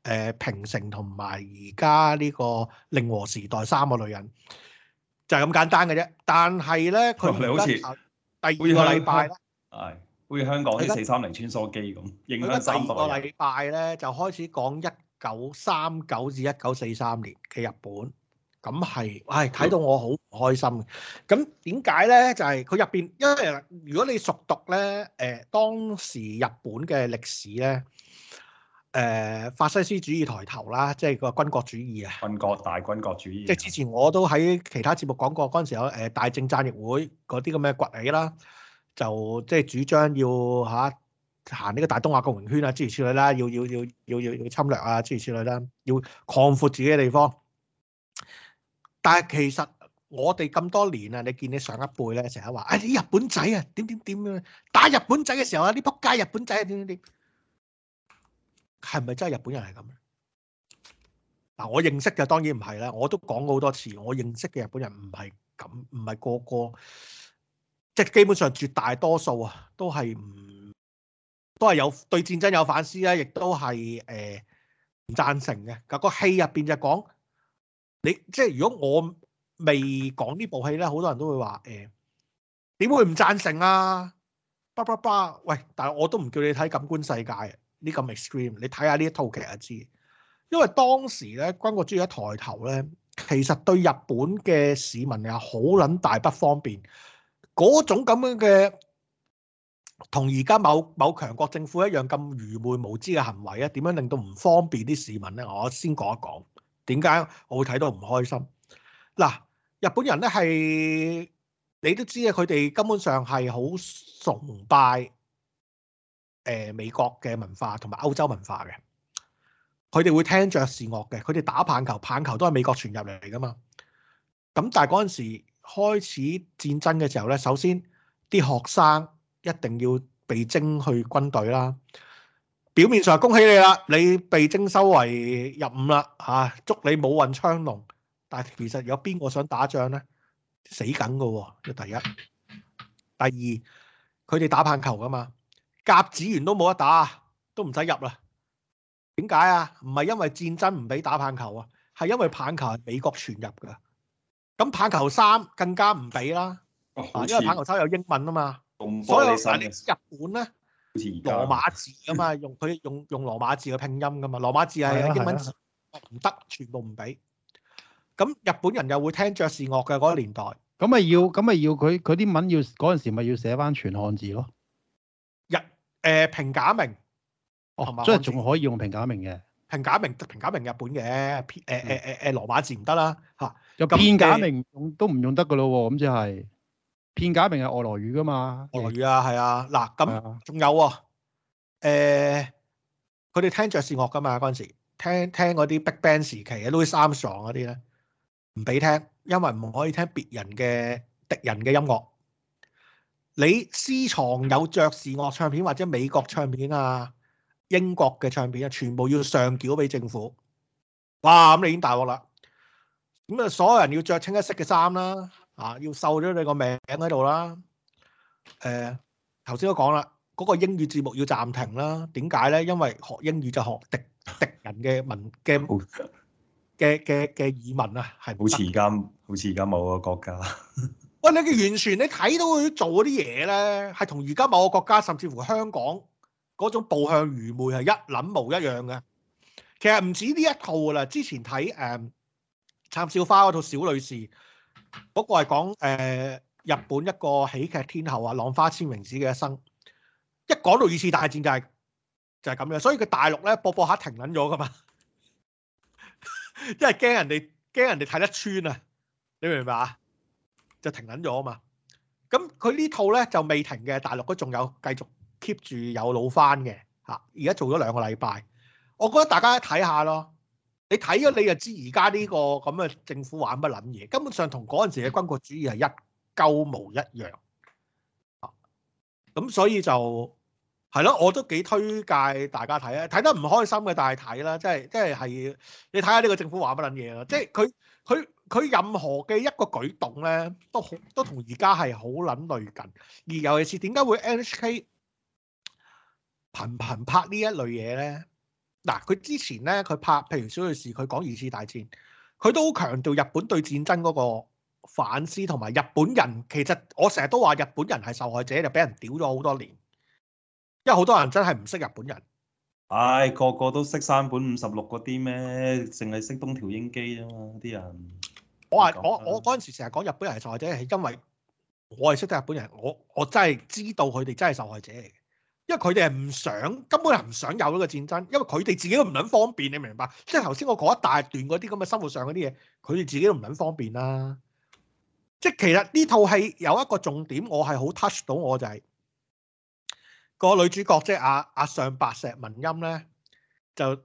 呃、平成同埋而家呢個令和時代三個女人，就係、是、咁簡單嘅啫。但係咧，佢哋好似第二個禮拜咧，係會香港啲四三零穿梭機咁影響細個。第二個禮拜咧，就開始講一九三九至一九四三年嘅日本。咁係，唉，睇、哎、到我好唔開心。咁點解咧？就係佢入邊，因為如果你熟讀咧，誒、呃、當時日本嘅歷史咧，誒、呃、法西斯主義抬頭啦，即係個軍國主義啊，軍國大軍國主義。即係之前我都喺其他節目講過，嗰陣時候有大政贊役會嗰啲咁嘅崛起啦，就即係主張要嚇行呢個大東亞共榮圈啊，諸如此類啦，要要要要要要，要侵略啊，諸如此類啦，要擴闊自己嘅地方。但係其實我哋咁多年啊，你見你上一輩咧，成日話誒日本仔啊，點點點樣，點樣打日本仔嘅時候啊，呢仆街日本仔啊點點點，係咪真係日本人係咁咧？嗱，我認識嘅當然唔係啦，我都講好多次，我認識嘅日本人唔係咁，唔係個個即係基本上絕大多數啊，都係唔都係有對戰爭有反思咧，亦都係誒唔贊成嘅。個、嗰個戲入邊就講。你即係如果我未講呢部戲呢，好多人都會話誒點會唔贊成啊？叭叭叭！喂，但係我都唔叫你睇《感官世界》呢咁 extreme，你睇下呢一套劇就知，因為當時呢，軍國主義一抬頭呢，其實對日本嘅市民呀好撚大不方便。嗰種咁樣嘅同而家某某強國政府一樣咁愚昧無知嘅行為啊，點樣令到唔方便啲市民呢？我先講一講。點解我會睇到唔開心？嗱，日本人咧係你都知啊，佢哋根本上係好崇拜誒、呃、美國嘅文化同埋歐洲文化嘅。佢哋會聽爵士樂嘅，佢哋打棒球、棒球都係美國傳入嚟㗎嘛。咁但係嗰陣時開始戰爭嘅時候呢，首先啲學生一定要被徵去軍隊啦。表面上恭喜你啦，你被徵收為入伍啦嚇，祝、啊、你武運昌隆。但係其實有邊個想打仗咧？死梗嘅喎，第一，第二，佢哋打棒球嘅嘛，甲子園都冇得打，都唔使入啦。點解啊？唔係因為戰爭唔俾打棒球啊，係因為棒球係美國傳入嘅。咁棒球三更加唔俾啦，像因為棒球三有英文啊嘛。你你所以日本咧？羅馬字噶嘛， 用佢用用羅馬字嘅拼音噶嘛，羅馬字係英文字唔得、啊，全部唔俾。咁日本人又會聽爵士樂嘅嗰個年代，咁咪要咁咪要佢佢啲文要嗰陣時咪要寫翻全漢字咯。日誒、呃、平假名哦，所以仲可以用平假名嘅平假名，平假名日本嘅 P 誒誒誒誒羅馬字唔得啦吓，平假名都唔用得噶咯，咁即係。片假名係外來語噶嘛？外來語啊，係啊。嗱咁，仲、啊、有啊，誒、呃，佢哋聽爵士樂噶嘛？嗰陣時聽聽嗰啲 big band 時期嘅 Louis Armstrong 嗰啲咧，唔俾聽，因為唔可以聽別人嘅敵人嘅音樂。你私藏有爵士樂唱片或者美國唱片啊、英國嘅唱片啊，全部要上繳俾政府。哇！咁你已經大鑊啦。咁啊，所有人要着清一色嘅衫啦。啊！要收咗你個名喺度啦。誒、呃，頭先都講啦，嗰、嗰個英語節目要暫停啦。點解咧？因為學英語就學敵敵人嘅文嘅嘅嘅嘅語文啊，係。好似而家，好似而家某個國家。 喂，你完全你睇到佢做嗰啲嘢咧，係同而家某個國家，甚至乎香港嗰種步向愚昧係一冧模一樣嘅。其實唔止呢一套啦，之前睇誒《插、嗯、少花》嗰套《小女士》。嗰個係講、呃、日本一個喜劇天后啊，浪花千名子嘅一生，一講到二次大戰就係、就係咁樣，所以佢大陸咧播播下停撚咗㗎嘛， 因為驚人哋驚人哋睇得穿啊，你明唔明白啊？就停撚咗啊嘛，咁佢呢套咧就未停嘅，大陸都仲有繼續 keep 住有老翻嘅吓，而家做咗兩個禮拜，我覺得大家睇下咯。你睇咗你就知而家呢個咁嘅政府玩乜捻嘢，根本上同嗰陣時嘅軍國主義係一鳩模一樣啊！咁所以就係咯，我都幾推介大家睇啊，睇得唔開心嘅，但係睇啦，即係即係係你睇下呢個政府玩乜捻嘢啦，即係佢佢佢任何嘅一個舉動咧，都好都同而家係好捻類近。而尤其是點解會 NHK 頻頻拍呢一類嘢咧？嗱，佢之前咧，佢拍譬如《小律士》，佢講二次大戰，佢都好強調日本對戰爭嗰個反思，同埋日本人其實我成日都話日本人係受害者，就俾人屌咗好多年。因為好多人真係唔識日本人，唉、哎，個個都識山本五十六嗰啲咩，淨係識東條英機啫嘛啲人。我話沒講 我我嗰陣我時成日講日本人係受害者，係因為我係識得日本人，我我真係知道佢哋真係受害者嚟因為佢哋係唔想，根本係唔想有呢個戰爭，因為佢哋自己都唔諗方便，你明白？即係頭先我講一大段嗰啲咁嘅生活上嗰啲嘢，佢哋自己都唔諗方便啦。即係其實呢套戲有一個重點，我係好 touch 到，我就係個女主角即係阿阿上白石萌音咧，就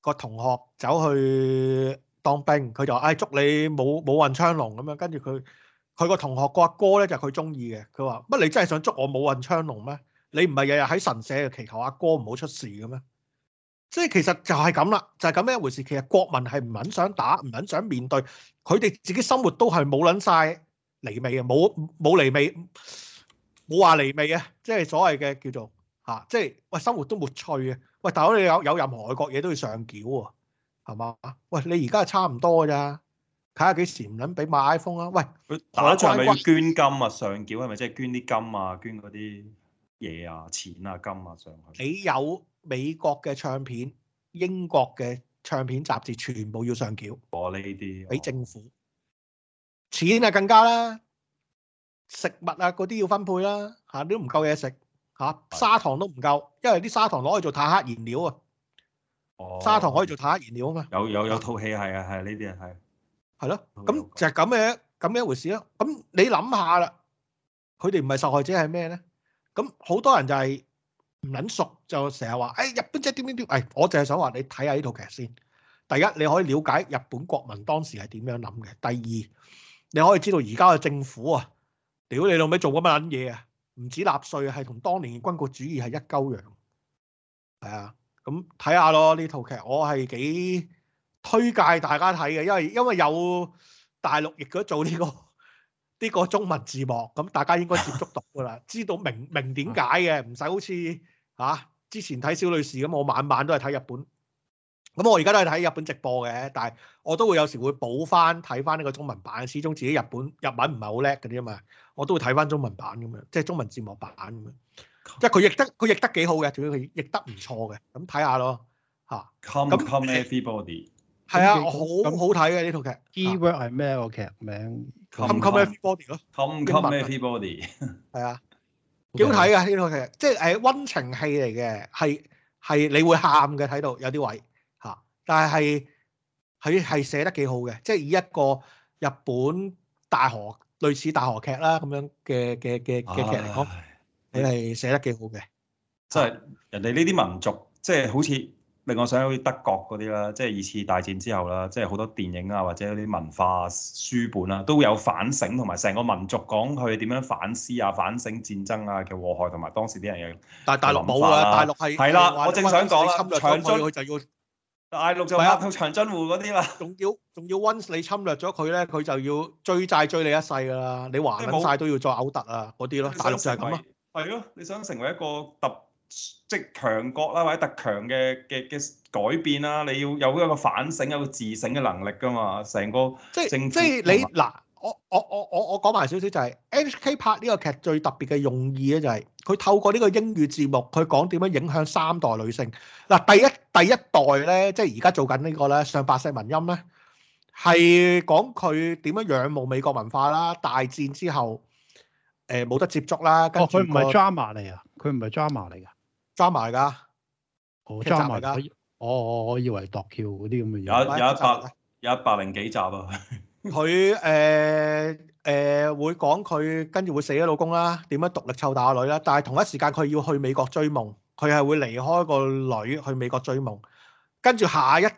個同學走去當兵，佢就哎祝你武武運昌隆咁樣，跟住佢佢個同學個阿哥咧就係佢中意嘅，佢話乜你真係想祝我武運昌隆咩？你唔係日日喺神社祈求阿哥唔好出事嘅咩？即係其實就係咁啦，就係咁樣一回事。其實國民係唔肯想打，唔肯想面對佢哋自己生活都係冇撚曬離味嘅，冇冇離味，冇話離味嘅！即係所謂嘅叫做吓，即係喂生活都沒趣嘅。喂大佬，你有有任何外國嘢都要上繳喎，係嘛？喂你而家係差唔多㗎咋？睇下幾時唔諗俾買 iPhone 啦。喂打一仗係咪要捐金啊？上繳係咪即係捐啲金啊？捐嗰啲？嘢啊，錢啊，金啊上去。你有美國嘅唱片、英國嘅唱片雜誌，全部要上繳。我呢啲俾政府錢啊，更加啦，食物啊嗰啲要分配啦，吓，你都唔夠嘢食吓，砂糖都唔夠，因為啲砂糖攞去做坦克燃料啊。哦，砂糖可以做坦克燃料啊嘛。有有有套戲係啊係呢啲係係咯，咁就係咁嘅咁嘅一回事咯。咁你諗下啦，佢哋唔係受害者係咩咧？咁好多人就係唔撚熟，就成日話誒日本仔係點點點。誒、哎，我淨係想話你睇下呢套劇先。第一，你可以了解日本國民當時係點樣諗嘅；第二，你可以知道而家嘅政府啊，屌你老味做緊乜撚嘢啊？唔止納稅，係同當年嘅軍國主義係一鳩樣。係啊，咁睇下咯呢套劇，我係幾推介大家睇嘅，因為因為有大陸亦都做呢、呢個。呢個中文字幕咁，大家應該接觸到㗎喇，知道明明點解嘅，唔使 好似嚇、啊、之前睇小女士咁，我晚晚都係睇日本。咁、嗯、我而家都係睇日本直播嘅，但係我都會有時會補翻睇翻呢個中文版，始終自己日本日文唔係好叻嗰啲啊嘛，我都會睇翻中文版咁樣，即係中文字幕版咁樣。即係佢譯得佢譯得幾好嘅，仲要佢譯得唔錯嘅，咁、嗯、睇下咯嚇。啊、Come Come Everybody. 係啊，好好睇嘅呢套劇。Keyword 係咩個劇名？Come Come Everybody 咯。Come Come Everybody。係啊，幾好睇嘅呢套劇，即係誒温情戲嚟嘅，係係你會喊嘅睇到有啲位吓，但係係係寫得幾好嘅，即係以一個日本大河類似大河劇啦咁樣嘅嘅嘅嘅劇嚟講，你係寫得幾好嘅。即係人哋呢啲民族，即係好似。另外想去德國嗰啲啦，即係二次大戰之後啦，即係好多電影啊，或者啲文化、啊、書本啊，都有反省同埋成個民族講佢點樣反思啊、反省戰爭啊嘅禍害同埋當時啲人嘅但、啊、大陸冇啊，大陸係係啦，我正想講啊，侵略長津湖佢就要大陸就係啊，長津湖嗰啲嘛，仲、啊、要仲要溫你侵略咗佢咧，佢就要追債追你一世噶啦，你還曬都要再嘔突啊，嗰啲咯，大陸就係咁啊，係咯，你想成為一個特？即係強國啦，或者特強嘅嘅嘅改變啦，你要有一個反省，有一個自省嘅能力噶嘛。成個政即係你嗱，我我我我我講埋少少就係 NHK 拍呢個劇最特別嘅用意咧，就係佢透過呢個英語節目，佢講點樣影響三代女性。嗱，第一第一代咧，即係而家做緊呢個咧，上白石萌音咧，係講佢點樣仰慕美國文化啦。大戰之後，誒冇得接觸啦。哦，佢唔係 drama 嚟啊，佢唔係 drama 嚟噶。加埋噶，哦，集埋噶，哦，我以為度橋嗰啲咁嘅嘢，有有一百有一百零幾集啊。佢誒誒會講佢跟住會死咗老公啦，點樣獨力湊大女啦，但係同一時間佢要去美國追夢，佢係會離開個女去美國追夢，跟住下一代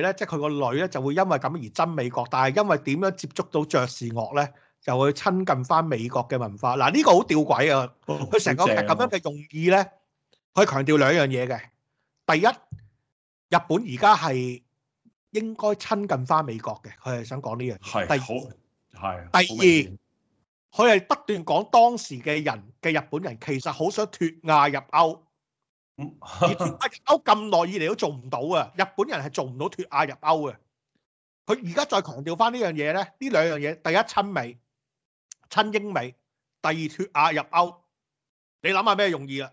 咧，即係佢個女咧就會因為咁而憎美國，但係因為點樣接觸到爵士樂咧，就會親近翻美國嘅文化。嗱，呢個好吊詭啊！佢成個劇咁樣嘅用意咧。佢強調兩樣嘢嘅，第一，日本而家係應該親近翻美國嘅，佢係想講呢樣嘢。係好係。第二，佢係不斷講當時嘅人嘅日本人其實好想脫亞入歐，而脫亞入歐咁耐以嚟都做唔到啊！日本人係做唔到脫亞入歐嘅。佢而家再強調翻呢樣嘢咧，呢兩樣嘢，第一親美、親英美，第二脫亞入歐。你諗下咩用意啊？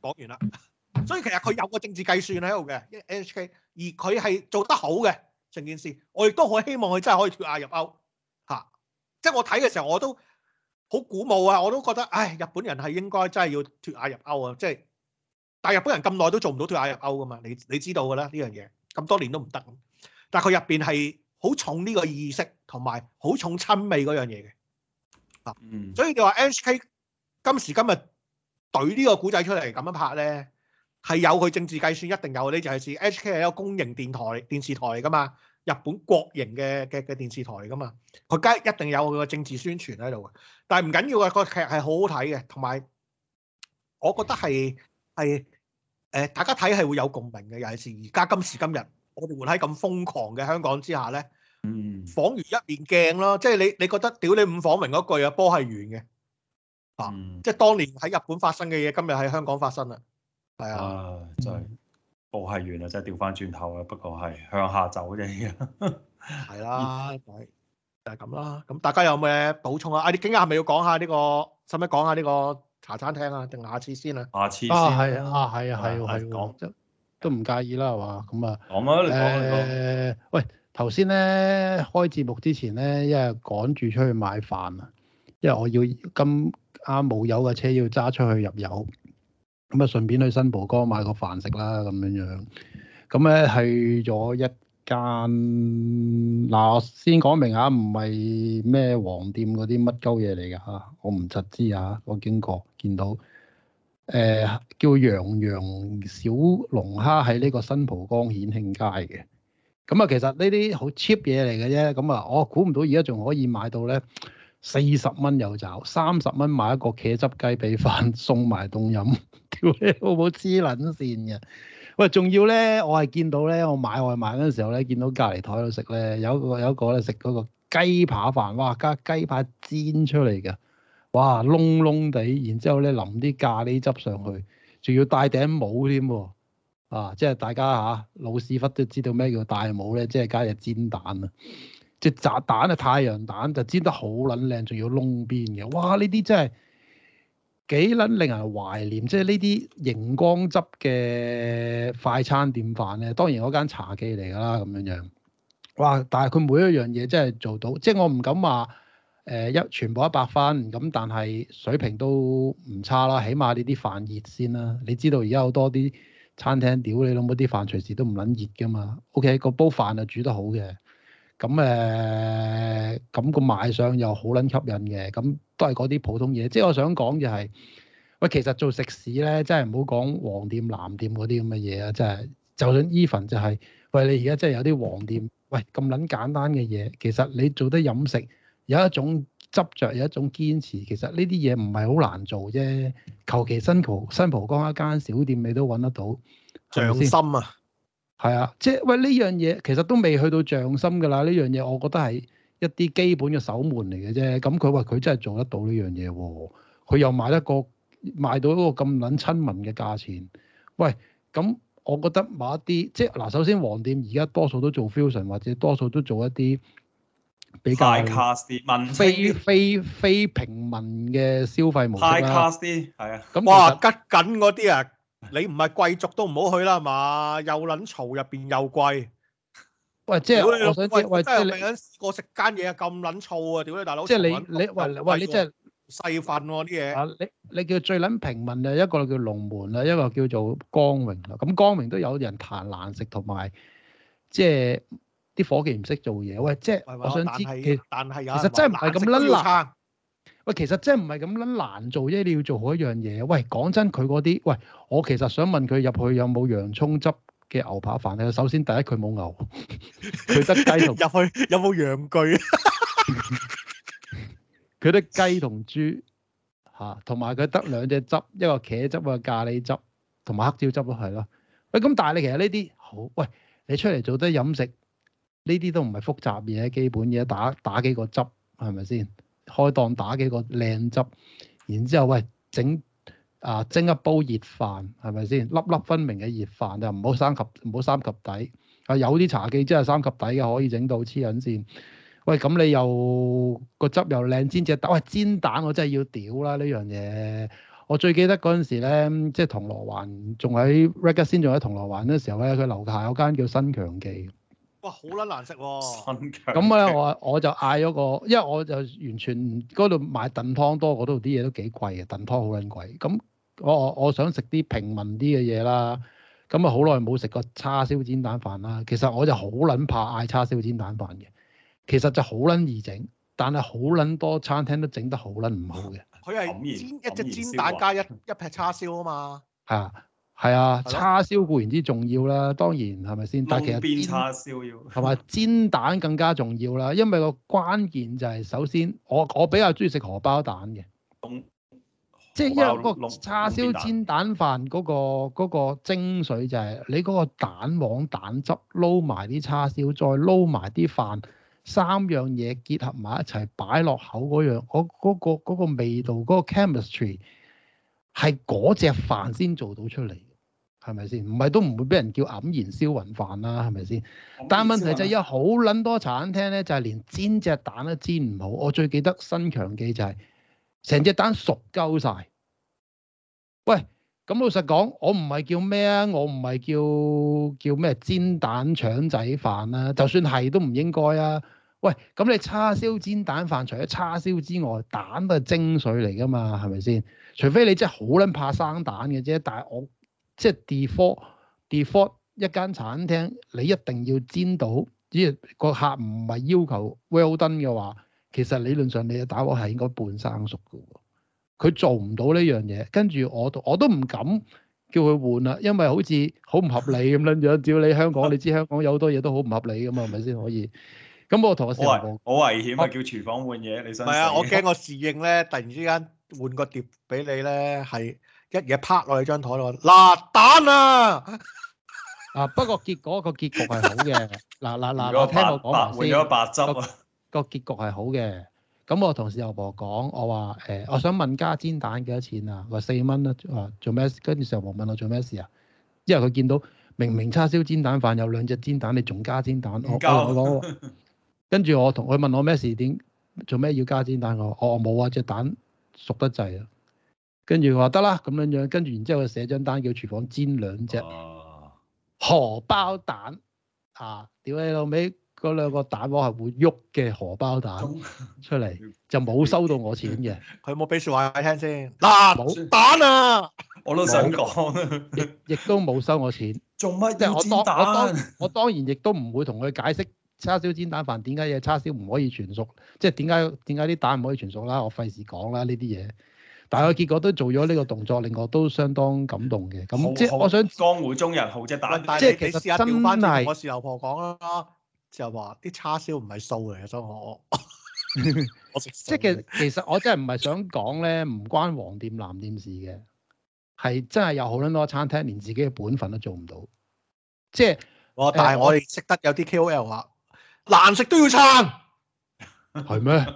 講完啦，所以其實佢有個政治計算喺度嘅，因為 NHK，而佢係做得好嘅成件事，我亦都好希望佢真係可以脫亞入歐，吓、啊，即係我睇嘅時候我都好鼓舞啊，我都覺得唉，日本人係應該真係要脫亞入歐啊，即係，但係日本人咁耐都做唔到脫亞入歐噶嘛，你你知道噶啦呢樣嘢，咁多年都唔得，但係佢入邊係好重呢個意識，同埋好重親味嗰樣嘢嘅，啊，所以你話 NHK 今時今日。對呢個古仔出嚟咁樣拍咧，係有佢政治計算，一定有。呢就係似 HK 係一個公營電台電視台嚟噶嘛，日本國營嘅嘅嘅電視台嚟噶嘛，佢梗一定有佢嘅政治宣傳喺度。但係唔緊要啊，個劇係好好睇嘅，同埋我覺得係係誒，大家睇係會有共鳴嘅，尤其是而家今時今日，我哋活喺咁瘋狂嘅香港之下咧，嗯，恍如一面鏡咯，即係你你覺得屌你五仿明嗰句啊，波係圓嘅。即係當年喺日本發生嘅嘢，今日喺香港發生啦。係啊，真係，我係完啦，真係調翻轉頭啦。不過係向下走啫，係啦，就係咁啦。咁大家有咩補充啊？啊，你今日係咪要講下呢個？使唔使講下呢個茶餐廳啊？定下次先啊？下次先啊，係啊，係啊，係喎，都唔介意啦，係嘛？咁啊，講啊，你講，你講。誒，喂，頭先咧開節目之前咧，因為趕住出去買飯啊。因為我要今啱冇油嘅車要揸出去入油，咁啊順便去新蒲崗買個飯食啦，咁樣樣。咁咧去咗一間，嗱，先講明下，唔係咩黃店嗰啲乜鳩嘢嚟噶吓，我唔知之我經過見到，誒、呃、叫洋洋小龍蝦喺呢個新蒲崗顯慶街嘅。咁啊，其實呢啲好 cheap 嘢嚟嘅啫。咁啊，我估唔到而家仲可以買到咧。四十蚊有找，三十蚊買一個茄汁雞髀飯送埋凍飲，屌你老母黐撚線嘅！喂，仲要咧，我係見到咧，我買外賣嗰陣時候咧，見到隔離台度食咧，有一個有一個咧食嗰個雞扒飯，哇，加雞扒煎出嚟嘅，哇，燶燶地，然之後咧淋啲咖喱汁上去，仲要戴頂帽添喎，啊，即係大家吓，老屎忽都知道咩叫戴帽咧，即係加隻煎蛋啊！即炸蛋啊，太陽蛋就煎得好撚靚，仲要窿邊嘅，哇！呢啲真係幾撚令人懷念，即係呢啲熒光汁嘅快餐店飯咧。當然嗰間茶記嚟㗎啦，咁樣樣。哇！但係佢每一樣嘢真係做到，即係我唔敢話誒一全部一百分咁，但係水平都唔差啦。起碼呢啲飯熱先啦。你知道而家好多啲餐廳，屌你諗唔到啲飯隨時都唔撚熱㗎嘛？OK，個煲飯就煮得好嘅。咁誒，咁個、嗯嗯、賣相又好撚吸引嘅，咁、嗯、都係嗰啲普通嘢。即係我想講就係，喂，其實做食肆咧，真係唔好講黃店藍店嗰啲咁嘅嘢啊！真係，就算 even 就係、是，喂，你而家真係有啲黃店，喂咁撚簡單嘅嘢，其實你做得飲食有一種執着，有一種堅持，其實呢啲嘢唔係好難做啫。求其新蒲新蒲江一間小店，你都揾得到。匠心啊！係啊，即係喂呢樣嘢其實都未去到匠心㗎啦，呢樣嘢我覺得係一啲基本嘅守門嚟嘅啫。咁佢話佢真係做得到呢樣嘢喎，佢又買得個買得到一個咁撚親民嘅價錢。喂，咁我覺得某一啲即係嗱，首先黃店而家多數都做 fusion 或者多數都做一啲比較非非非，非，非平民嘅消費模式啦。high class 係啊，哇拮緊嗰啲啊！哇你唔係貴族都唔好去啦，係嘛？又捻嘈入邊又貴。喂，即係我想知，即係未有人試過食間嘢咁捻嘈啊！屌你大佬！即係你你喂喂你真係細份喎啲嘢。啊，你你叫最捻平民啊，一個叫龍門啊，一個叫做光榮啊。咁光榮都有人彈難食同埋，即係啲伙計唔識做嘢。喂，即係我想知，但係其實真係唔係咁捻啦。喂，其實真唔係咁撚難做啫，你要做好一樣嘢。喂，講真，佢嗰啲，喂，我其實想問佢入去有冇洋葱汁嘅牛扒飯咧？首先第一，佢冇牛，佢 得雞同入去有冇羊具？佢 得 雞同豬嚇，同埋佢得兩隻汁，一個茄汁啊，一個咖喱汁同埋黑椒汁咯，係咯。喂，咁但係你其實呢啲好，喂，你出嚟做得飲食，呢啲都唔係複雜嘢，基本嘢，打打幾個汁係咪先？開檔打幾個靚汁，然之後，喂，整啊，蒸一煲熱飯，係咪先？粒粒分明嘅熱飯就唔好三級，唔好三級底啊！有啲茶記真係三級底嘅，可以整到黐緊線。喂，咁你又個汁又靚，煎隻蛋，煎蛋我真係要屌啦！呢樣嘢我最記得嗰陣時咧，即係銅鑼灣仲喺 Regas 先，仲喺銅鑼灣嗰時候咧，佢樓下有間叫新強記。哇，好撚難食喎，啊！咁咧， 我我就嗌咗個，因為我就完全嗰度買燉湯多，嗰度啲嘢都幾貴嘅，燉湯好撚貴。咁我我我想食啲平民啲嘅嘢啦。咁啊，好耐冇食過叉燒煎蛋飯啦。其實我就好撚怕嗌叉燒煎蛋飯嘅，其實就好撚易整，但係好撚多餐廳都整得好撚唔好嘅。佢係煎一隻煎蛋加一一撇叉燒啊嘛。係、 啊！係啊，叉燒固然之重要啦，當然係咪先？但其實叉燒要係嘛， 煎蛋更加重要啦。因為個關鍵就係首先，我我比較中意食荷包蛋嘅，即係包因為個叉燒煎蛋，煎蛋飯嗰個嗰個精髓就係你嗰個蛋黃蛋汁撈埋啲叉燒，再撈埋啲飯，三樣嘢結合埋一齊擺落口嗰樣、嗰個，嗰、嗰、嗰、個嗰個嗰個味道嗰、嗰個 chemistry 係嗰隻飯先做到出嚟。係咪先？唔係都唔會俾人叫黯然銷魂飯啦，係咪先？但係問題就係有好撚多茶餐廳咧，就係、是、連煎隻蛋都煎唔好。我最記得新強記就係成隻蛋熟鳩晒。喂，咁老實講，我唔係叫咩啊？我唔係叫叫咩煎蛋腸仔飯啦，啊。就算係都唔應該啊。喂，咁你叉燒煎蛋飯除咗叉燒之外，蛋都係精髓嚟㗎嘛？係咪先？除非你真係好撚怕生蛋嘅啫。但係我。即係 default default 一間餐廳，你一定要煎到，只要個客唔係要求 well done 嘅話，其實理論上你嘅打火係應該半生熟嘅喎。佢做唔到呢樣嘢，跟住我我都唔敢叫佢換啦，因為好似好唔合理咁樣樣。照你香港，你知香港有好多嘢都好唔合理嘅嘛，係咪先可以？咁我同我師好危險啊！叫廚房換嘢，你想？係 啊，我驚我侍應咧，突然之間換個碟俾你咧，係。一嘢啪落去張台度，嗱蛋啊！啊 不過結果個結局係好嘅，嗱嗱嗱我聽我講，換咗白汁，啊，個結局係好嘅。咁我同豉油婆講，我話誒、欸，我想問加煎蛋幾多錢啊？話四蚊啊，話做咩？跟住豉油婆問我做咩事啊？因為佢見到明明叉燒煎蛋飯有兩隻煎蛋，你仲加煎蛋，我我我跟住我同佢問我咩事？點做咩要加煎蛋？我 我冇啊，隻蛋熟得滯啊！跟住話得啦，咁樣樣，跟住然之後佢寫張單叫廚房煎兩隻荷包蛋啊！屌你老味，嗰兩個蛋黃係會喐嘅荷包蛋出嚟，就冇收到我錢嘅。佢冇俾説話我聽先嗱，冇蛋啊！ 我都想講，亦都冇收我錢。做乜叉燒煎蛋？我，我，我當然亦都唔會同佢解釋叉燒煎蛋飯點解嘢叉燒唔可以全熟，即係點解點解啲蛋唔可以全熟啦？我費事講啦呢啲嘢。但係個結果都做咗呢個動作，令我都相當感動嘅。咁好即係我想江湖中人豪隻蛋，即係真係我試老婆講啦，就話啲叉燒唔係素嚟嘅，所以我 即係其,其實我真係唔係想講咧，唔關黃店藍店事嘅，係真係有好撚多餐廳連自己嘅本分都做唔到。即係我但係我哋識得有啲 KOL 話難食都要撐，係咩？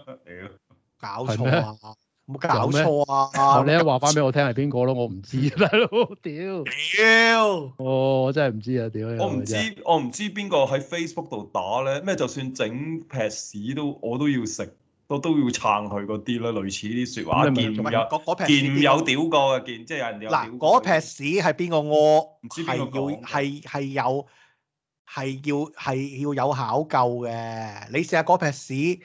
搞錯啊 的！ 冇搞錯啊！你一話翻俾我聽係邊個咯？我唔知啦，屌屌！我我真係唔知啊屌！我唔知我唔知邊個喺 Facebook 度打咧？咩就算整撇屎都我都要食，都都要撐佢嗰啲咧。類似啲説話見㗎，見有屌過嘅見，即係有人嗱嗰撇屎係邊個屙？唔知邊個講係有係要係要有考究嘅。你試下嗰撇屎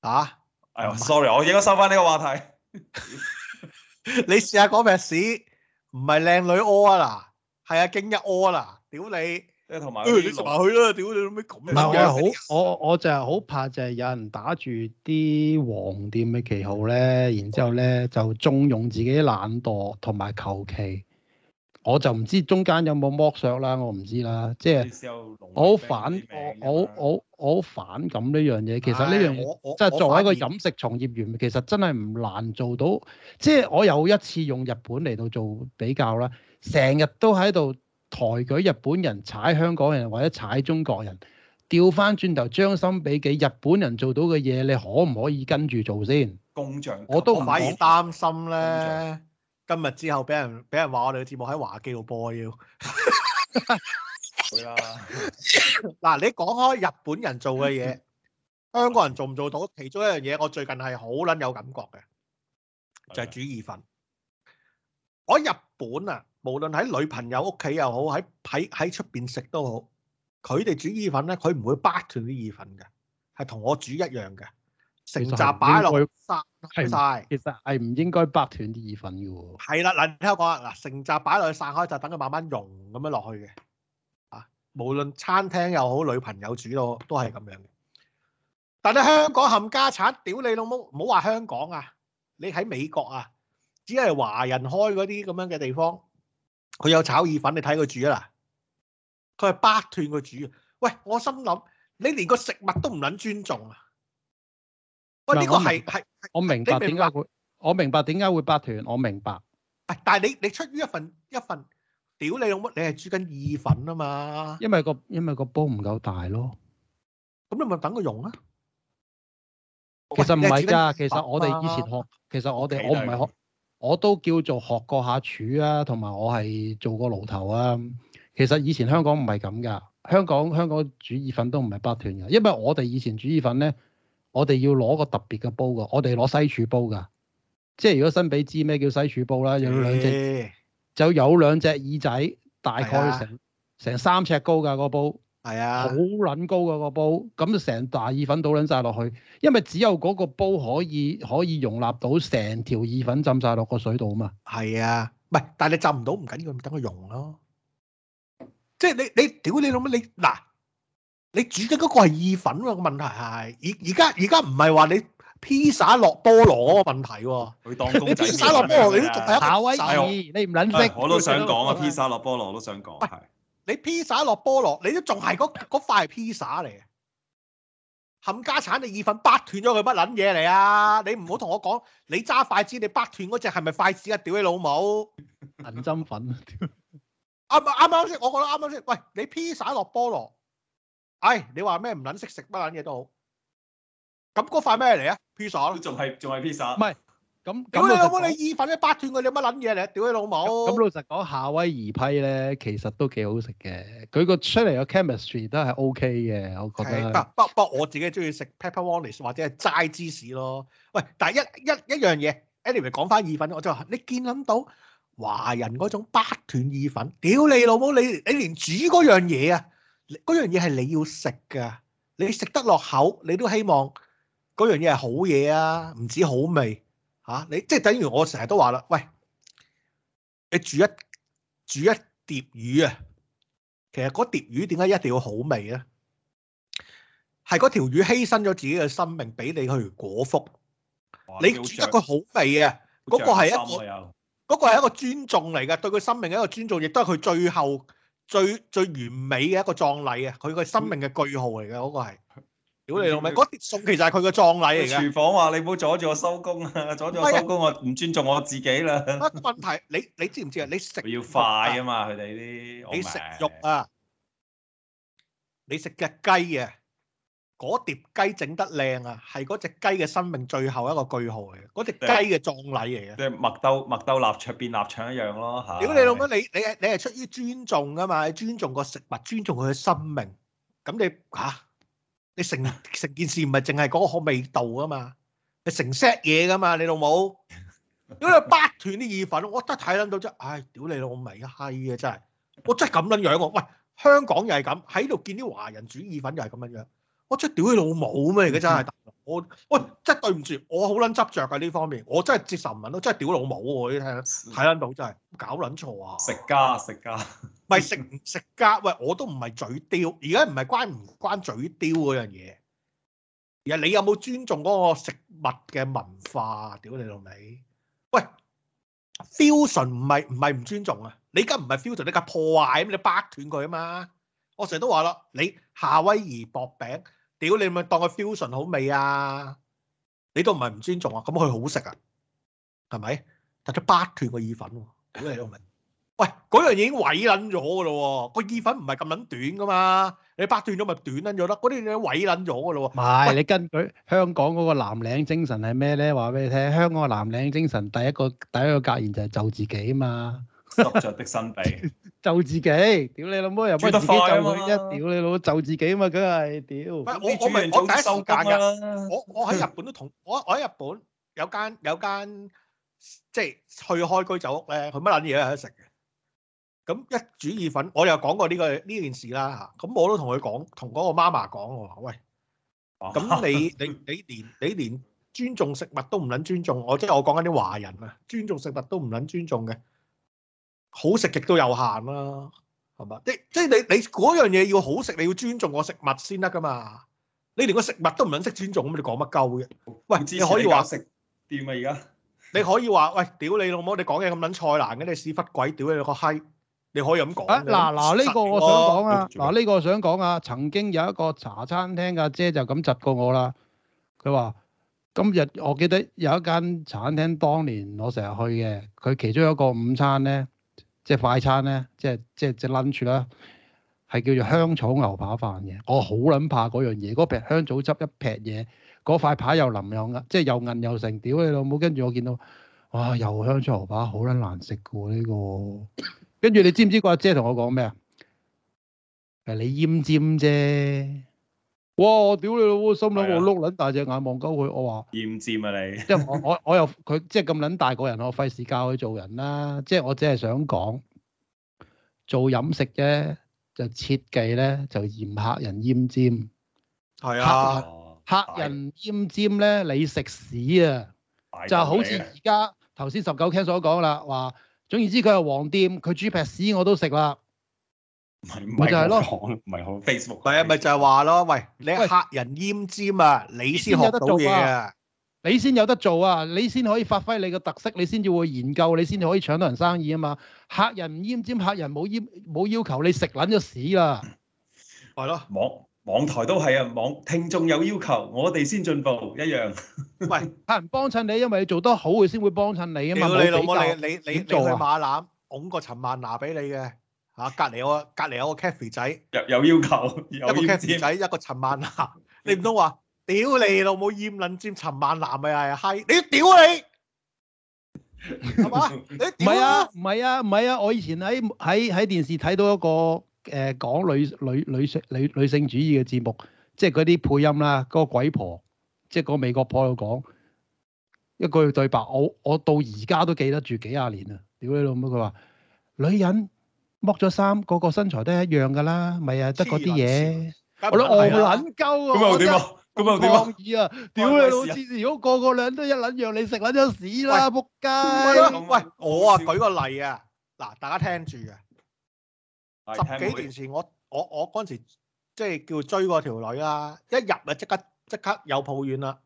啊！S 哎 sorry 我應該收翻呢個話題。 你試下嗰撇屎，唔係靚女屙啊嗱，係阿京一屙啦，屌你！即係同埋，你同埋去啦，屌你做咩咁嘅？我好，我我就係好怕就係有人打住啲黃店嘅旗號咧，然之後咧就縱容自己懶惰同埋求其。我就唔知中間有冇剝削啦，我唔知啦。即係我好反，名名我我我好反感呢樣嘢。哎、其實呢樣我，我即係作為一個飲食從業員，其實真係唔難做到。嗯、即係我有一次用日本嚟到做比較啦，成日都喺度抬舉日本人踩香港人或者踩中國人。調翻轉頭將心比己，日本人做到嘅嘢，你可唔可以跟住做先像？工匠我都唔係好擔心咧。今日之後俾人俾人話我哋嘅節目喺華記度播要，會啦。嗱，你講開日本人做嘅嘢，香港人做唔做到？其中一樣嘢，我最近係好撚有感覺嘅，就係煮意粉。我喺日本啊，無論喺女朋友屋企又好，喺喺喺出邊食都好，佢哋煮意粉咧，佢唔會掰斷啲意粉嘅，係同我煮一樣嘅，成扎擺落去。係，其實係唔應該掰斷啲意粉嘅喎。係啦，嗱，聽我講啊，嗱，成紮擺落去散開，就等佢慢慢溶咁樣落去嘅。啊，無論餐廳又好，女朋友煮都都係咁樣嘅。但係香港冚家鏟，屌你老母！唔好話香港啊，你喺美國啊，只係華人開嗰啲咁樣嘅地方，佢有炒意粉，你睇佢煮啊嗱，佢係掰斷佢煮。喂，我心諗你連個食物都唔撚尊重啊！喂，這個，呢個係係。我明白點解會，我明白點解會八團，我明白。但係你你出於一份一份屌你用乜？你係煮緊意粉啊嘛，因、那個，因為個因為個煲唔夠大咯。咁你咪等佢溶啊？其實唔係噶，其實我哋以前學，其實我哋我唔係學，我都叫做學過下廚啊，同埋我係做過爐頭啊。其實以前香港唔係咁噶，香港香港煮意粉都唔係八團嘅，因為我哋以前煮意粉咧，我哋要攞個特別嘅煲㗎，我哋攞西廚煲㗎，即係如果幸比知咩叫西廚煲啦，有兩隻、嗯、就有兩隻耳仔，大概成、啊、成三尺高㗎、個煲，係啊，好撚高㗎個煲，咁就成大意粉倒撚晒落去，因為只有嗰個煲可以可以容納到成條意粉浸晒落個水度嘛，係啊，唔係，但係你浸唔到唔緊要，咪等佢溶咯，即係你你屌你老母你嗱。你你你你煮嘅嗰個係意粉個問題，係而而家而家唔係話你披薩落菠蘿嗰個問題喎，你披薩落菠蘿，你都仲炒威士，你唔捻識？我都想講啊，披薩落菠蘿，我都想講。你披薩落菠蘿，你都仲係嗰嗰塊披薩嚟冚家鏟，你意粉掰斷咗佢乜捻嘢嚟啊？你唔好同我講，你揸筷子，你掰斷嗰隻係咪筷子啊？屌你老母，銀針粉啊！啱啱啱先，我覺得啱啱先。喂，你披薩落菠蘿。哎，你話咩唔撚識食乜撚嘢都好，咁嗰塊咩嚟啊？披薩咯，都仲係仲係披薩。唔係，咁，屌你老母！你意粉你八斷佢，你有乜撚嘢嚟？屌你老母！咁老實講，夏威夷批咧其實都幾好食嘅，佢個出嚟個 chemistry 都係 OK 嘅，我覺得。不不，不我自己中意食 pepperonis 或者係齋芝士咯。喂，但係一一一樣嘢，anyway 講翻意粉，我就話你見諗到華人嗰種八斷意粉，屌 你老母！你你，你連煮嗰樣嘢啊！嗰樣嘢係你要食㗎，你食得落口，你都希望嗰樣嘢係好嘢啊！唔止好味吓、啊，你即係、即係、等於我成日都話啦，喂，你煮一煮一碟魚啊，其實嗰碟魚點解一定要好味咧？係嗰條魚犧牲咗自己嘅生命俾你去果腹，你煮得佢好味啊，嗰、嗰個係一個嗰、嗰個係一個尊重嚟㗎，對佢生命嘅一個尊重，亦都係佢最後，最最完美嘅一個葬禮啊！佢個生命嘅句號嚟嘅，嗰個係，屌你老味！嗰碟餸其實係佢個葬禮嚟嘅。廚房話、啊：你唔好阻住我收工啊！阻住我收工，的我唔尊重我自己啦。問題你你知唔知啊？你食要快啊嘛！佢哋啲你食肉啊，你食隻、啊、雞啊。嗰碟雞整得靚啊，係嗰隻雞嘅生命最後一個句號嚟嘅，嗰隻雞嘅葬禮嚟嘅。即係麥兜麥兜臘腸變臘腸一樣咯嚇。屌你老母，你你你係出於尊重㗎嘛？尊重個食物，尊重佢嘅生命。咁你嚇你成成件事唔係淨係嗰個味道㗎嘛？你成 set 嘢㗎嘛？你老母，如果你崩斷啲意粉，我得睇撚到啫。唉，屌你老母咪閪啊！真係，我真係咁撚樣喎。喂，香港又係咁，喺度見啲華人煮意粉又係咁樣樣。我真係屌你老母咩、啊？而家真係我 喂，真係對唔住，我好撚執着嘅呢方面，我真係接受唔到，真係屌老母喎、啊！你睇下睇到真係搞撚錯啊食！食家 食家，唔係食食家，喂我都唔係嘴刁，而家唔係關唔關嘴刁嗰樣嘢？而係你有冇尊重嗰個食物嘅文化？屌你老味！喂 ，fusion 唔係唔係唔尊重啊！你而家唔係 fusion，你而家破壞咁，你掰斷佢啊嘛！我成日都話啦，你夏威夷薄餅。屌你咪當個 fusion 好味啊！你都唔係唔尊重啊，咁佢好食啊，係咪？但佢掰斷個意粉喎，喂，嗰樣已經毀撚咗噶咯喎，個意粉唔係咁撚短噶嘛，你掰斷咗咪短撚咗得，嗰啲嘢毀撚咗噶咯喎。唔係，你根據香港嗰個藍領精神係咩咧？話俾你聽，香港嘅藍領精神第一個第一個格言就係就自己啊嘛。執着的新秘就自己，屌你老母又乜自己就屋一，屌你老母就自己嘛，梗係屌。唔係我我唔係我第一受教噶。我我喺日本都同我我喺日本有間有間即係去開居酒屋咧，佢乜撚嘢都喺度食嘅。咁一煮意粉，我又講過呢個呢件事啦吓。咁我都同佢講，同嗰個 mama 講，我話喂，咁你你你連你連尊重食物都唔捻尊重，我即係我講緊啲華人啊，尊重食物都唔捻尊重嘅。好食極都有限啦，係嘛？即即你你嗰樣嘢要好食，你要尊重我食物先得噶嘛？你連個食物都唔肯識尊重，咁你講乜鳩嘅？喂，你可以話食掂啊！而家你可以話喂，屌你老母！你講嘢咁撚菜難嘅，你屎忽鬼屌你個閪！你可以咁講啊！嗱嗱呢個我想講啊，嗱呢個我想講啊，曾經有一個茶餐廳阿姐就咁窒過我啦。佢話：今日我記得有一間茶餐廳，當年我成日去嘅，佢其中一個午餐咧。即係快餐咧，即係即係即係 lunch 啦，係叫做香草牛扒飯嘅。我好撚怕嗰樣嘢，嗰片香草汁一劈嘢，嗰塊扒又腍又硬，即係又韌又成，屌你老母！跟住我見到，哇、啊，又香草牛扒好撚難食嘅喎呢個。跟住你知唔知個阿姐同我講咩啊？誒，你奄尖啫。哇！我屌你老母，心諗我碌撚大隻眼望鳩佢，我話厭尖啊你！即係我我我又佢即係咁撚大個人，我費事教佢做人啦。即係我只係想講，做飲食咧就設計咧就嫌客人厭尖，係啊，客人厭尖咧你食屎啊！就好似而家頭先十九 Ken 所講啦，話總言之佢係黃店，佢煮劈屎我都食啦。咪就係咯，唔係好 Facebook。係啊，咪就係話咯。喂，你客人閹尖啊，你先學得到嘢啊，你先有得做啊，你先可以發揮你個特色，你先至會研究，你先至可以搶到人生意啊嘛。客人唔閹尖，客人冇閹冇要求，你食撚咗屎啊。係咯。網網台都係啊，網聽眾有要求，我哋先進步一樣。喂，客人幫襯你，因為你做得好，佢先會幫襯你啊嘛。你老母你你你你去馬攬，拱個陳萬拿俾你嘅。啊！隔離我隔離有個 cafe 仔，有有要求，有艾艾一個 cafe 仔， 一個陳萬南。你唔通話屌你老母奄撚尖？陳萬南咪係係你屌你係嘛？唔係 啊唔係啊唔係啊！我以前喺喺喺電視睇到一個誒、呃、講女女女性女女性主義嘅節目，即係嗰啲配音啦，嗰、嗰個鬼婆，即係嗰個美國婆又講一句，句對白，我我，我到而家都記得住幾廿年啦！屌你老母！佢話女人。剝咗衫，個個身材都係一樣噶啦，咪啊，得嗰啲嘢，我哋戇撚鳩啊！咁又點啊？咁又點啊？意啊！屌你老屎！如果個個女人都一撚樣，你食撚張屎啦！仆街！喂，我啊舉個例啊，嗱，大家聽住啊，十幾年前我我我嗰陣時即係叫追嗰條女啦，一入咪即刻即刻有抱怨啦，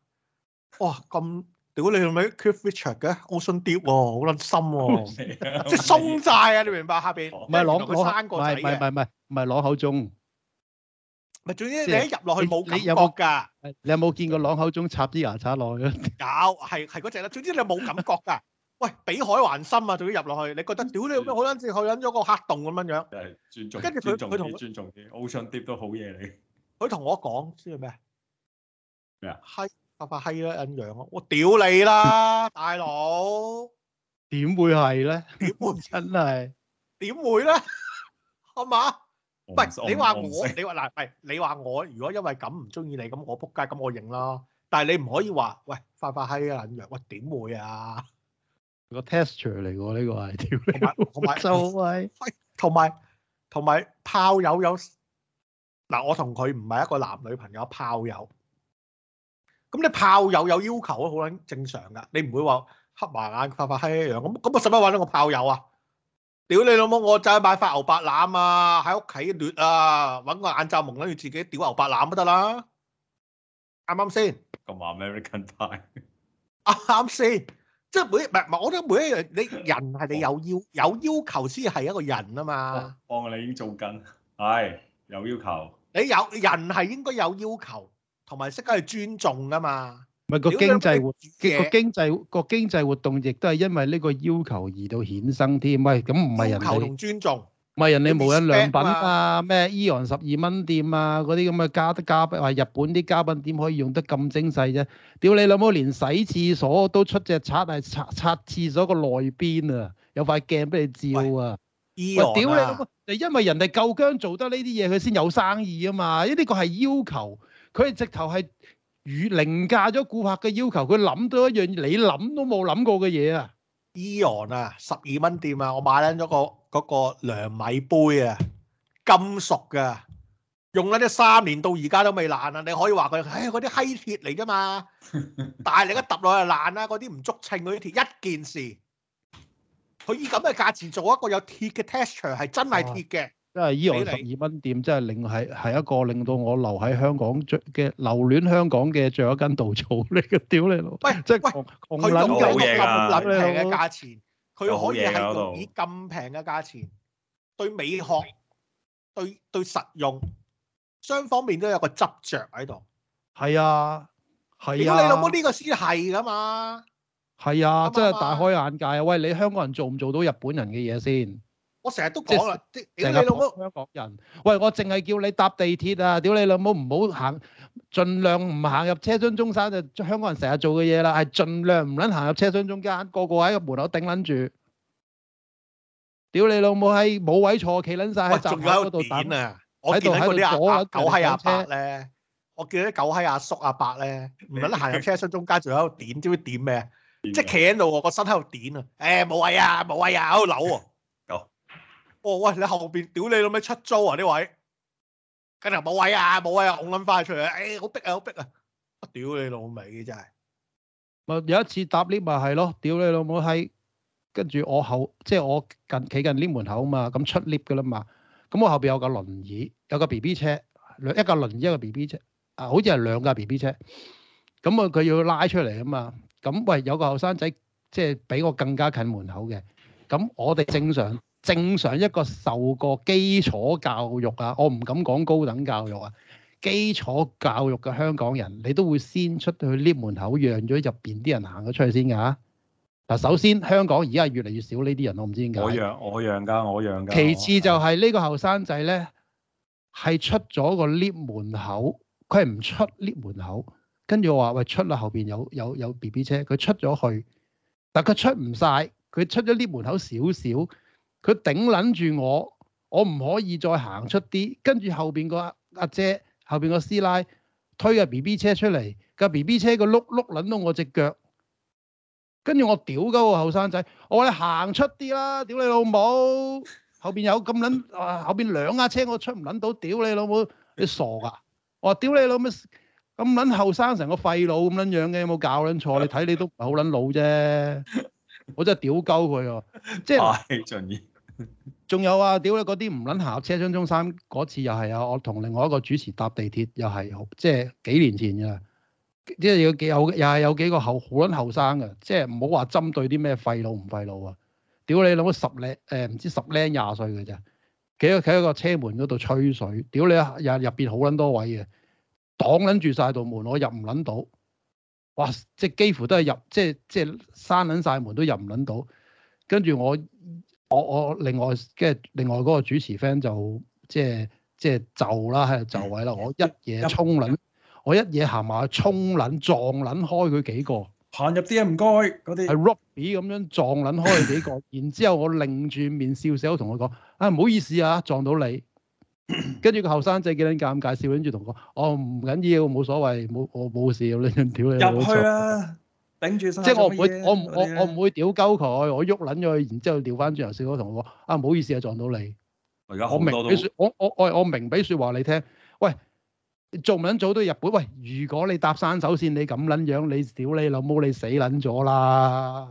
哇咁～屌你係咪 Keith Richard 嘅 Ocean Deep 喎，好撚深喎，即係鬆晒啊！你明白下邊？唔係朗口，唔係唔係唔係唔係朗口鐘，唔係總之你一入落去冇感覺㗎。你有冇見過朗口鐘插啲牙刷落去？有，係係嗰隻啦。總之你冇感覺㗎。喂，比海還深啊！仲要入落去，你覺得屌你咁樣好撚似，好撚咗個黑洞咁樣樣。尊重啲，尊重啲。Ocean Deep 都好嘢嚟。佢同我講啲咩？咩啊？係。發發閪啦陰陽，我屌你啦，大佬，點會係咧？點會真係？點會咧？係嘛？唔係你話我，你話嗱，唔係你話我。如果因為咁唔中意你，咁我扑街，咁我認啦。但係你唔可以話喂，發發閪啊陰陽，喂點會啊？個 texture 嚟嘅呢個係，同埋同埋就係，同埋同埋炮友有嗱，我同佢唔係一個男女朋友，炮友。咁你炮友有要求咯，好捻正常噶，你唔會話黑埋眼發發閪樣咁，咁我使乜揾咗個炮友啊？屌你老母，我走去買塊牛白腩啊，喺屋企亂啊，揾個眼罩蒙緊，要自己屌牛白腩都得啦。啱啱先？咁話 American pie。啱先好，即係每唔係唔係，我覺得每一樣你人係你有要有要求先係一個人啊嘛。哦，你已經做緊係、哎、有要求。你有人係應該有要求。同埋識得去尊重啊嘛，唔係個經濟活個經濟個經濟活動亦都係因為呢個要求而到顯生添。唔係咁唔係人要求同尊重，唔係人哋無印良品啊，咩依洋十二蚊店啊，嗰啲咁嘅嘉德嘉賓，話日本啲嘉賓點可以用得咁精細啫？屌你老母，連洗廁所都出隻刷嚟刷刷廁所個內邊啊，有塊鏡俾你照啊！屌、e、你老母，就、啊、因為人哋夠姜做得呢啲嘢，佢先有生意啊嘛，因為呢個係要求。佢直頭係與凌駕咗顧客嘅要求，佢諗到一樣你諗都冇諗過嘅嘢、e、啊！Eon 啊，十二蚊店啊，我買緊咗個嗰個涼米杯啊，金屬嘅，用咗啲三年到而家都未爛啊！你可以話佢，唉、哎，嗰啲閪鐵嚟㗎嘛，大力一揼落去爛啊，嗰啲唔足稱嗰啲鐵，一件事。佢以咁嘅價錢做一個有鐵嘅 texture 係真係鐵嘅。真係依個十二蚊店，真係令係係一個令到我留喺香港最嘅留戀香港嘅最後一根稻草嚟嘅。屌你老！喂，即係佢擁有咁撚平嘅價錢，佢喂可以係以咁平嘅價錢對美學、對對實用雙方面都有個執着喺度。係啊，係啊。你老母呢個先係㗎嘛？係啊，啊吧真係大開眼界啊！喂你香港人做唔做到日本人嘅嘢先？我成日都講啦，屌你老母香港人，喂，我淨係叫你搭地鐵啊！屌你老母唔好行，儘量唔行入車廂中間就香港人成日做嘅嘢啦，係儘量唔撚行入車廂中間，個個喺個門口頂撚住。屌你老母閪，冇位坐，企撚曬喺站嗰度。等啊？我見到啲阿伯、狗閪阿伯咧，我見到啲狗閪阿叔、阿伯咧，唔撚行入車廂中間，仲喺度點？知唔知點咩啊？即係企喺度喎，個身喺度點啊？誒，冇位啊，冇位啊，喺度扭喎。哦喂！你後邊屌你老味出租啊！啲位跟住冇位啊，冇位啊，我撚快出嚟，哎，好逼啊，好逼啊！我屌你老味嘅真係。咪有一次搭 lift 咪係咯，屌你老母閪！跟住我後即係我近企近 lift 門口啊嘛，咁出 lift 㗎啦嘛。咁我後邊有架輪椅，有個 B B 車，兩一架輪椅，一個 B B 車啊，好似係兩架 B B 車。咁啊，佢要拉出嚟啊嘛。咁喂，有個後生仔即係比我更加近門口嘅。咁我哋正常。正常一個受過基礎教育啊，我唔敢講高等教育啊，基礎教育嘅香港人，你都會先出去 lift 門口讓咗入邊啲人行咗出去先㗎。嗱，首先香港而家越嚟越少呢啲人，我唔知點解。我讓，我讓㗎，我讓㗎。讓其次就係呢個後生仔咧，係出咗個 lift 門口，佢係唔出 lift 門口，跟住我話喂，出啦，後邊有有有 BB 車，佢出咗去，但佢出唔晒。佢出咗 lift 門口少少。佢頂撚住我，我唔可以再行出啲。跟住後邊個阿姐、後邊個師奶推架 B B 車出嚟，架 B B 車個碌碌撚到我隻腳。跟住我屌鳩個後生仔，我話你行出啲啦，屌你老母！後邊有咁撚啊，後邊兩架車我出唔撚到，屌你老母！你傻噶、啊？我話屌你老母咁撚後生，成個廢佬咁撚樣嘅，有冇教撚錯？你睇你都好撚老啫。我真係屌鳩佢喎，即係仲 有啊，屌你嗰啲唔撚行車窗，中山嗰次又係啊！我同另外一個主持搭地鐵又係，即係幾年前嘅啦。即係有幾有，又係有幾個後好撚後生㗎，即係唔好話針對啲咩廢老唔廢老啊！屌 你諗佢十零，誒唔知十零廿歲㗎啫，企喺企喺個車門嗰度吹水。屌 你啊！又入邊好撚多位嘅，擋撚住晒道門，我入唔撚到。哇！即係幾乎都係入，即係即係閂撚晒門都入唔撚到。跟住我我我另外，跟住另外嗰個主持 friend 就即係即係就啦喺度就位啦。我一嘢衝撚，我一嘢行埋去衝撚撞撚開佢幾個，行入啲啊唔該啲，係 Ruby 咁樣撞撚開佢幾個。 然之後我擰住面笑笑我同佢講：啊、哎、唔好意思啊，撞到你。嗯、跟、哦、住個後生仔幾捻尷尬，笑，跟住同我：，我唔緊要，冇所謂，冇我冇事，你屌你入去啦，頂住即係我唔會，我唔我我唔會屌鳩佢，我喐捻咗佢，然之後調翻轉頭，笑咗同我：，啊，唔好意思啊，撞到你我我。我明，俾說，我我我明，俾說話你聽。喂，做唔捻早都日本。喂，如果你搭山手線，你咁捻樣，你屌你老母，你死捻咗啦！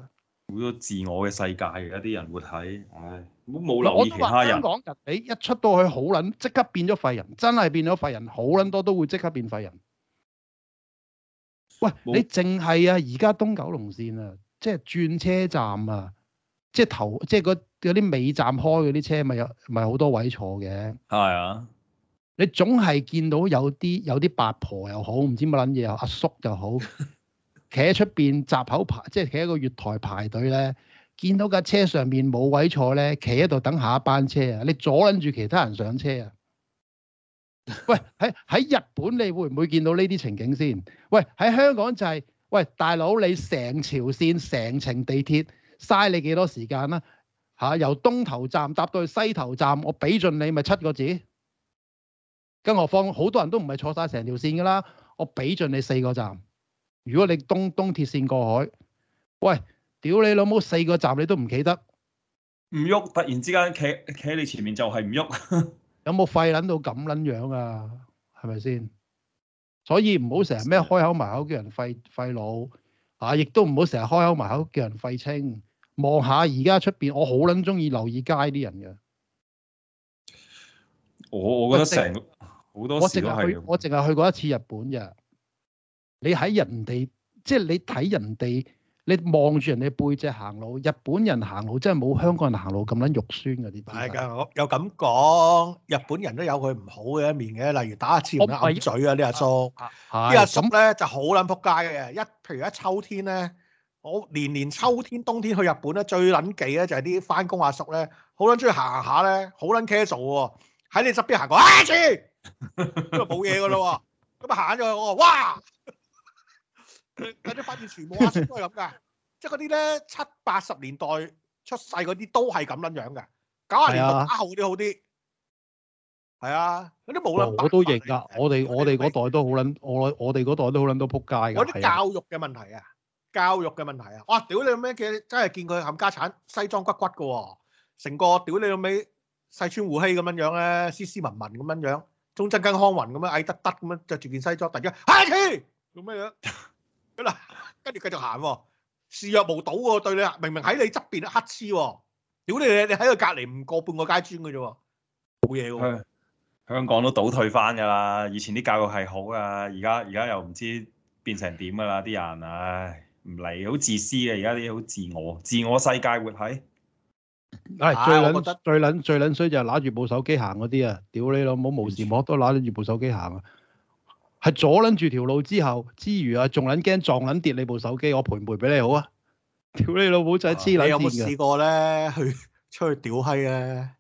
好多自我嘅世界，而家啲人活喺，唉。Mm hmm. 冇留意其他人。我都話香港人，你一出到去好撚，即刻變咗廢人，真係變咗廢人。好撚多都會即刻變廢人。喂，沒你淨係啊？而家東九龍線啊，即係轉車站啊，即係頭，即係嗰啲尾站開嗰啲車，咪有咪好多位坐嘅。係啊，你總係見到有啲有啲八婆又好，唔知乜撚嘢又阿叔又好，企喺出邊閘口排，即係企喺個月台排隊咧。見到架車上面冇位坐咧，企喺度等下一班車啊！你阻撚住其他人上車啊！ 喂，喺喺日本，你會唔會見到呢啲情景先？喂，喺香港就係，喂，大佬你成條線成程地鐵嘥你幾多時間啦？嚇，由東頭站搭到去西頭站，我俾盡你咪七個字。更何況好多人都唔係坐晒成條線㗎啦，我俾盡你四個站。如果你東東鐵線過海，喂。屌你老母，四個站你都唔企得，唔喐，突然之間企企喺你前面就係唔喐， 有冇廢捻到咁捻樣啊？係咪先？所以唔好成日咩開口埋口叫人廢廢腦，啊，亦都唔好成日開口埋口叫人廢青。望下而家出邊，我好捻中意留意街啲人嘅。我我覺得成好只多我淨係去，我淨係去過一次日本啫。你喺人哋，即係你睇人哋。你望住人哋背脊行路，日本人行路真係冇香港人行路咁撚肉酸嗰啲。係噶，又咁講，日本人都有佢唔好嘅一面嘅。例如打一次，唔得啱嘴啊，呢阿叔，呢阿叔咧就好撚仆街嘅。一譬如一秋天咧，我年年秋天冬天去日本咧，最撚忌咧就係啲翻工阿叔咧，好撚出去、啊這這嗯、行下咧，好撚 care 做喎。喺你側邊行過，啊住，因為冇嘢㗎啦喎，咁啊行咗去，我話哇。睇啲發現全部阿視都係咁噶，即係嗰啲咧七八十年代出世嗰啲都係咁撚樣嘅，九十年代打後啲好啲，係啊，嗰啲冇啦。我都認噶，我哋我哋嗰代都好撚，我我哋嗰代都好撚到撲街嘅。啲教育嘅問題啊，教育嘅問題啊，哇！屌你老味嘅，真係見佢冚家產，西裝骨骨嘅喎，成個屌你老味，細川護熙咁樣樣咧，斯斯文文咁樣樣，中曾根康弘咁樣矮得得咁樣著住件西裝突然間嚇住做咩樣？跟住繼續行喎，視若無睹喎，對你明明喺你側邊黑痴喎，屌你你喺佢隔離唔過半個街磚嘅啫喎，冇嘢喎。香港都倒退翻噶啦，以前啲教育係好噶，而家而家又唔知變成點噶啦，啲人唉唔嚟，好、哎、自私嘅，而家啲好自我，自我世界活喺。係、哎、最撚冷得最撚最撚衰就揦住部手機行嗰啲啊，屌你老母無時無刻都揦住部手機行啊！係阻捻住條路之後，之餘啊，仲捻驚撞捻跌你部手機，我賠唔賠俾你好啊？屌你老母仔，黐捻線嘅。有冇試過咧？去出去屌閪咧？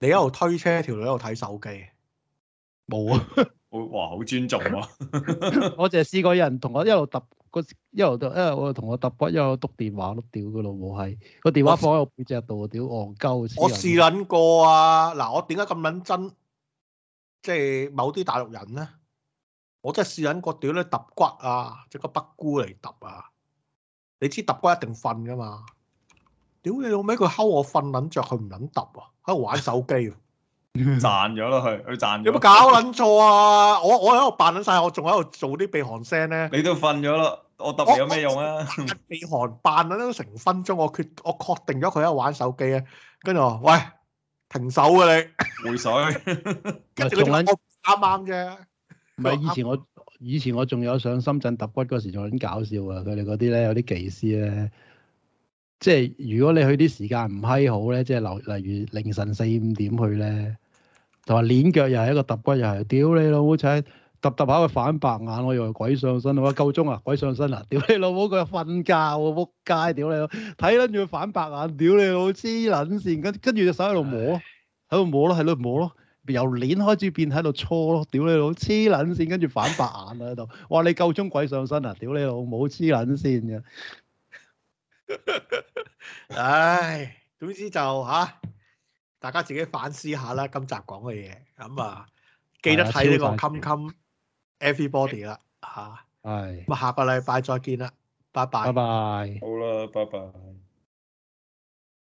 你一路推車，條女一路睇手機，冇啊、嗯！我話好尊重啊！ 我淨係試過有人同我一路揼一路同一路我同我揼骨，一路篤電話碌屌噶老母係個電話放喺我背脊度，屌戇鳩黐。我試捻我過啊！嗱，我點解咁捻真？即係某啲大陸人咧，我真係試緊個屌咧揼骨啊！即個北姑嚟揼啊！你知揼骨一定瞓噶嘛？屌你老味，佢睺我瞓撚着，佢唔撚揼啊。喺度玩手機。 賺咗咯，佢佢賺咗。有冇搞撚錯啊？我我喺度扮撚晒，我仲喺度做啲鼻鼾聲咧。你都瞓咗啦，我揼嚟有咩用啊？鼻鼾扮撚都成分鐘，我確我確定咗佢喺度玩手機啊！跟住我話喂。停手啊！你回水，跟住仲喺屋啱啱嘅。唔係，以前我以前我仲有上深圳揼骨嗰時，仲有啲搞笑啊！佢哋嗰啲咧，有啲技師咧，即係如果你去啲時間唔閪好咧，即係例例如凌晨四五點去咧，就話攆腳，又係一個揼骨，又係屌你老母仔。揼揼下佢反白眼，我以為鬼上身。我話夠鐘啊，鬼上身啊！屌你老母，佢又瞓覺喎，撲街！屌你老，睇跟住佢反白眼，屌你老，黐撚線。跟跟住隻手喺度摸，喺度摸咯，喺度摸咯，由鏈 開始變喺度搓咯。屌你老，黐撚線。跟住反白眼喺度話你夠鐘鬼上身啊！屌你老母，黐撚線嘅。唉，總之就嚇，大家自己反思下啦。今集講嘅嘢咁啊，記得睇呢個襟襟。Everybody 啦嚇，係唉，咁下個禮拜再見啦拜拜，拜拜，拜拜，好啦，拜拜。